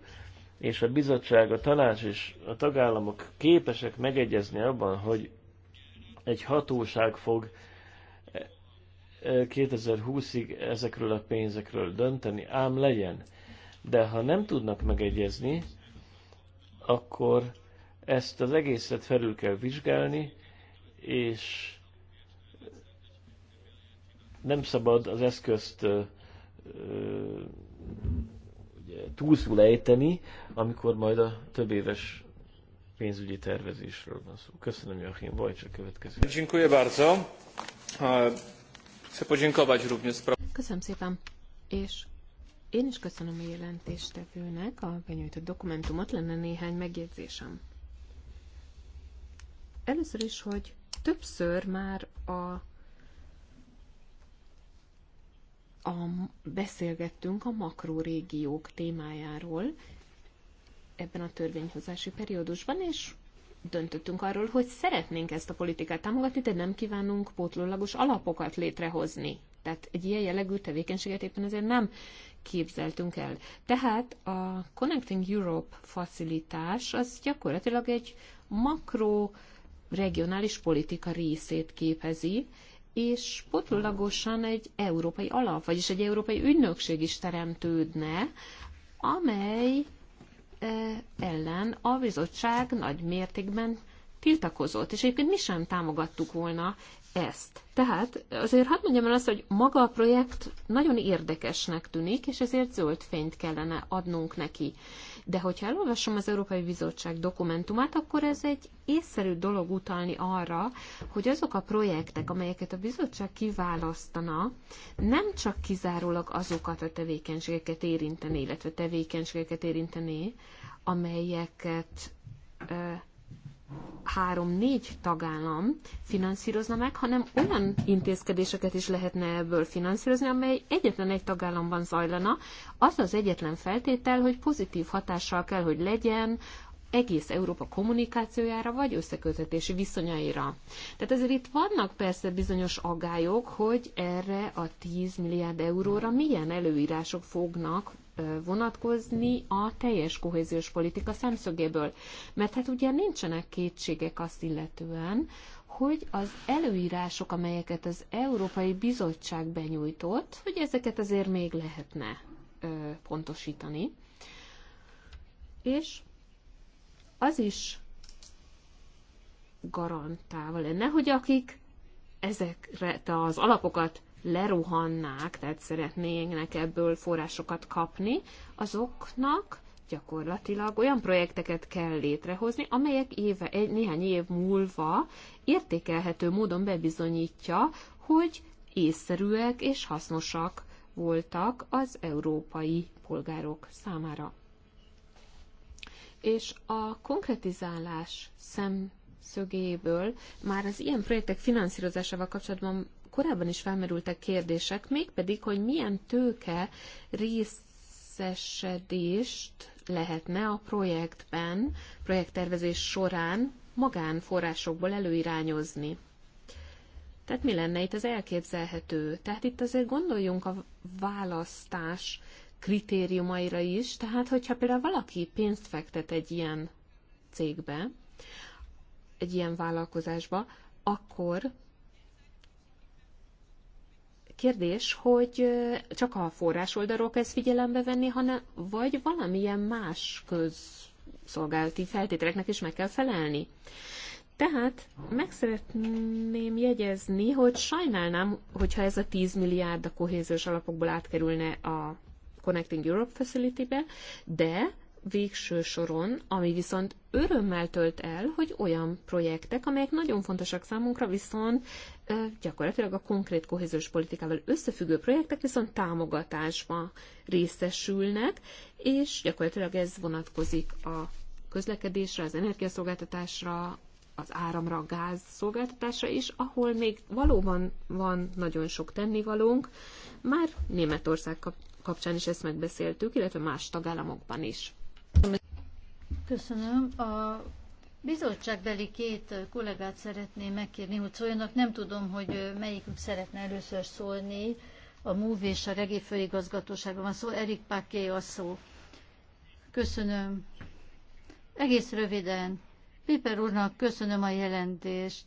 Speaker 2: és a bizottság, a tanács és a tagállamok képesek megegyezni abban, hogy egy hatóság fog 2020-ig ezekről a pénzekről dönteni, ám legyen. De ha nem tudnak megegyezni, akkor ezt az egészet felül kell vizsgálni, és nem szabad az eszközt ö, ö, túlszul ejteni, amikor majd a több éves pénzügyi tervezésről van szó. Köszönöm, Joachim a következő. Dziękuję bardzo. Chcę podziękować również
Speaker 3: Köszönöm szépen, és én is köszönöm a jelentéstevőnek a benyújtott dokumentumot, lenne néhány megjegyzésem. Először is, hogy többször már a a, beszélgettünk a makrórégiók témájáról ebben a törvényhozási periódusban, és döntöttünk arról, hogy szeretnénk ezt a politikát támogatni, de nem kívánunk pótlólagos alapokat létrehozni. Tehát egy ilyen jellegű tevékenységet éppen ezért nem képzeltünk el. Tehát a Connecting Europe facilitás az gyakorlatilag egy makro regionális politika részét képezi, és potlagosan egy európai alap, vagyis egy európai ügynökség is teremtődne, amely ellen a bizottság nagy mértékben tiltakozott, és egyébként mi sem támogattuk volna ezt. Tehát azért hadd mondjam el azt, hogy maga a projekt nagyon érdekesnek tűnik, és ezért zöld fényt kellene adnunk neki. De hogyha elolvasom az Európai Bizottság dokumentumát, akkor ez egy észszerű dolog utalni arra, hogy azok a projektek, amelyeket a bizottság kiválasztana, nem csak kizárólag azokat a tevékenységeket érinteni, illetve tevékenységeket érinteni, amelyeket három-négy tagállam finanszírozna meg, hanem olyan intézkedéseket is lehetne ebből finanszírozni, amely egyetlen egy tagállamban zajlana. Az az egyetlen feltétel, hogy pozitív hatással kell, hogy legyen egész Európa kommunikációjára vagy összekötetési viszonyaira. Tehát ezért itt vannak persze bizonyos agályok, hogy erre a 10 milliárd euróra milyen előírások fognak vonatkozni a teljes kohéziós politika szemszögéből. Mert hát ugye nincsenek kétségek azt illetően, hogy az előírások, amelyeket az Európai Bizottság benyújtott, hogy ezeket azért még lehetne pontosítani. És az is garantálva lenne, hogy akik ezekre az alapokat leruhannák, tehát szeretnének ebből forrásokat kapni, azoknak gyakorlatilag olyan projekteket kell létrehozni, amelyek éve, egy, néhány év múlva értékelhető módon bebizonyítja, hogy észszerűek és hasznosak voltak az európai polgárok számára. És a konkretizálás szemszögéből már az ilyen projektek finanszírozásával kapcsolatban korábban is felmerültek kérdések, mégpedig, hogy milyen tőke részesedést lehetne a projektben, projekttervezés során magánforrásokból előirányozni. Tehát mi lenne itt az elképzelhető? Tehát itt azért gondoljunk a választás kritériumaira is, tehát hogyha például valaki pénzt fektet egy ilyen cégbe, egy ilyen vállalkozásba, akkor Kérdés, hogy csak a forrás oldalról kezd figyelembe venni, hanem vagy valamilyen más közszolgálati feltételeknek is meg kell felelni. Tehát meg szeretném jegyezni, hogy sajnálnám, hogyha ez a 10 milliárd a kohéziós alapokból átkerülne a Connecting Europe Facility-be, de végső soron, ami viszont örömmel tölt el, hogy olyan projektek, amelyek nagyon fontosak számunkra, viszont gyakorlatilag a konkrét kohéziós politikával összefüggő projektek viszont támogatásba részesülnek, és gyakorlatilag ez vonatkozik a közlekedésre, az energiaszolgáltatásra, az áramra, a gáz szolgáltatásra is, ahol még valóban van nagyon sok tennivalónk. Már Németország kapcsán is ezt megbeszéltük, illetve más tagállamokban is.
Speaker 1: Köszönöm. A bizottságbeli két kollégát szeretném megkérni, hogy szóljanak. Nem tudom, hogy melyikük szeretne először szólni. A MÚV és a Regi főigazgatóságon van szó. Erik Páké a szó. Köszönöm. Egész röviden. Piper úrnak köszönöm a jelentést.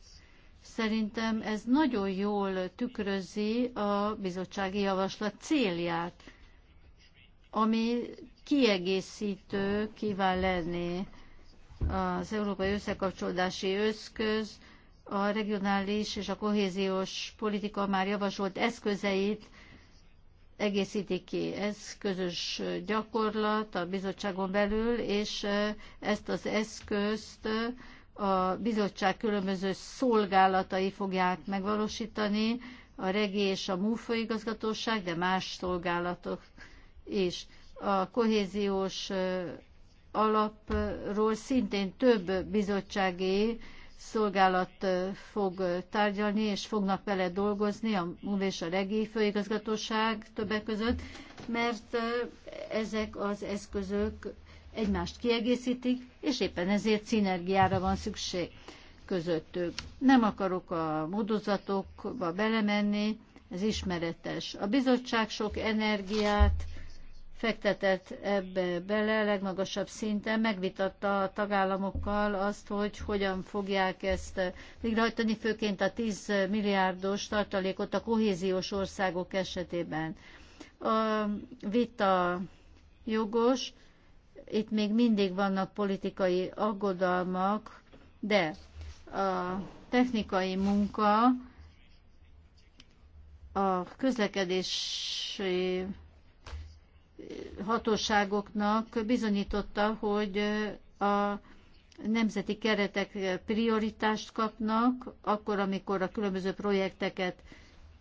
Speaker 1: Szerintem ez nagyon jól tükrözi a bizottsági javaslat célját ami kiegészítő kíván lenni az európai összekapcsolódási összköz, a regionális és a kohéziós politika már javasolt eszközeit egészíti ki. Ez közös gyakorlat a bizottságon belül, és ezt az eszközt a bizottság különböző szolgálatai fogják megvalósítani, a regi és a MUFA igazgatóság, de más szolgálatok is. A kohéziós alapról szintén több bizottsági szolgálat fog tárgyalni, és fognak vele dolgozni, a MUV és a REGI főigazgatóság többek között, mert ezek az eszközök egymást kiegészítik, és éppen ezért szinergiára van szükség közöttük. Nem akarok a módozatokba belemenni, ez ismeretes. A bizottság sok energiát fektetett ebbe bele, legmagasabb szinten megvitatta a tagállamokkal azt, hogy hogyan fogják ezt végrehajtani, főként a 10 milliárdos tartalékot a kohéziós országok esetében. A vita jogos, itt még mindig vannak politikai aggodalmak, de a technikai munka a közlekedési hatóságoknak bizonyította, hogy a nemzeti keretek prioritást kapnak, akkor, amikor a különböző projekteket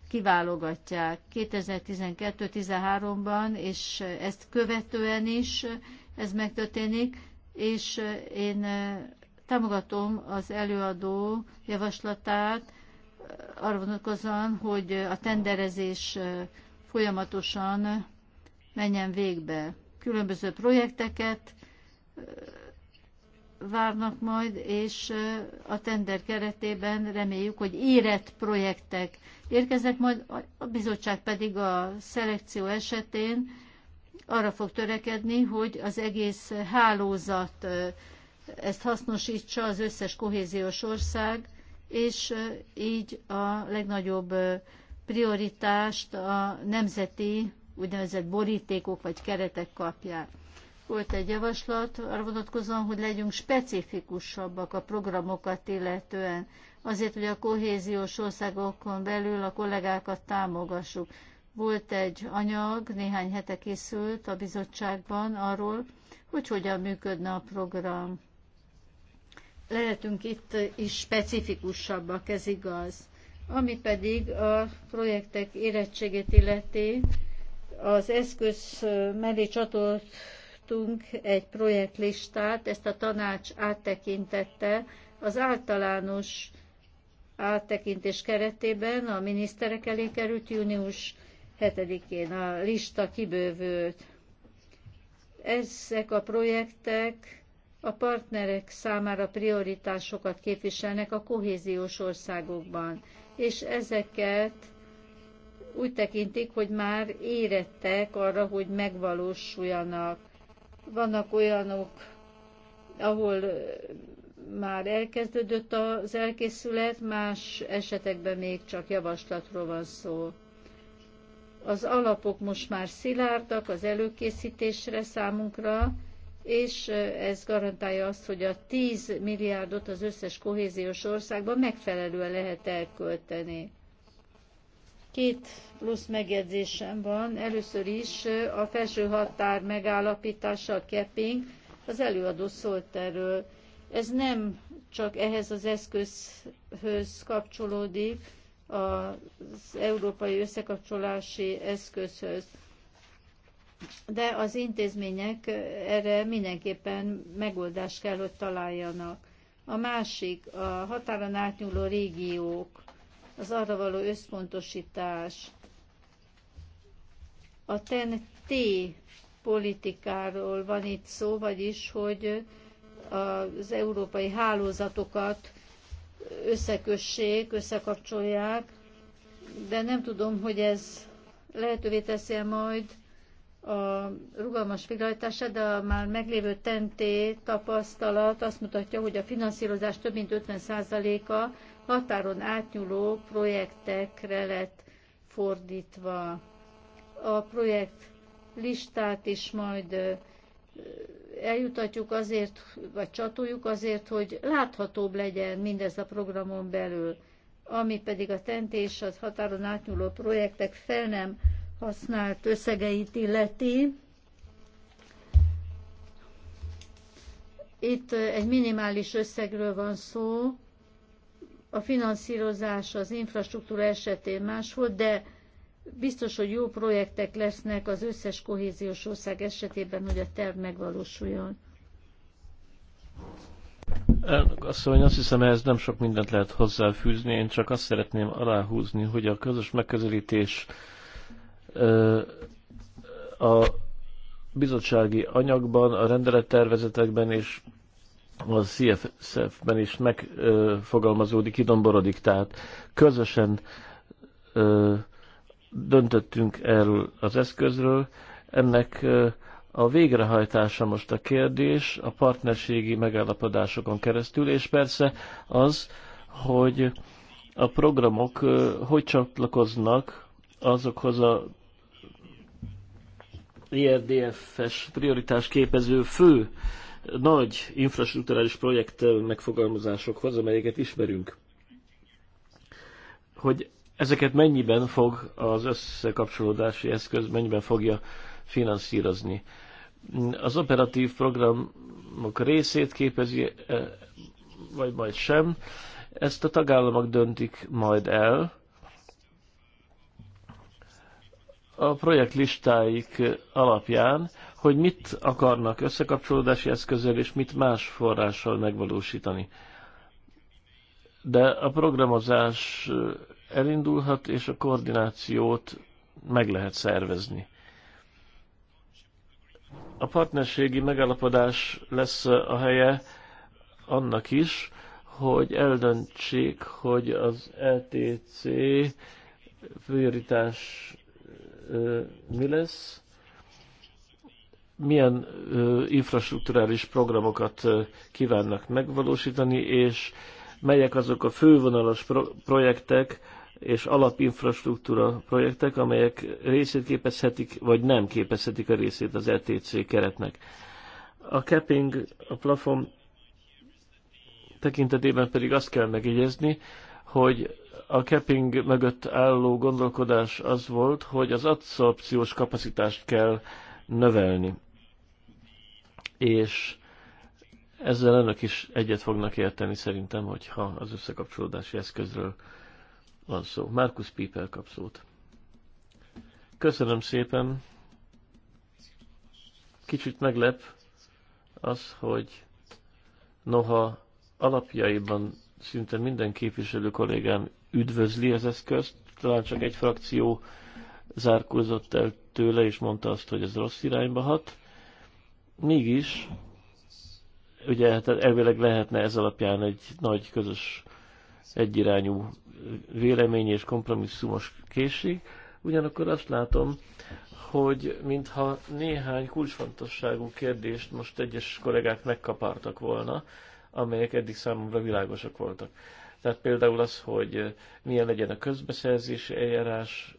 Speaker 1: kiválogatják 2012-13-ban, és ezt követően is ez megtörténik, és én támogatom az előadó javaslatát arra vonatkozóan, hogy a tenderezés folyamatosan menjen végbe. Különböző projekteket várnak majd, és a tender keretében reméljük, hogy érett projektek érkeznek majd, a bizottság pedig a szelekció esetén arra fog törekedni, hogy az egész hálózat ezt hasznosítsa az összes kohéziós ország, és így a legnagyobb prioritást a nemzeti úgynevezett borítékok vagy keretek kapják Volt egy javaslat arra vonatkozóan, hogy legyünk specifikusabbak a programokat illetően, azért, hogy a kohéziós országokon belül a kollégákat támogassuk. Volt egy anyag, néhány hete készült a bizottságban arról, hogy hogyan működne a program. Lehetünk itt is specifikusabbak, ez igaz. Ami pedig a projektek érettségét illeti, az eszköz mellé csatoltunk egy projektlistát, ezt a tanács áttekintette. Az általános áttekintés keretében a miniszterek elé került június 7-én a lista kibővült. Ezek a projektek a partnerek számára prioritásokat képviselnek a kohéziós országokban, és ezeket úgy tekintik, hogy már érettek arra, hogy megvalósuljanak. Vannak olyanok, ahol már elkezdődött az elkészület, más esetekben még csak javaslatról van szó. Az alapok most már szilárdak az előkészítésre számunkra, és ez garantálja azt, hogy a 10 milliárdot az összes kohéziós országban megfelelően lehet elkölteni. Két plusz megjegyzésem van. Először is a felső határ megállapítása, a capping, az előadó szólt erről. Ez nem csak ehhez az eszközhöz kapcsolódik, az európai összekapcsolási eszközhöz. De az intézmények erre mindenképpen megoldást kell, hogy találjanak. A másik, a határon átnyúló régiók az arra való összpontosítás. A TEN-T politikáról van itt szó, vagyis, hogy az európai hálózatokat összekössék, összekapcsolják, de nem tudom, hogy ez lehetővé teszi -e majd a rugalmas végrehajtása, de a már meglévő TNT tapasztalat azt mutatja, hogy a finanszírozás több mint 50%-a határon átnyúló projektekre lett fordítva. A projekt listát is majd eljutatjuk azért, vagy csatoljuk azért, hogy láthatóbb legyen mindez a programon belül, ami pedig a tentés az határon átnyúló projektek fel nem használt összegeit illeti. Itt egy minimális összegről van szó, a finanszírozás az infrastruktúra esetén máshol, de biztos, hogy jó projektek lesznek az összes kohéziós ország esetében, hogy a terv megvalósuljon.
Speaker 2: Elnök asszony, azt hiszem, ehhez nem sok mindent lehet hozzáfűzni, én csak azt szeretném aláhúzni, hogy a közös megközelítés a bizottsági anyagban, a rendelettervezetekben és a CFSF-ben is megfogalmazódik, idomborodik, tehát közösen ö, döntöttünk erről az eszközről. Ennek ö, a végrehajtása most a kérdés a partnerségi megállapodásokon keresztül, és persze az, hogy a programok ö, hogy csatlakoznak azokhoz a IRDF-es e prioritás képező fő nagy infrastruktúrális projekt megfogalmazásokhoz, amelyeket ismerünk. Hogy ezeket mennyiben fog az összekapcsolódási eszköz, mennyiben fogja finanszírozni. Az operatív programok részét képezi, e, vagy majd sem, ezt a tagállamok döntik majd el. A projekt listáik alapján hogy mit akarnak összekapcsolódási eszközzel, és mit más forrással megvalósítani. De a programozás elindulhat, és a koordinációt meg lehet szervezni. A partnerségi megállapodás lesz a helye annak is, hogy eldöntsék, hogy az LTC e prioritás mi lesz, milyen ö, infrastruktúrális programokat ö, kívánnak megvalósítani, és melyek azok a fővonalas pro- projektek és alapinfrastruktúra projektek, amelyek részét képezhetik, vagy nem képezhetik a részét az ETC keretnek. A capping, a plafon tekintetében pedig azt kell megjegyezni, hogy a capping mögött álló gondolkodás az volt, hogy az adszorpciós kapacitást kell növelni és ezzel önök is egyet fognak érteni szerintem, hogyha az összekapcsolódási eszközről van szó. Markus Piper kap szót. Köszönöm szépen. Kicsit meglep az, hogy noha alapjaiban szinte minden képviselő kollégám üdvözli az eszközt, talán csak egy frakció zárkózott el tőle, és mondta azt, hogy ez rossz irányba hat. Mégis, ugye hát elvileg lehetne ez alapján egy nagy közös egyirányú vélemény és kompromisszumos készség, ugyanakkor azt látom, hogy mintha néhány kulcsfontosságú kérdést most egyes kollégák megkapartak volna, amelyek eddig számomra világosak voltak. Tehát például az, hogy milyen legyen a közbeszerzési eljárás,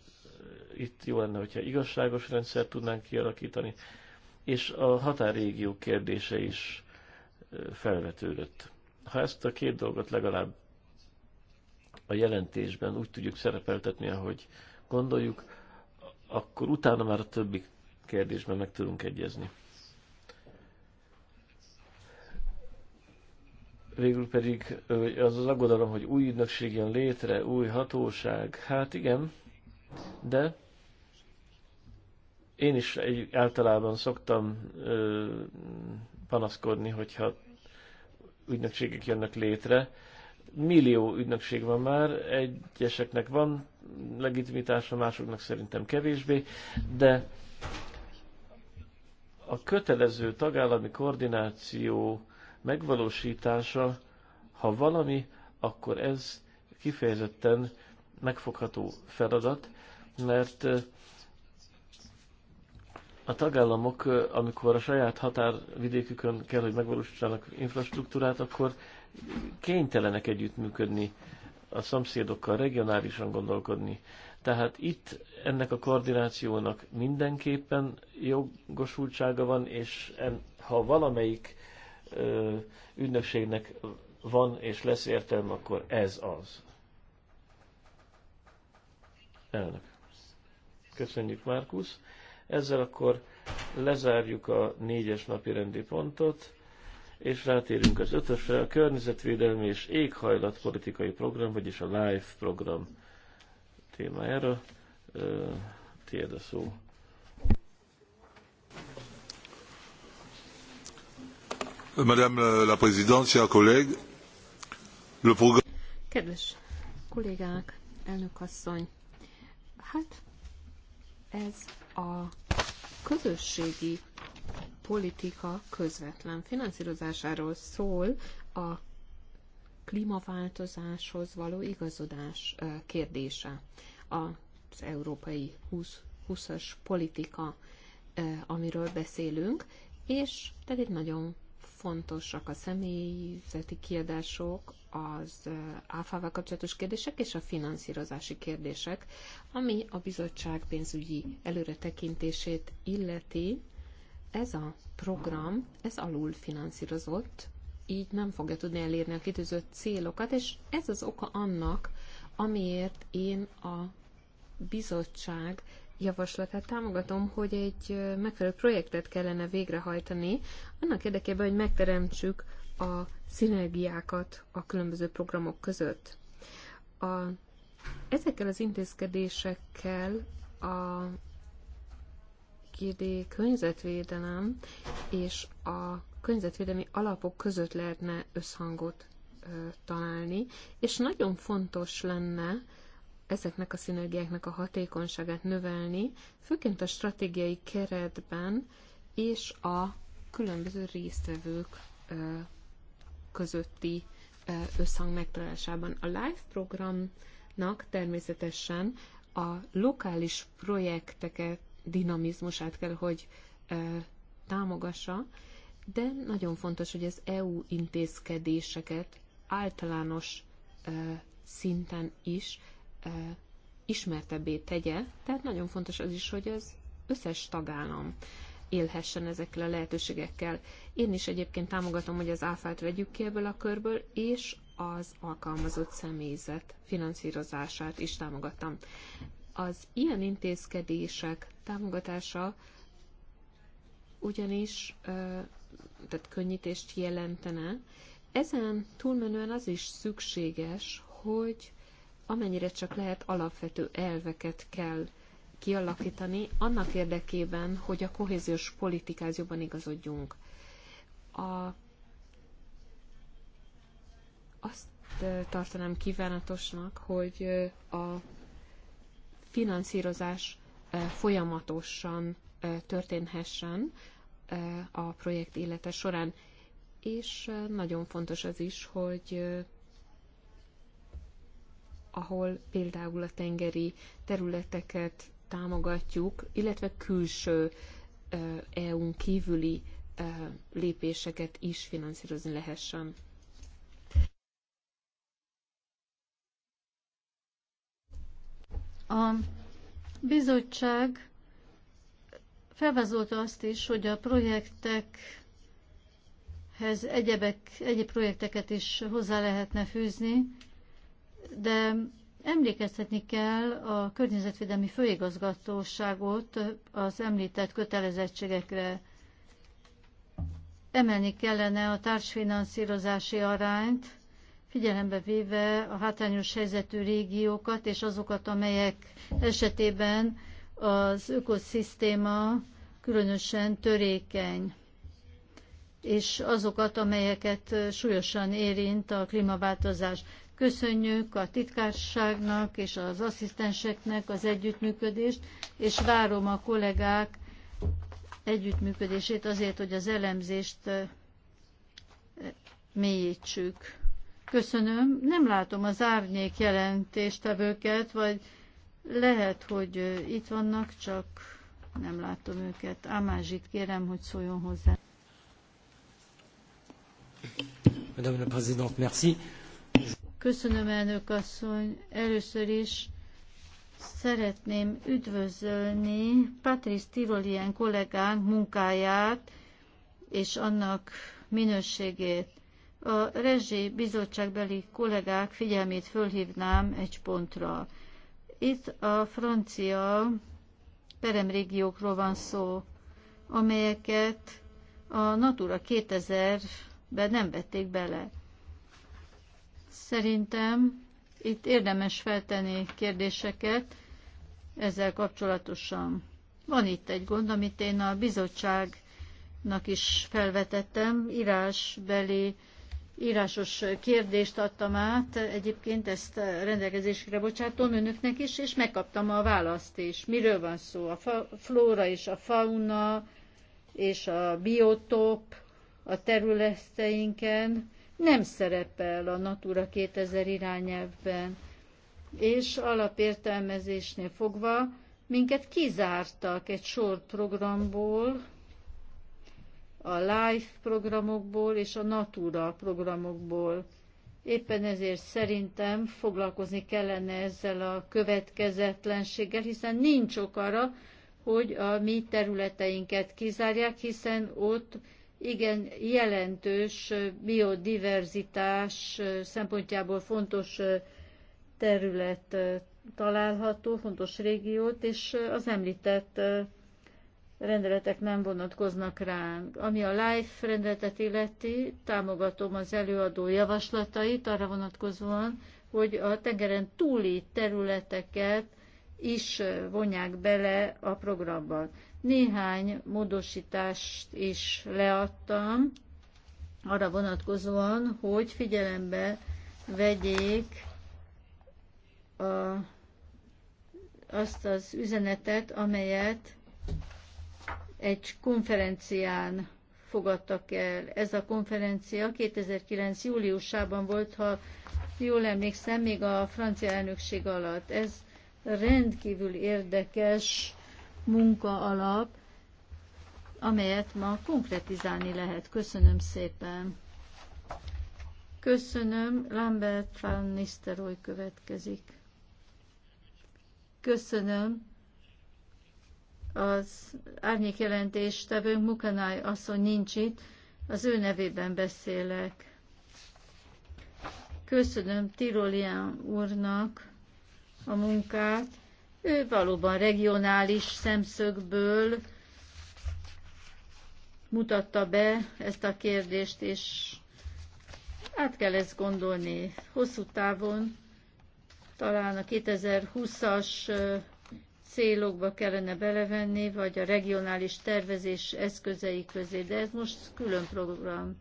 Speaker 2: itt jó lenne, hogyha igazságos rendszer tudnánk kialakítani, és a határrégió kérdése is felvetődött. Ha ezt a két dolgot legalább a jelentésben úgy tudjuk szerepeltetni, ahogy gondoljuk, akkor utána már a többi kérdésben meg tudunk egyezni. Végül pedig az az aggodalom, hogy új ügynökség jön létre, új hatóság. Hát igen, de én is egy, általában szoktam ö, panaszkodni, hogyha ügynökségek jönnek létre. Millió ügynökség van már, egyeseknek van legitimitása, másoknak szerintem kevésbé, de a kötelező tagállami koordináció megvalósítása, ha valami, akkor ez kifejezetten megfogható feladat, mert a tagállamok, amikor a saját határvidékükön kell, hogy megvalósítsanak infrastruktúrát, akkor kénytelenek együttműködni a szomszédokkal, regionálisan gondolkodni. Tehát itt ennek a koordinációnak mindenképpen jogosultsága van, és en, ha valamelyik ö, ügynökségnek van és lesz értelme, akkor ez az. Elnök. Köszönjük, Márkusz. Ezzel akkor lezárjuk a négyes napi rendi pontot, és rátérünk az ötösre, a környezetvédelmi és éghajlatpolitikai program, vagyis a LIFE program témájára. Tiéd a szó. Madame
Speaker 1: la Présidente, chers collègues, le programme...
Speaker 3: Kedves kollégák, elnök asszony, hát ez a közösségi politika közvetlen finanszírozásáról szól a klímaváltozáshoz való igazodás kérdése. Az európai 20, 20-as politika, amiről beszélünk, és tehát egy nagyon fontosak a személyzeti kiadások, az áfával kapcsolatos kérdések és a finanszírozási kérdések, ami a bizottság pénzügyi előretekintését illeti. Ez a program, ez alul finanszírozott, így nem fogja tudni elérni a kitűzött célokat, és ez az oka annak, amiért én a bizottság javaslatát támogatom, hogy egy megfelelő projektet kellene végrehajtani, annak érdekében, hogy megteremtsük a szinergiákat a különböző programok között. A, ezekkel az intézkedésekkel a GD környezetvédelem és a környezetvédelmi alapok között lehetne összhangot ö, találni, és nagyon fontos lenne, ezeknek a szinergiáknak a hatékonyságát növelni, főként a stratégiai keretben és a különböző résztvevők közötti összhang megtalálásában. A live programnak természetesen a lokális projekteket dinamizmusát kell, hogy támogassa, de nagyon fontos, hogy az EU intézkedéseket általános szinten is ismertebbé tegye, tehát nagyon fontos az is, hogy az összes tagállam élhessen ezekkel a lehetőségekkel. Én is egyébként támogatom, hogy az áfát vegyük ki ebből a körből, és az alkalmazott személyzet finanszírozását is támogattam. Az ilyen intézkedések támogatása ugyanis tehát könnyítést jelentene, ezen túlmenően az is szükséges, hogy amennyire csak lehet alapvető elveket kell kialakítani annak érdekében, hogy a kohéziós politikához jobban igazodjunk. A, azt tartanám kívánatosnak, hogy a finanszírozás folyamatosan történhessen a projekt élete során, és nagyon fontos az is, hogy ahol például a tengeri területeket támogatjuk, illetve külső EU-n kívüli lépéseket is finanszírozni lehessen.
Speaker 1: A bizottság felvázolta azt is, hogy a projektekhez egyebek, egyéb projekteket is hozzá lehetne fűzni, de emlékeztetni kell a környezetvédelmi főigazgatóságot az említett kötelezettségekre. Emelni kellene a társfinanszírozási arányt, figyelembe véve a hátrányos helyzetű régiókat és azokat, amelyek esetében az ökoszisztéma különösen törékeny, és azokat, amelyeket súlyosan érint a klímaváltozás. Köszönjük a titkárságnak és az asszisztenseknek az együttműködést, és várom a kollégák együttműködését azért, hogy az elemzést mélyítsük. Köszönöm. Nem látom az árnyék jelentéstevőket, vagy lehet, hogy itt vannak, csak nem látom őket. Amázsit kérem, hogy szóljon hozzá.
Speaker 3: Madame la Présidente, merci.
Speaker 1: Köszönöm, elnök asszony. Először is szeretném üdvözölni Patrice Tirolien kollégánk munkáját és annak minőségét. A Rezsi bizottságbeli kollégák figyelmét fölhívnám egy pontra. Itt a francia peremrégiókról van szó, amelyeket a Natura 2000-ben nem vették bele. Szerintem itt érdemes feltenni kérdéseket ezzel kapcsolatosan. Van itt egy gond, amit én a bizottságnak is felvetettem, írásbeli, írásos kérdést adtam át, egyébként ezt rendelkezésre bocsátom önöknek is, és megkaptam a választ is. Miről van szó? A flóra és a fauna és a biotop a területeinken, nem szerepel a Natura 2000 irányelvben, és alapértelmezésnél fogva minket kizártak egy sor programból, a LIFE programokból és a Natura programokból. Éppen ezért szerintem foglalkozni kellene ezzel a következetlenséggel, hiszen nincs ok arra, hogy a mi területeinket kizárják, hiszen ott igen jelentős biodiverzitás szempontjából fontos terület található, fontos régiót, és az említett rendeletek nem vonatkoznak ránk. Ami a LIFE rendeletet illeti, támogatom az előadó javaslatait arra vonatkozóan, hogy a tengeren túli területeket is vonják bele a programban. Néhány módosítást is leadtam arra vonatkozóan, hogy figyelembe vegyék a, azt az üzenetet, amelyet egy konferencián fogadtak el. Ez a konferencia 2009. júliusában volt, ha jól emlékszem, még a francia elnökség alatt. Ez rendkívül érdekes munka alap, amelyet ma konkretizálni lehet. Köszönöm szépen. Köszönöm. Lambert van Nisteroy következik. Köszönöm. Az árnyékjelentés tevőnk Mukanai asszony nincs itt, az ő nevében beszélek. Köszönöm Tirolian úrnak a munkát, ő valóban regionális szemszögből mutatta be ezt a kérdést, és át kell ezt gondolni hosszú távon, talán a 2020-as célokba kellene belevenni, vagy a regionális tervezés eszközei közé, de ez most külön program.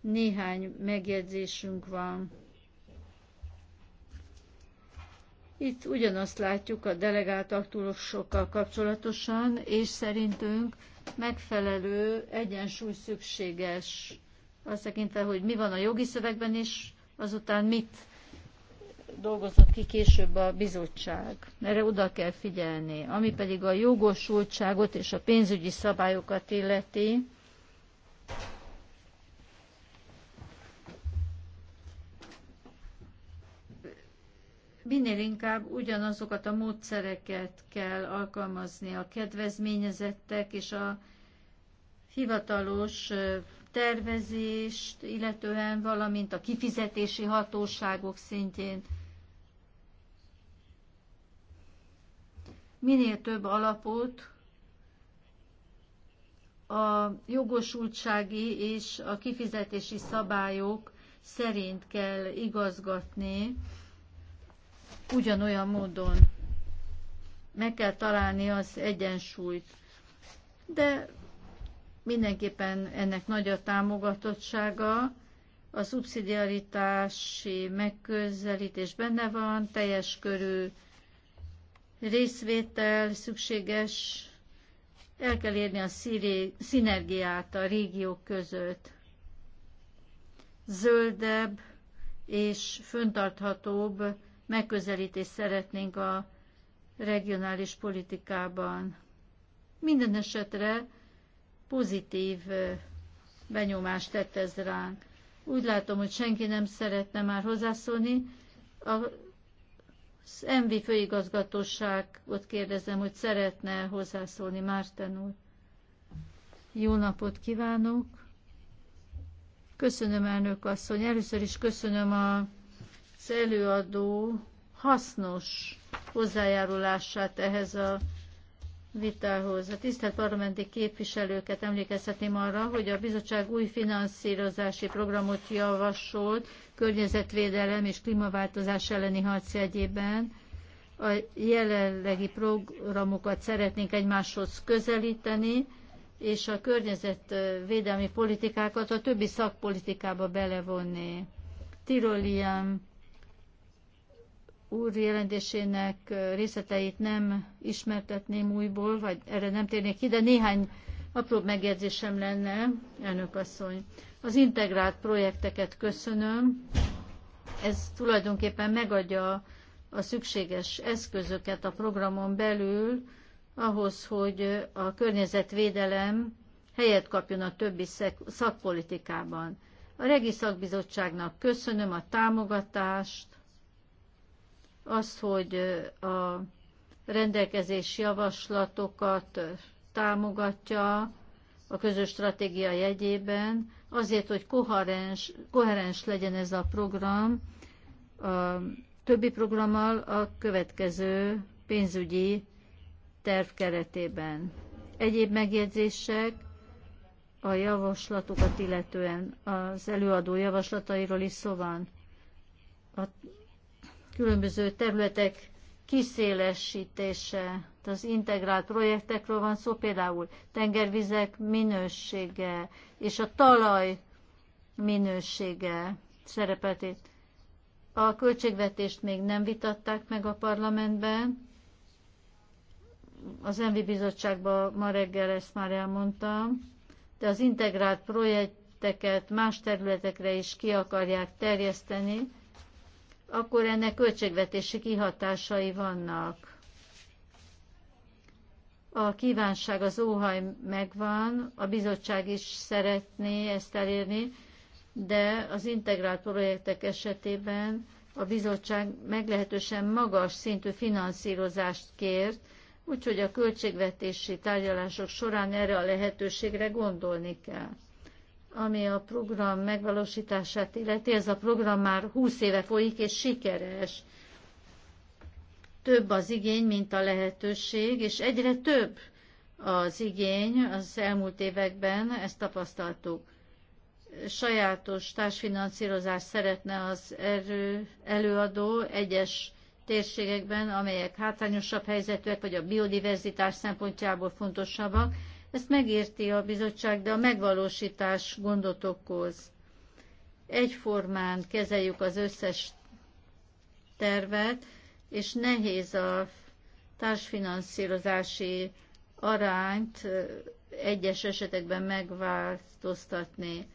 Speaker 1: Néhány megjegyzésünk van. Itt ugyanazt látjuk a delegált aktusokkal kapcsolatosan, és szerintünk megfelelő egyensúly szükséges azt tekintve, hogy mi van a jogi szövegben is, azután mit dolgozott ki később a bizottság. Erre oda kell figyelni. Ami pedig a jogosultságot és a pénzügyi szabályokat illeti, minél inkább ugyanazokat a módszereket kell alkalmazni a kedvezményezettek és a hivatalos tervezést, illetően valamint a kifizetési hatóságok szintjén. Minél több alapot a jogosultsági és a kifizetési szabályok szerint kell igazgatni ugyanolyan módon. Meg kell találni az egyensúlyt. De mindenképpen ennek nagy a támogatottsága, a szubszidiaritási megközelítés benne van, teljes körű részvétel szükséges, el kell érni a szinergiát a régiók között. Zöldebb és föntarthatóbb megközelítést szeretnénk a regionális politikában. Minden esetre pozitív benyomást tett ez ránk. Úgy látom, hogy senki nem szeretne már hozzászólni. A az MV főigazgatóságot kérdezem, hogy szeretne hozzászólni Márten úr. Jó napot kívánok! Köszönöm, elnök asszony. Először is köszönöm a az előadó hasznos hozzájárulását ehhez a vitához. A tisztelt parlamenti képviselőket emlékezhetném arra, hogy a bizottság új finanszírozási programot javasolt környezetvédelem és klímaváltozás elleni harc jegyében. A jelenlegi programokat szeretnénk egymáshoz közelíteni, és a környezetvédelmi politikákat a többi szakpolitikába belevonni. Tirolian úr jelentésének részleteit nem ismertetném újból, vagy erre nem térnék ki, de néhány apró megjegyzésem lenne, elnök asszony. Az integrált projekteket köszönöm. Ez tulajdonképpen megadja a szükséges eszközöket a programon belül ahhoz, hogy a környezetvédelem helyet kapjon a többi szakpolitikában. A Regi Szakbizottságnak köszönöm a támogatást, az, hogy a rendelkezés javaslatokat támogatja a közös stratégia jegyében, azért, hogy koherens, koherens legyen ez a program a többi programmal a következő pénzügyi terv keretében. Egyéb megjegyzések a javaslatokat illetően, az előadó javaslatairól is szó van. A különböző területek kiszélesítése, az integrált projektekről van szó, például tengervizek minősége és a talaj minősége szerepetét. A költségvetést még nem vitatták meg a parlamentben. Az MV bizottságban ma reggel ezt már elmondtam, de az integrált projekteket más területekre is ki akarják terjeszteni, akkor ennek költségvetési kihatásai vannak. A kívánság, az óhaj megvan, a bizottság is szeretné ezt elérni, de az integrált projektek esetében a bizottság meglehetősen magas szintű finanszírozást kért, úgyhogy a költségvetési tárgyalások során erre a lehetőségre gondolni kell ami a program megvalósítását illeti. Ez a program már 20 éve folyik, és sikeres. Több az igény, mint a lehetőség, és egyre több az igény az elmúlt években, ezt tapasztaltuk. Sajátos társfinanszírozást szeretne az erő, előadó egyes térségekben, amelyek hátrányosabb helyzetűek, vagy a biodiverzitás szempontjából fontosabbak, ezt megérti a bizottság, de a megvalósítás gondot okoz. Egyformán kezeljük az összes tervet, és nehéz a társfinanszírozási arányt egyes esetekben megváltoztatni.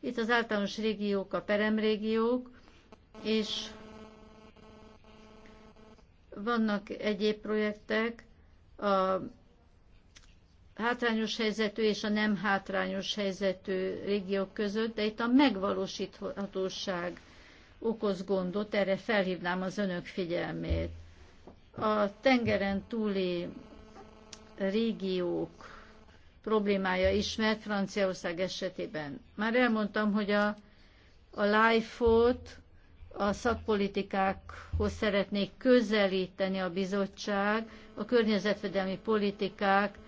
Speaker 1: Itt az általános régiók, a peremrégiók, és vannak egyéb projektek, a hátrányos helyzetű és a nem hátrányos helyzetű régiók között, de itt a megvalósíthatóság okoz gondot, erre felhívnám az önök figyelmét. A tengeren túli régiók problémája ismert Franciaország esetében. Már elmondtam, hogy a, a LIFO-t a szakpolitikákhoz szeretnék közelíteni a bizottság, a környezetvédelmi politikák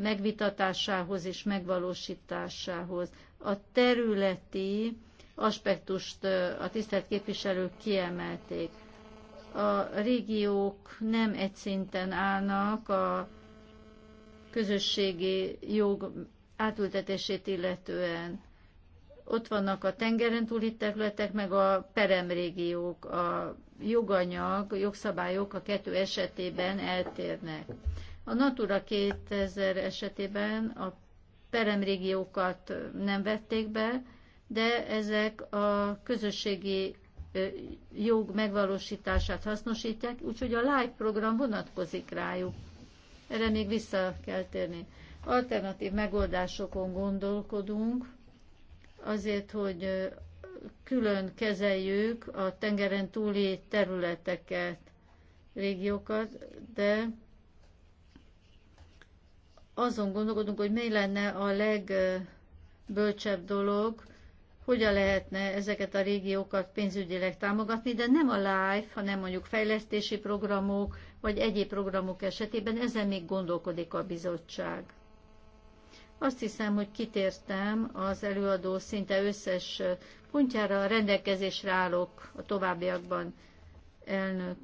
Speaker 1: megvitatásához és megvalósításához. A területi aspektust a tisztelt képviselők kiemelték. A régiók nem egy szinten állnak a közösségi jog átültetését illetően. Ott vannak a tengeren túli területek, meg a peremrégiók. A joganyag, jogszabályok a kettő esetében eltérnek. A Natura 2000 esetében a peremrégiókat nem vették be, de ezek a közösségi jog megvalósítását hasznosítják, úgyhogy a LIFE program vonatkozik rájuk. Erre még vissza kell térni. Alternatív megoldásokon gondolkodunk, azért, hogy külön kezeljük a tengeren túli területeket, régiókat, de azon gondolkodunk, hogy mi lenne a legbölcsebb dolog, hogyan lehetne ezeket a régiókat pénzügyileg támogatni, de nem a LIFE, hanem mondjuk fejlesztési programok, vagy egyéb programok esetében, ezen még gondolkodik a bizottság. Azt hiszem, hogy kitértem az előadó szinte összes pontjára, a rendelkezésre állok a továbbiakban, elnök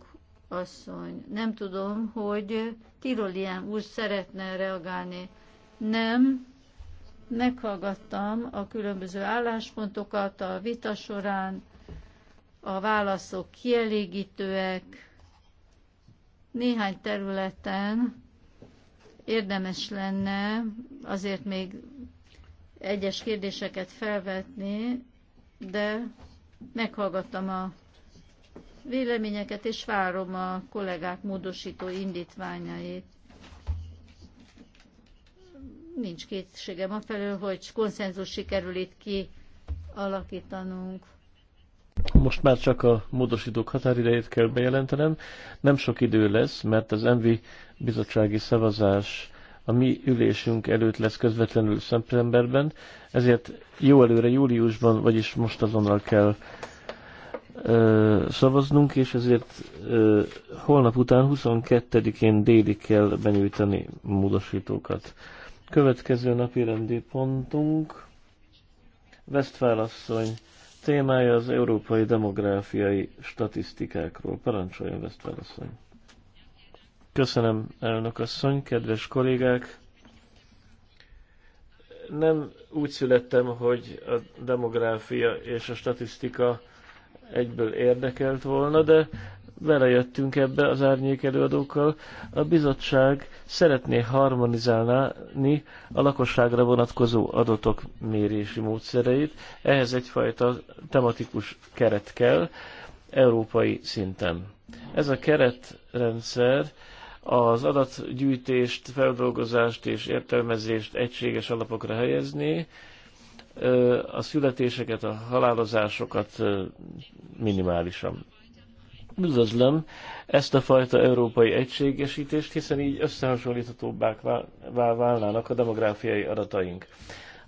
Speaker 1: asszony. Nem tudom, hogy Tirolián úr szeretne reagálni. Nem, meghallgattam a különböző álláspontokat a vita során, a válaszok kielégítőek, néhány területen érdemes lenne azért még egyes kérdéseket felvetni, de meghallgattam a véleményeket, és várom a kollégák módosító indítványait. Nincs kétségem a felől, hogy konszenzus sikerül itt ki alakítanunk.
Speaker 2: Most már csak a módosítók határidejét kell bejelentenem. Nem sok idő lesz, mert az MV bizottsági szavazás a mi ülésünk előtt lesz közvetlenül szeptemberben, ezért jó előre júliusban, vagyis most azonnal kell szavaznunk, és ezért holnap után 22-én déli kell benyújtani módosítókat. Következő napi rendi pontunk. Vesztfálasszony témája az európai demográfiai statisztikákról. Parancsoljon, Vesztfálasszony! Köszönöm, elnök asszony, kedves kollégák! Nem úgy születtem, hogy a demográfia és a statisztika egyből érdekelt volna, de belejöttünk ebbe az árnyék előadókkal. A bizottság szeretné harmonizálni a lakosságra vonatkozó adatok mérési módszereit. Ehhez egyfajta tematikus keret kell, európai szinten. Ez a keretrendszer az adatgyűjtést, feldolgozást és értelmezést egységes alapokra helyezni, a születéseket, a halálozásokat minimálisan. Üdvözlöm ezt a fajta európai egységesítést, hiszen így összehasonlíthatóbbá válnának a demográfiai adataink.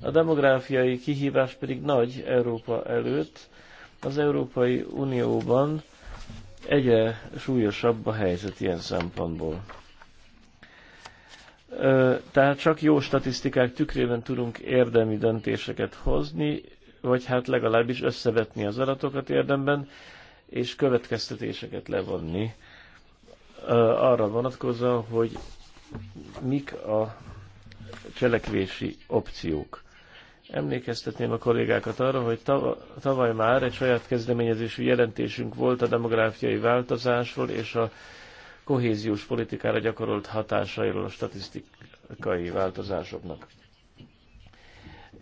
Speaker 2: A demográfiai kihívás pedig nagy Európa előtt. Az Európai Unióban egyre súlyosabb a helyzet ilyen szempontból. Tehát csak jó statisztikák tükrében tudunk érdemi döntéseket hozni, vagy hát legalábbis összevetni az adatokat érdemben, és következtetéseket levonni arra vonatkozóan, hogy mik a cselekvési opciók. Emlékeztetném a kollégákat arra, hogy tavaly már egy saját kezdeményezésű jelentésünk volt a demográfiai változásról és a kohéziós politikára gyakorolt hatásairól a statisztikai változásoknak.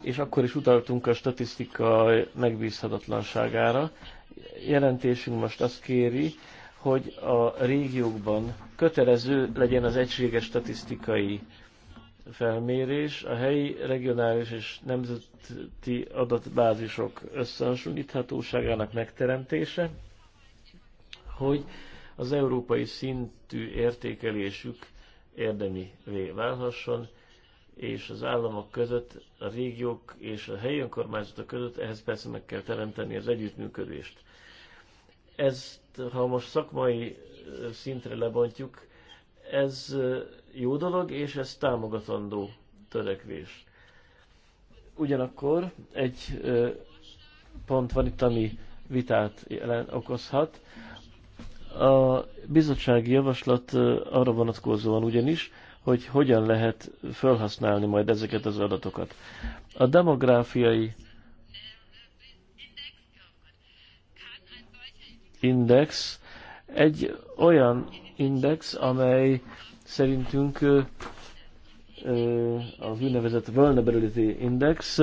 Speaker 2: És akkor is utaltunk a statisztika megbízhatatlanságára. Jelentésünk most azt kéri, hogy a régiókban kötelező legyen az egységes statisztikai felmérés, a helyi, regionális és nemzeti adatbázisok összehasonlíthatóságának megteremtése, hogy az európai szintű értékelésük érdemi válhasson, és az államok között, a régiók és a helyi önkormányzatok között ehhez persze meg kell teremteni az együttműködést. Ezt, ha most szakmai szintre lebontjuk, ez jó dolog, és ez támogatandó törekvés. Ugyanakkor egy pont van itt, ami vitát okozhat. A bizottsági javaslat arra vonatkozóan ugyanis, hogy hogyan lehet felhasználni majd ezeket az adatokat. A demográfiai index egy olyan index, amely szerintünk az úgynevezett Vulnerability Index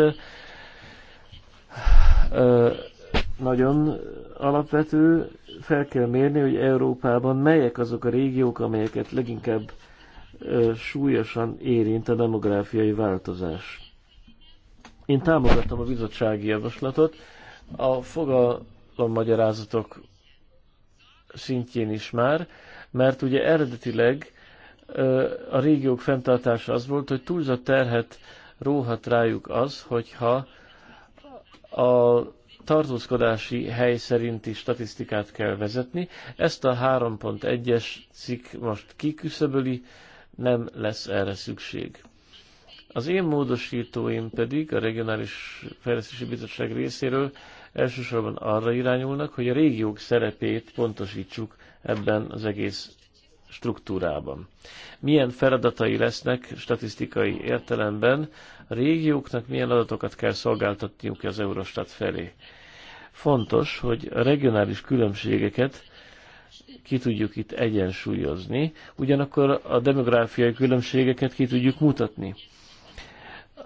Speaker 2: nagyon alapvető, fel kell mérni, hogy Európában melyek azok a régiók, amelyeket leginkább súlyosan érint a demográfiai változás. Én támogattam a bizottsági javaslatot, a fogalommagyarázatok szintjén is már, mert ugye eredetileg a régiók fenntartása az volt, hogy túlzott terhet róhat rájuk az, hogyha a tartózkodási hely szerinti statisztikát kell vezetni. Ezt a 3.1-es cikk most kiküszöböli, nem lesz erre szükség. Az én módosítóim pedig a Regionális Fejlesztési Bizottság részéről elsősorban arra irányulnak, hogy a régiók szerepét pontosítsuk ebben az egész struktúrában. Milyen feladatai lesznek statisztikai értelemben a régióknak milyen adatokat kell szolgáltatniuk az Eurostat felé. Fontos, hogy a regionális különbségeket ki tudjuk itt egyensúlyozni, ugyanakkor a demográfiai különbségeket ki tudjuk mutatni.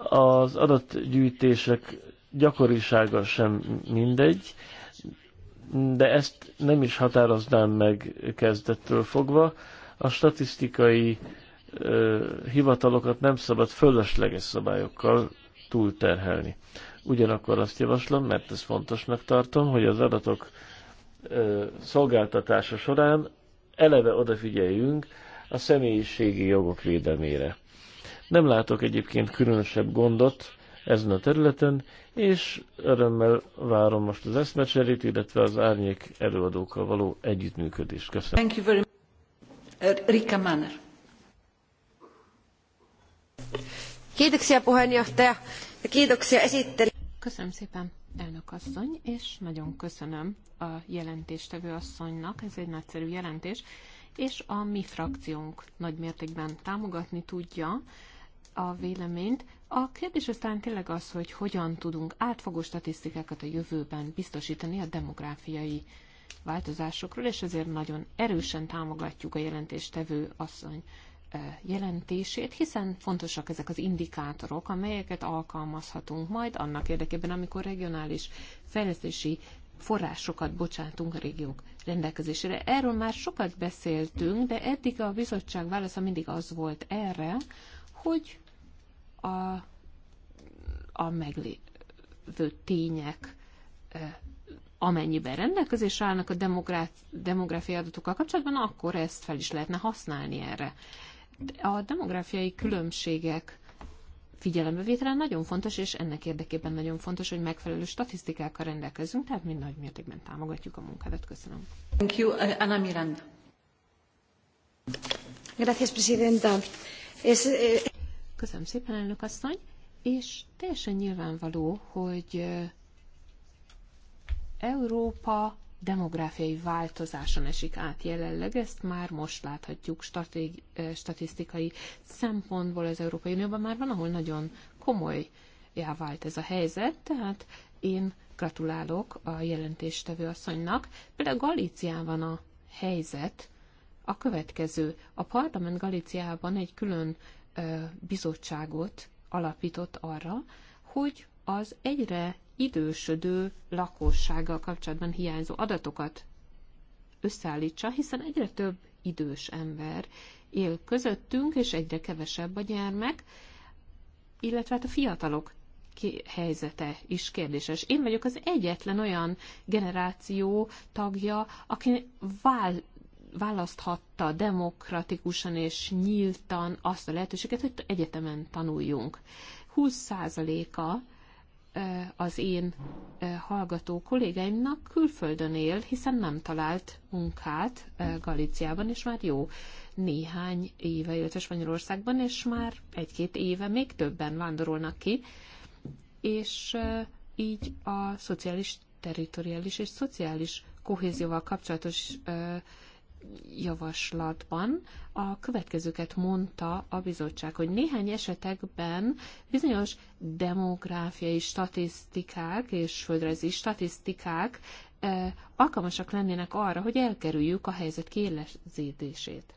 Speaker 2: Az adatgyűjtések gyakorisága sem mindegy, de ezt nem is határoznám meg kezdettől fogva. A statisztikai hivatalokat nem szabad fölösleges szabályokkal túlterhelni. Ugyanakkor azt javaslom, mert ezt fontosnak tartom, hogy az adatok szolgáltatása során eleve odafigyeljünk a személyiségi jogok védelmére. Nem látok egyébként különösebb gondot ezen a területen, és örömmel várom most az eszmecserét, illetve az árnyék előadókkal való együttműködést. Köszönöm. Thank
Speaker 1: you very much. Rika Manner.
Speaker 3: Kiitoksia puheenjohtaja, ja kiitoksia esittely. Köszönöm szépen, elnök asszony, és nagyon köszönöm a jelentéstevő asszonynak, ez egy nagyszerű jelentés, és a mi frakciónk nagy mértékben támogatni tudja a véleményt. A kérdés aztán tényleg az, hogy hogyan tudunk átfogó statisztikákat a jövőben biztosítani a demográfiai változásokról, és ezért nagyon erősen támogatjuk a jelentéstevő asszony E, jelentését, hiszen fontosak ezek az indikátorok, amelyeket alkalmazhatunk majd annak érdekében, amikor regionális fejlesztési forrásokat bocsátunk a régiók rendelkezésére. Erről már sokat beszéltünk, de eddig a bizottság válasza mindig az volt erre, hogy a, a meglévő tények e, amennyiben rendelkezésre állnak a demográfiai adatokkal kapcsolatban, akkor ezt fel is lehetne használni erre. A demográfiai különbségek figyelembevételen nagyon fontos, és ennek érdekében nagyon fontos, hogy megfelelő statisztikákkal rendelkezünk, tehát mind nagy mértékben támogatjuk a munkádat. Köszönöm.
Speaker 1: Thank you, Ana Miranda.
Speaker 3: Gracias, Presidenta. Es, eh... Köszönöm szépen, elnök asszony. És teljesen nyilvánvaló, hogy eh, Európa demográfiai változáson esik át jelenleg, ezt már most láthatjuk stratég, statisztikai szempontból az Európai Unióban már van, ahol nagyon komoly vált ez a helyzet, tehát én gratulálok a jelentéstevő asszonynak. Például Galíciában a helyzet a következő. A parlament Galíciában egy külön bizottságot alapított arra, hogy az egyre idősödő lakossággal kapcsolatban hiányzó adatokat összeállítsa, hiszen egyre több idős ember él közöttünk, és egyre kevesebb a gyermek, illetve hát a fiatalok helyzete is kérdéses. Én vagyok az egyetlen olyan generáció tagja, aki vál, választhatta demokratikusan és nyíltan azt a lehetőséget, hogy egyetemen tanuljunk. 20%-a az én hallgató kollégáimnak külföldön él, hiszen nem talált munkát Galíciában, és már jó néhány éve a Spanyolországban, és már egy-két éve még többen vándorolnak ki, és így a szociális, territoriális és szociális kohézióval kapcsolatos javaslatban a következőket mondta a bizottság, hogy néhány esetekben bizonyos demográfiai statisztikák és földrajzi statisztikák eh, alkalmasak lennének arra, hogy elkerüljük a helyzet kiéleződését.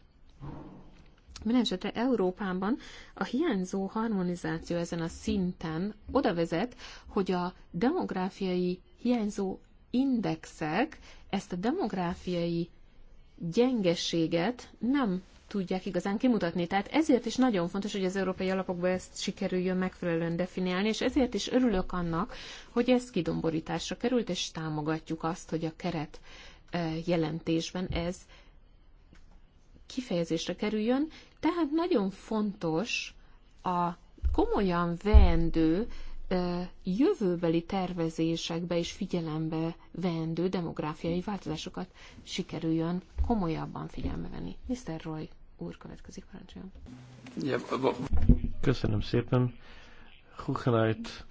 Speaker 3: Mindenesetre Európában a hiányzó harmonizáció ezen a szinten oda vezet, hogy a demográfiai hiányzó indexek ezt a demográfiai gyengességet nem tudják igazán kimutatni. Tehát ezért is nagyon fontos, hogy az európai alapokban ezt sikerüljön megfelelően definiálni, és ezért is örülök annak, hogy ez kidomborításra került, és támogatjuk azt, hogy a keret e, jelentésben ez kifejezésre kerüljön. Tehát nagyon fontos a komolyan veendő jövőbeli tervezésekbe és figyelembe vendő demográfiai változásokat sikerüljön komolyabban figyelme venni. Mr. Roy úr következik, parancsoljon.
Speaker 2: Köszönöm szépen. Huchenheit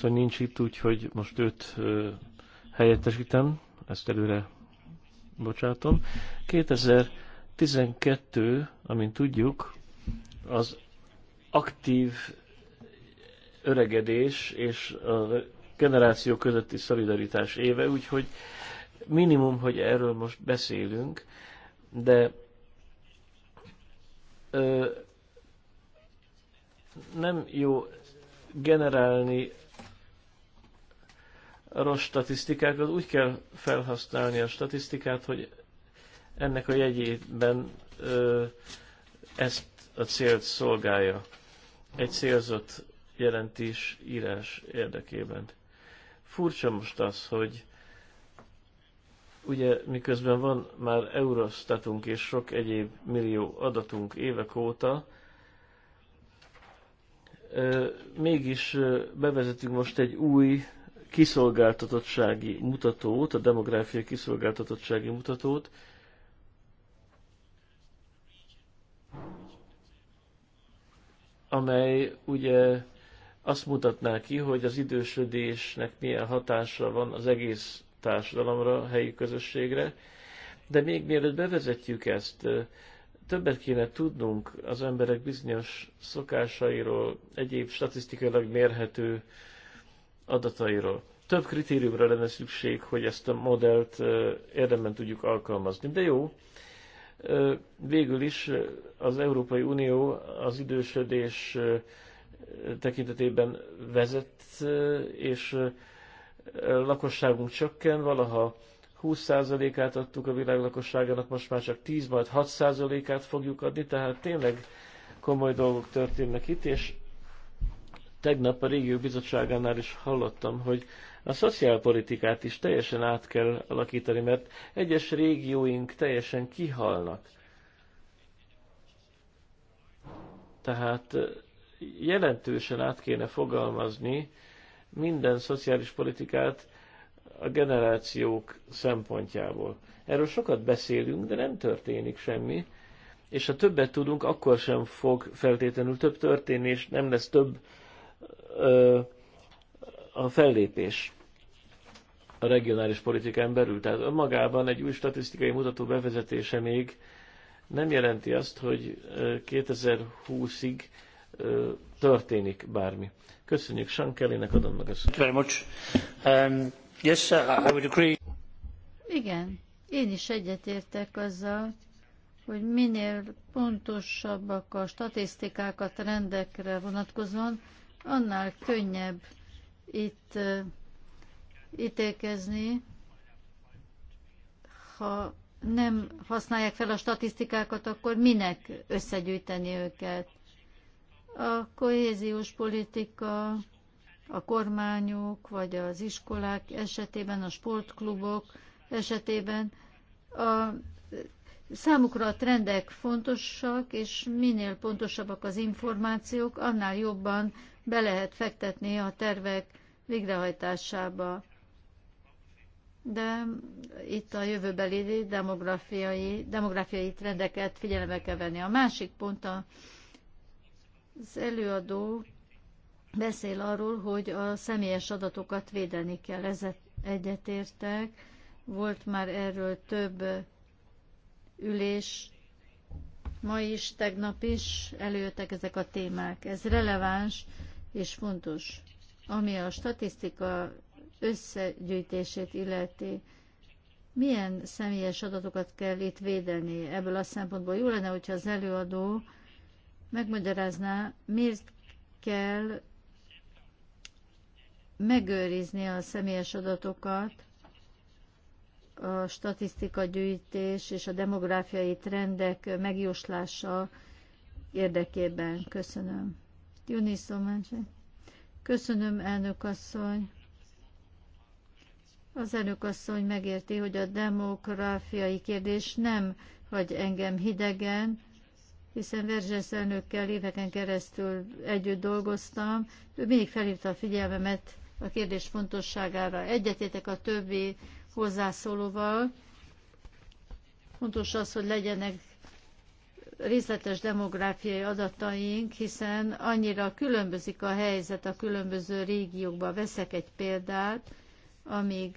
Speaker 2: hogy nincs itt, úgyhogy most őt helyettesítem, ezt előre bocsátom. 2012, amint tudjuk, az aktív öregedés és a generáció közötti szolidaritás éve, úgyhogy minimum, hogy erről most beszélünk, de ö, nem jó generálni rossz statisztikákat, úgy kell felhasználni a statisztikát, hogy ennek a jegyében ö, ezt a célt szolgálja. Egy célzott jelentés írás érdekében. Furcsa most az, hogy ugye miközben van már Eurostatunk és sok egyéb millió adatunk évek óta, mégis bevezetünk most egy új kiszolgáltatottsági mutatót, a demográfiai kiszolgáltatottsági mutatót, amely ugye azt mutatná ki, hogy az idősödésnek milyen hatása van az egész társadalomra, a helyi közösségre. De még mielőtt bevezetjük ezt, többet kéne tudnunk az emberek bizonyos szokásairól, egyéb statisztikailag mérhető adatairól. Több kritériumra lenne szükség, hogy ezt a modellt érdemben tudjuk alkalmazni. De jó, végül is az Európai Unió az idősödés tekintetében vezet, és lakosságunk csökken, valaha 20%-át adtuk a világ lakosságának, most már csak 10, majd 6%-át fogjuk adni, tehát tényleg komoly dolgok történnek itt, és tegnap a régió bizottságánál is hallottam, hogy a szociálpolitikát is teljesen át kell alakítani, mert egyes régióink teljesen kihalnak. Tehát jelentősen át kéne fogalmazni minden szociális politikát a generációk szempontjából. Erről sokat beszélünk, de nem történik semmi, és ha többet tudunk, akkor sem fog feltétlenül több történni, és nem lesz több ö, a fellépés a regionális politikán belül. Tehát önmagában egy új statisztikai mutató bevezetése még nem jelenti azt, hogy 2020-ig történik bármi. Köszönjük, Sankelének adom meg ezt. Very much. Um, yes, I would agree.
Speaker 1: Igen, én is egyetértek azzal, hogy minél pontosabbak a statisztikákat rendekre vonatkozóan, annál könnyebb itt ítélkezni, ha nem használják fel a statisztikákat, akkor minek összegyűjteni őket? A kohéziós politika, a kormányok, vagy az iskolák esetében, a sportklubok esetében a Számukra a trendek fontosak, és minél pontosabbak az információk, annál jobban be lehet fektetni a tervek végrehajtásába. De itt a jövőbeli demográfiai, demográfiai trendeket figyelembe kell venni. A másik pont a az előadó beszél arról, hogy a személyes adatokat védeni kell. Ezzel egyetértek. Volt már erről több ülés, ma is, tegnap is előjöttek ezek a témák. Ez releváns és fontos. Ami a statisztika összegyűjtését illeti, milyen személyes adatokat kell itt védeni? Ebből a szempontból jó lenne, hogyha az előadó megmagyarázná, miért kell megőrizni a személyes adatokat, a statisztika gyűjtés és a demográfiai trendek megjóslása érdekében. Köszönöm. Junis Köszönöm, elnök asszony. Az elnök asszony megérti, hogy a demográfiai kérdés nem hagy engem hidegen, hiszen Verzsesz elnökkel éveken keresztül együtt dolgoztam, ő mindig felhívta a figyelmemet a kérdés fontosságára. Egyetétek a többi hozzászólóval. Fontos az, hogy legyenek részletes demográfiai adataink, hiszen annyira különbözik a helyzet a különböző régiókban. Veszek egy példát, amíg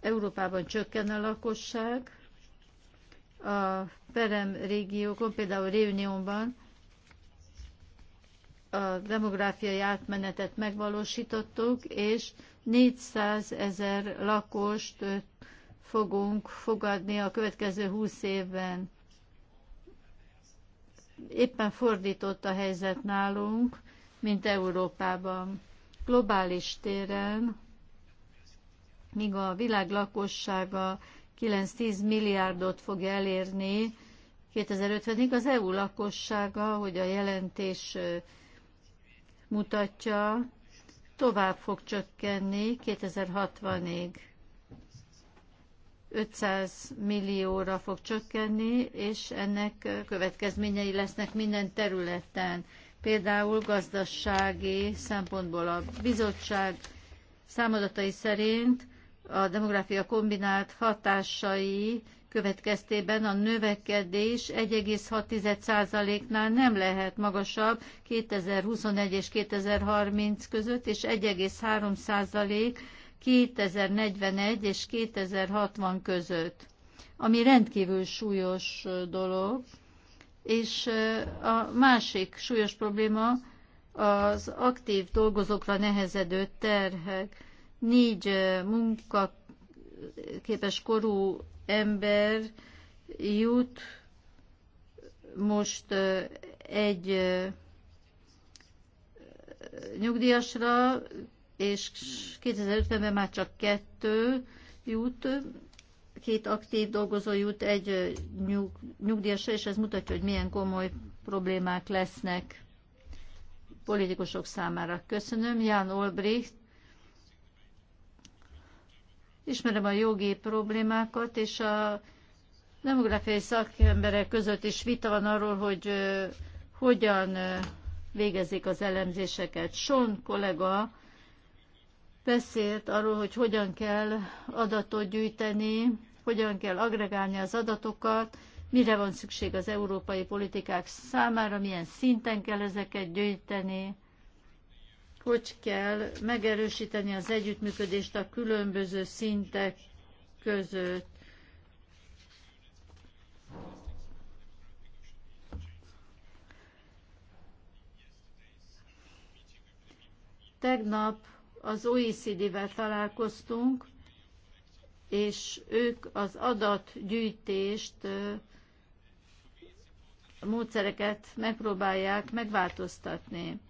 Speaker 1: Európában csökken a lakosság, a perem régiókon, például Réunionban a demográfiai átmenetet megvalósítottuk, és 400 ezer lakost fogunk fogadni a következő 20 évben. Éppen fordított a helyzet nálunk, mint Európában. Globális téren, míg a világ lakossága 9-10 milliárdot fog elérni 2050-ig. Az EU lakossága, hogy a jelentés mutatja, tovább fog csökkenni 2060-ig. 500 millióra fog csökkenni, és ennek következményei lesznek minden területen. Például gazdasági szempontból a bizottság számadatai szerint a demográfia kombinált hatásai következtében a növekedés 1,6%-nál nem lehet magasabb 2021 és 2030 között, és 1,3% 2041 és 2060 között, ami rendkívül súlyos dolog. És a másik súlyos probléma az aktív dolgozókra nehezedő terhek négy munkaképes korú ember jut most egy nyugdíjasra, és 2050-ben már csak kettő jut, két aktív dolgozó jut egy nyug, nyugdíjasra, és ez mutatja, hogy milyen komoly problémák lesznek politikusok számára. Köszönöm. Jan Olbricht ismerem a jogi problémákat, és a demográfiai szakemberek között is vita van arról, hogy hogyan végezik az elemzéseket. Son kollega beszélt arról, hogy hogyan kell adatot gyűjteni, hogyan kell agregálni az adatokat, mire van szükség az európai politikák számára, milyen szinten kell ezeket gyűjteni hogy kell megerősíteni az együttműködést a különböző szintek között. Tegnap az OECD-vel találkoztunk, és ők az adatgyűjtést, módszereket megpróbálják megváltoztatni.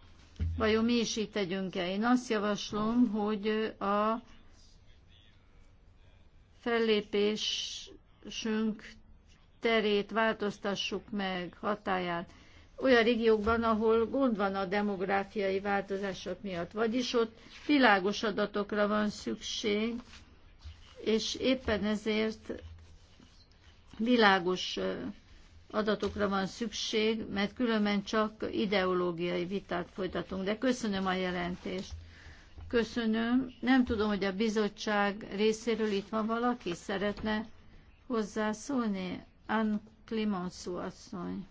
Speaker 1: Vajon mi is így tegyünk-e? Én azt javaslom, hogy a fellépésünk terét változtassuk meg, hatáját olyan régiókban, ahol gond van a demográfiai változások miatt. Vagyis ott világos adatokra van szükség, és éppen ezért világos adatokra van szükség, mert különben csak ideológiai vitát folytatunk. De köszönöm a jelentést. Köszönöm. Nem tudom, hogy a bizottság részéről itt van valaki, szeretne hozzászólni? Anne Clemenceau asszony.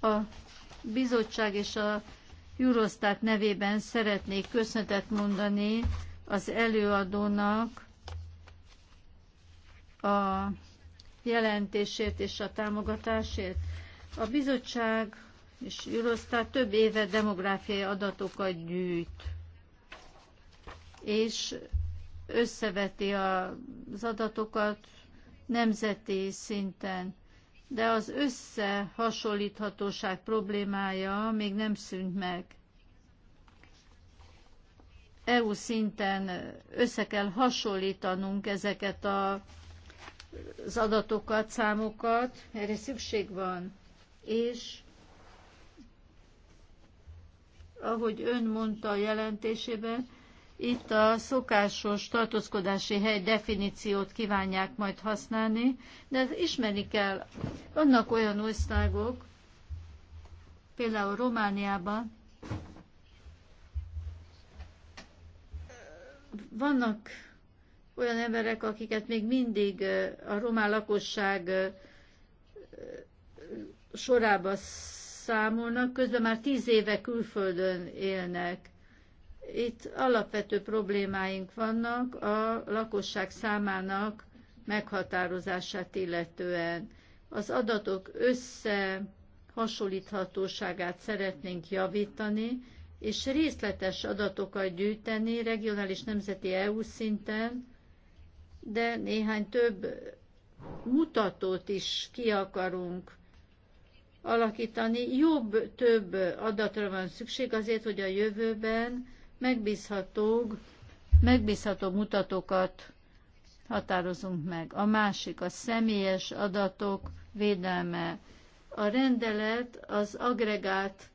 Speaker 1: A bizottság és a Eurostat nevében szeretnék köszönetet mondani az előadónak, a jelentésért és a támogatásért. A bizottság és Eurostat több éve demográfiai adatokat gyűjt, és összeveti az adatokat nemzeti szinten, de az összehasonlíthatóság problémája még nem szűnt meg. EU szinten össze kell hasonlítanunk ezeket a az adatokat, számokat, erre szükség van. És ahogy ön mondta a jelentésében, itt a szokásos tartózkodási hely definíciót kívánják majd használni, de ismerni kell. Vannak olyan országok, például Romániában, vannak olyan emberek, akiket még mindig a román lakosság sorába számolnak, közben már tíz éve külföldön élnek. Itt alapvető problémáink vannak a lakosság számának meghatározását illetően. Az adatok összehasonlíthatóságát szeretnénk javítani, és részletes adatokat gyűjteni regionális nemzeti EU szinten, de néhány több mutatót is ki akarunk alakítani. Jobb több adatra van szükség azért, hogy a jövőben megbízhatóbb, megbízható mutatókat határozunk meg. A másik a személyes adatok védelme. A rendelet az agregát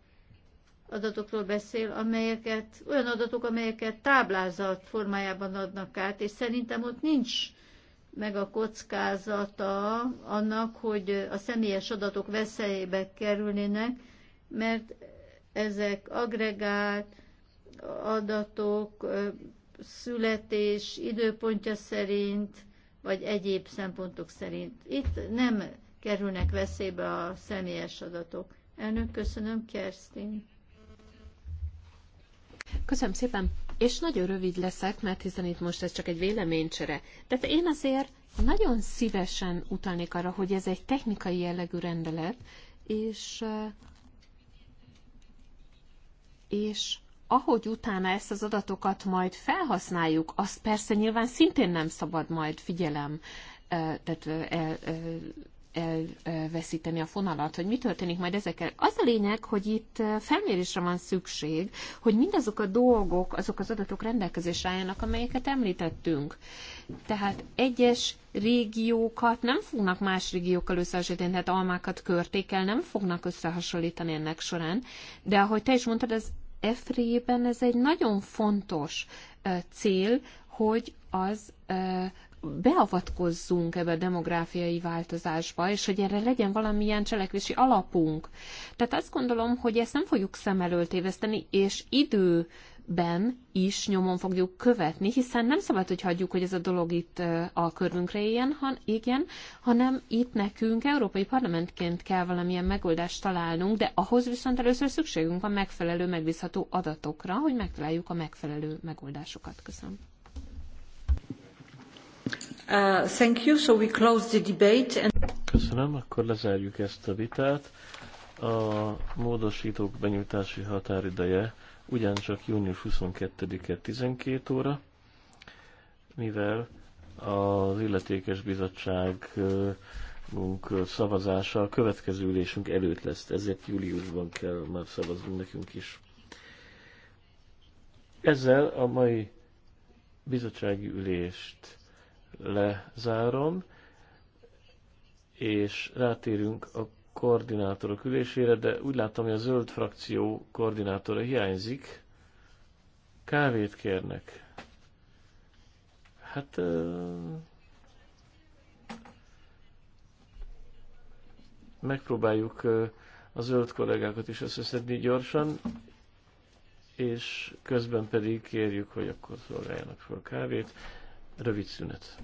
Speaker 1: adatokról beszél, amelyeket, olyan adatok, amelyeket táblázat formájában adnak át, és szerintem ott nincs meg a kockázata annak, hogy a személyes adatok veszélybe kerülnének, mert ezek agregált adatok, születés, időpontja szerint, vagy egyéb szempontok szerint. Itt nem kerülnek veszélybe a személyes adatok. Elnök, köszönöm, Kerstin.
Speaker 3: Köszönöm szépen, és nagyon rövid leszek, mert hiszen itt most ez csak egy véleménycsere. Tehát én azért nagyon szívesen utalnék arra, hogy ez egy technikai jellegű rendelet, és, eh, és ahogy utána ezt az adatokat majd felhasználjuk, azt persze nyilván szintén nem szabad majd figyelem, eh, tehát el. Eh, elveszíteni a fonalat, hogy mi történik majd ezekkel. Az a lényeg, hogy itt eh, felmérésre van szükség, hogy mindazok a dolgok, azok az adatok rendelkezésre álljanak, amelyeket említettünk. Tehát egyes régiókat nem fognak más régiókkal összehasonlítani, tehát almákat körtékel, nem fognak összehasonlítani ennek során, de ahogy te is mondtad, az EFRE-ben ez egy nagyon fontos eh, cél, hogy az eh, beavatkozzunk ebbe a demográfiai változásba, és hogy erre legyen valamilyen cselekvési alapunk. Tehát azt gondolom, hogy ezt nem fogjuk szem előtt éveszteni, és idő ben is nyomon fogjuk követni, hiszen nem szabad, hogy hagyjuk, hogy ez a dolog itt a körünkre éljen, han, igen, hanem itt nekünk Európai Parlamentként kell valamilyen megoldást találnunk, de ahhoz viszont először szükségünk van megfelelő, megbízható adatokra, hogy megtaláljuk a megfelelő megoldásokat. Köszönöm. Uh, thank you, so we close the debate.
Speaker 1: And...
Speaker 2: Köszönöm, akkor lezárjuk ezt a vitát. A módosítók benyújtási határideje ugyancsak június 22-e 12 óra, mivel az illetékes bizottság szavazása a következő ülésünk előtt lesz, ezért júliusban kell már szavaznunk nekünk is. Ezzel a mai bizottsági ülést lezárom, és rátérünk a koordinátorok ülésére, de úgy látom, hogy a zöld frakció koordinátora hiányzik. Kávét kérnek. Hát... Megpróbáljuk a zöld kollégákat is összeszedni gyorsan, és közben pedig kérjük, hogy akkor szolgáljanak fel kávét. Rövid szünet.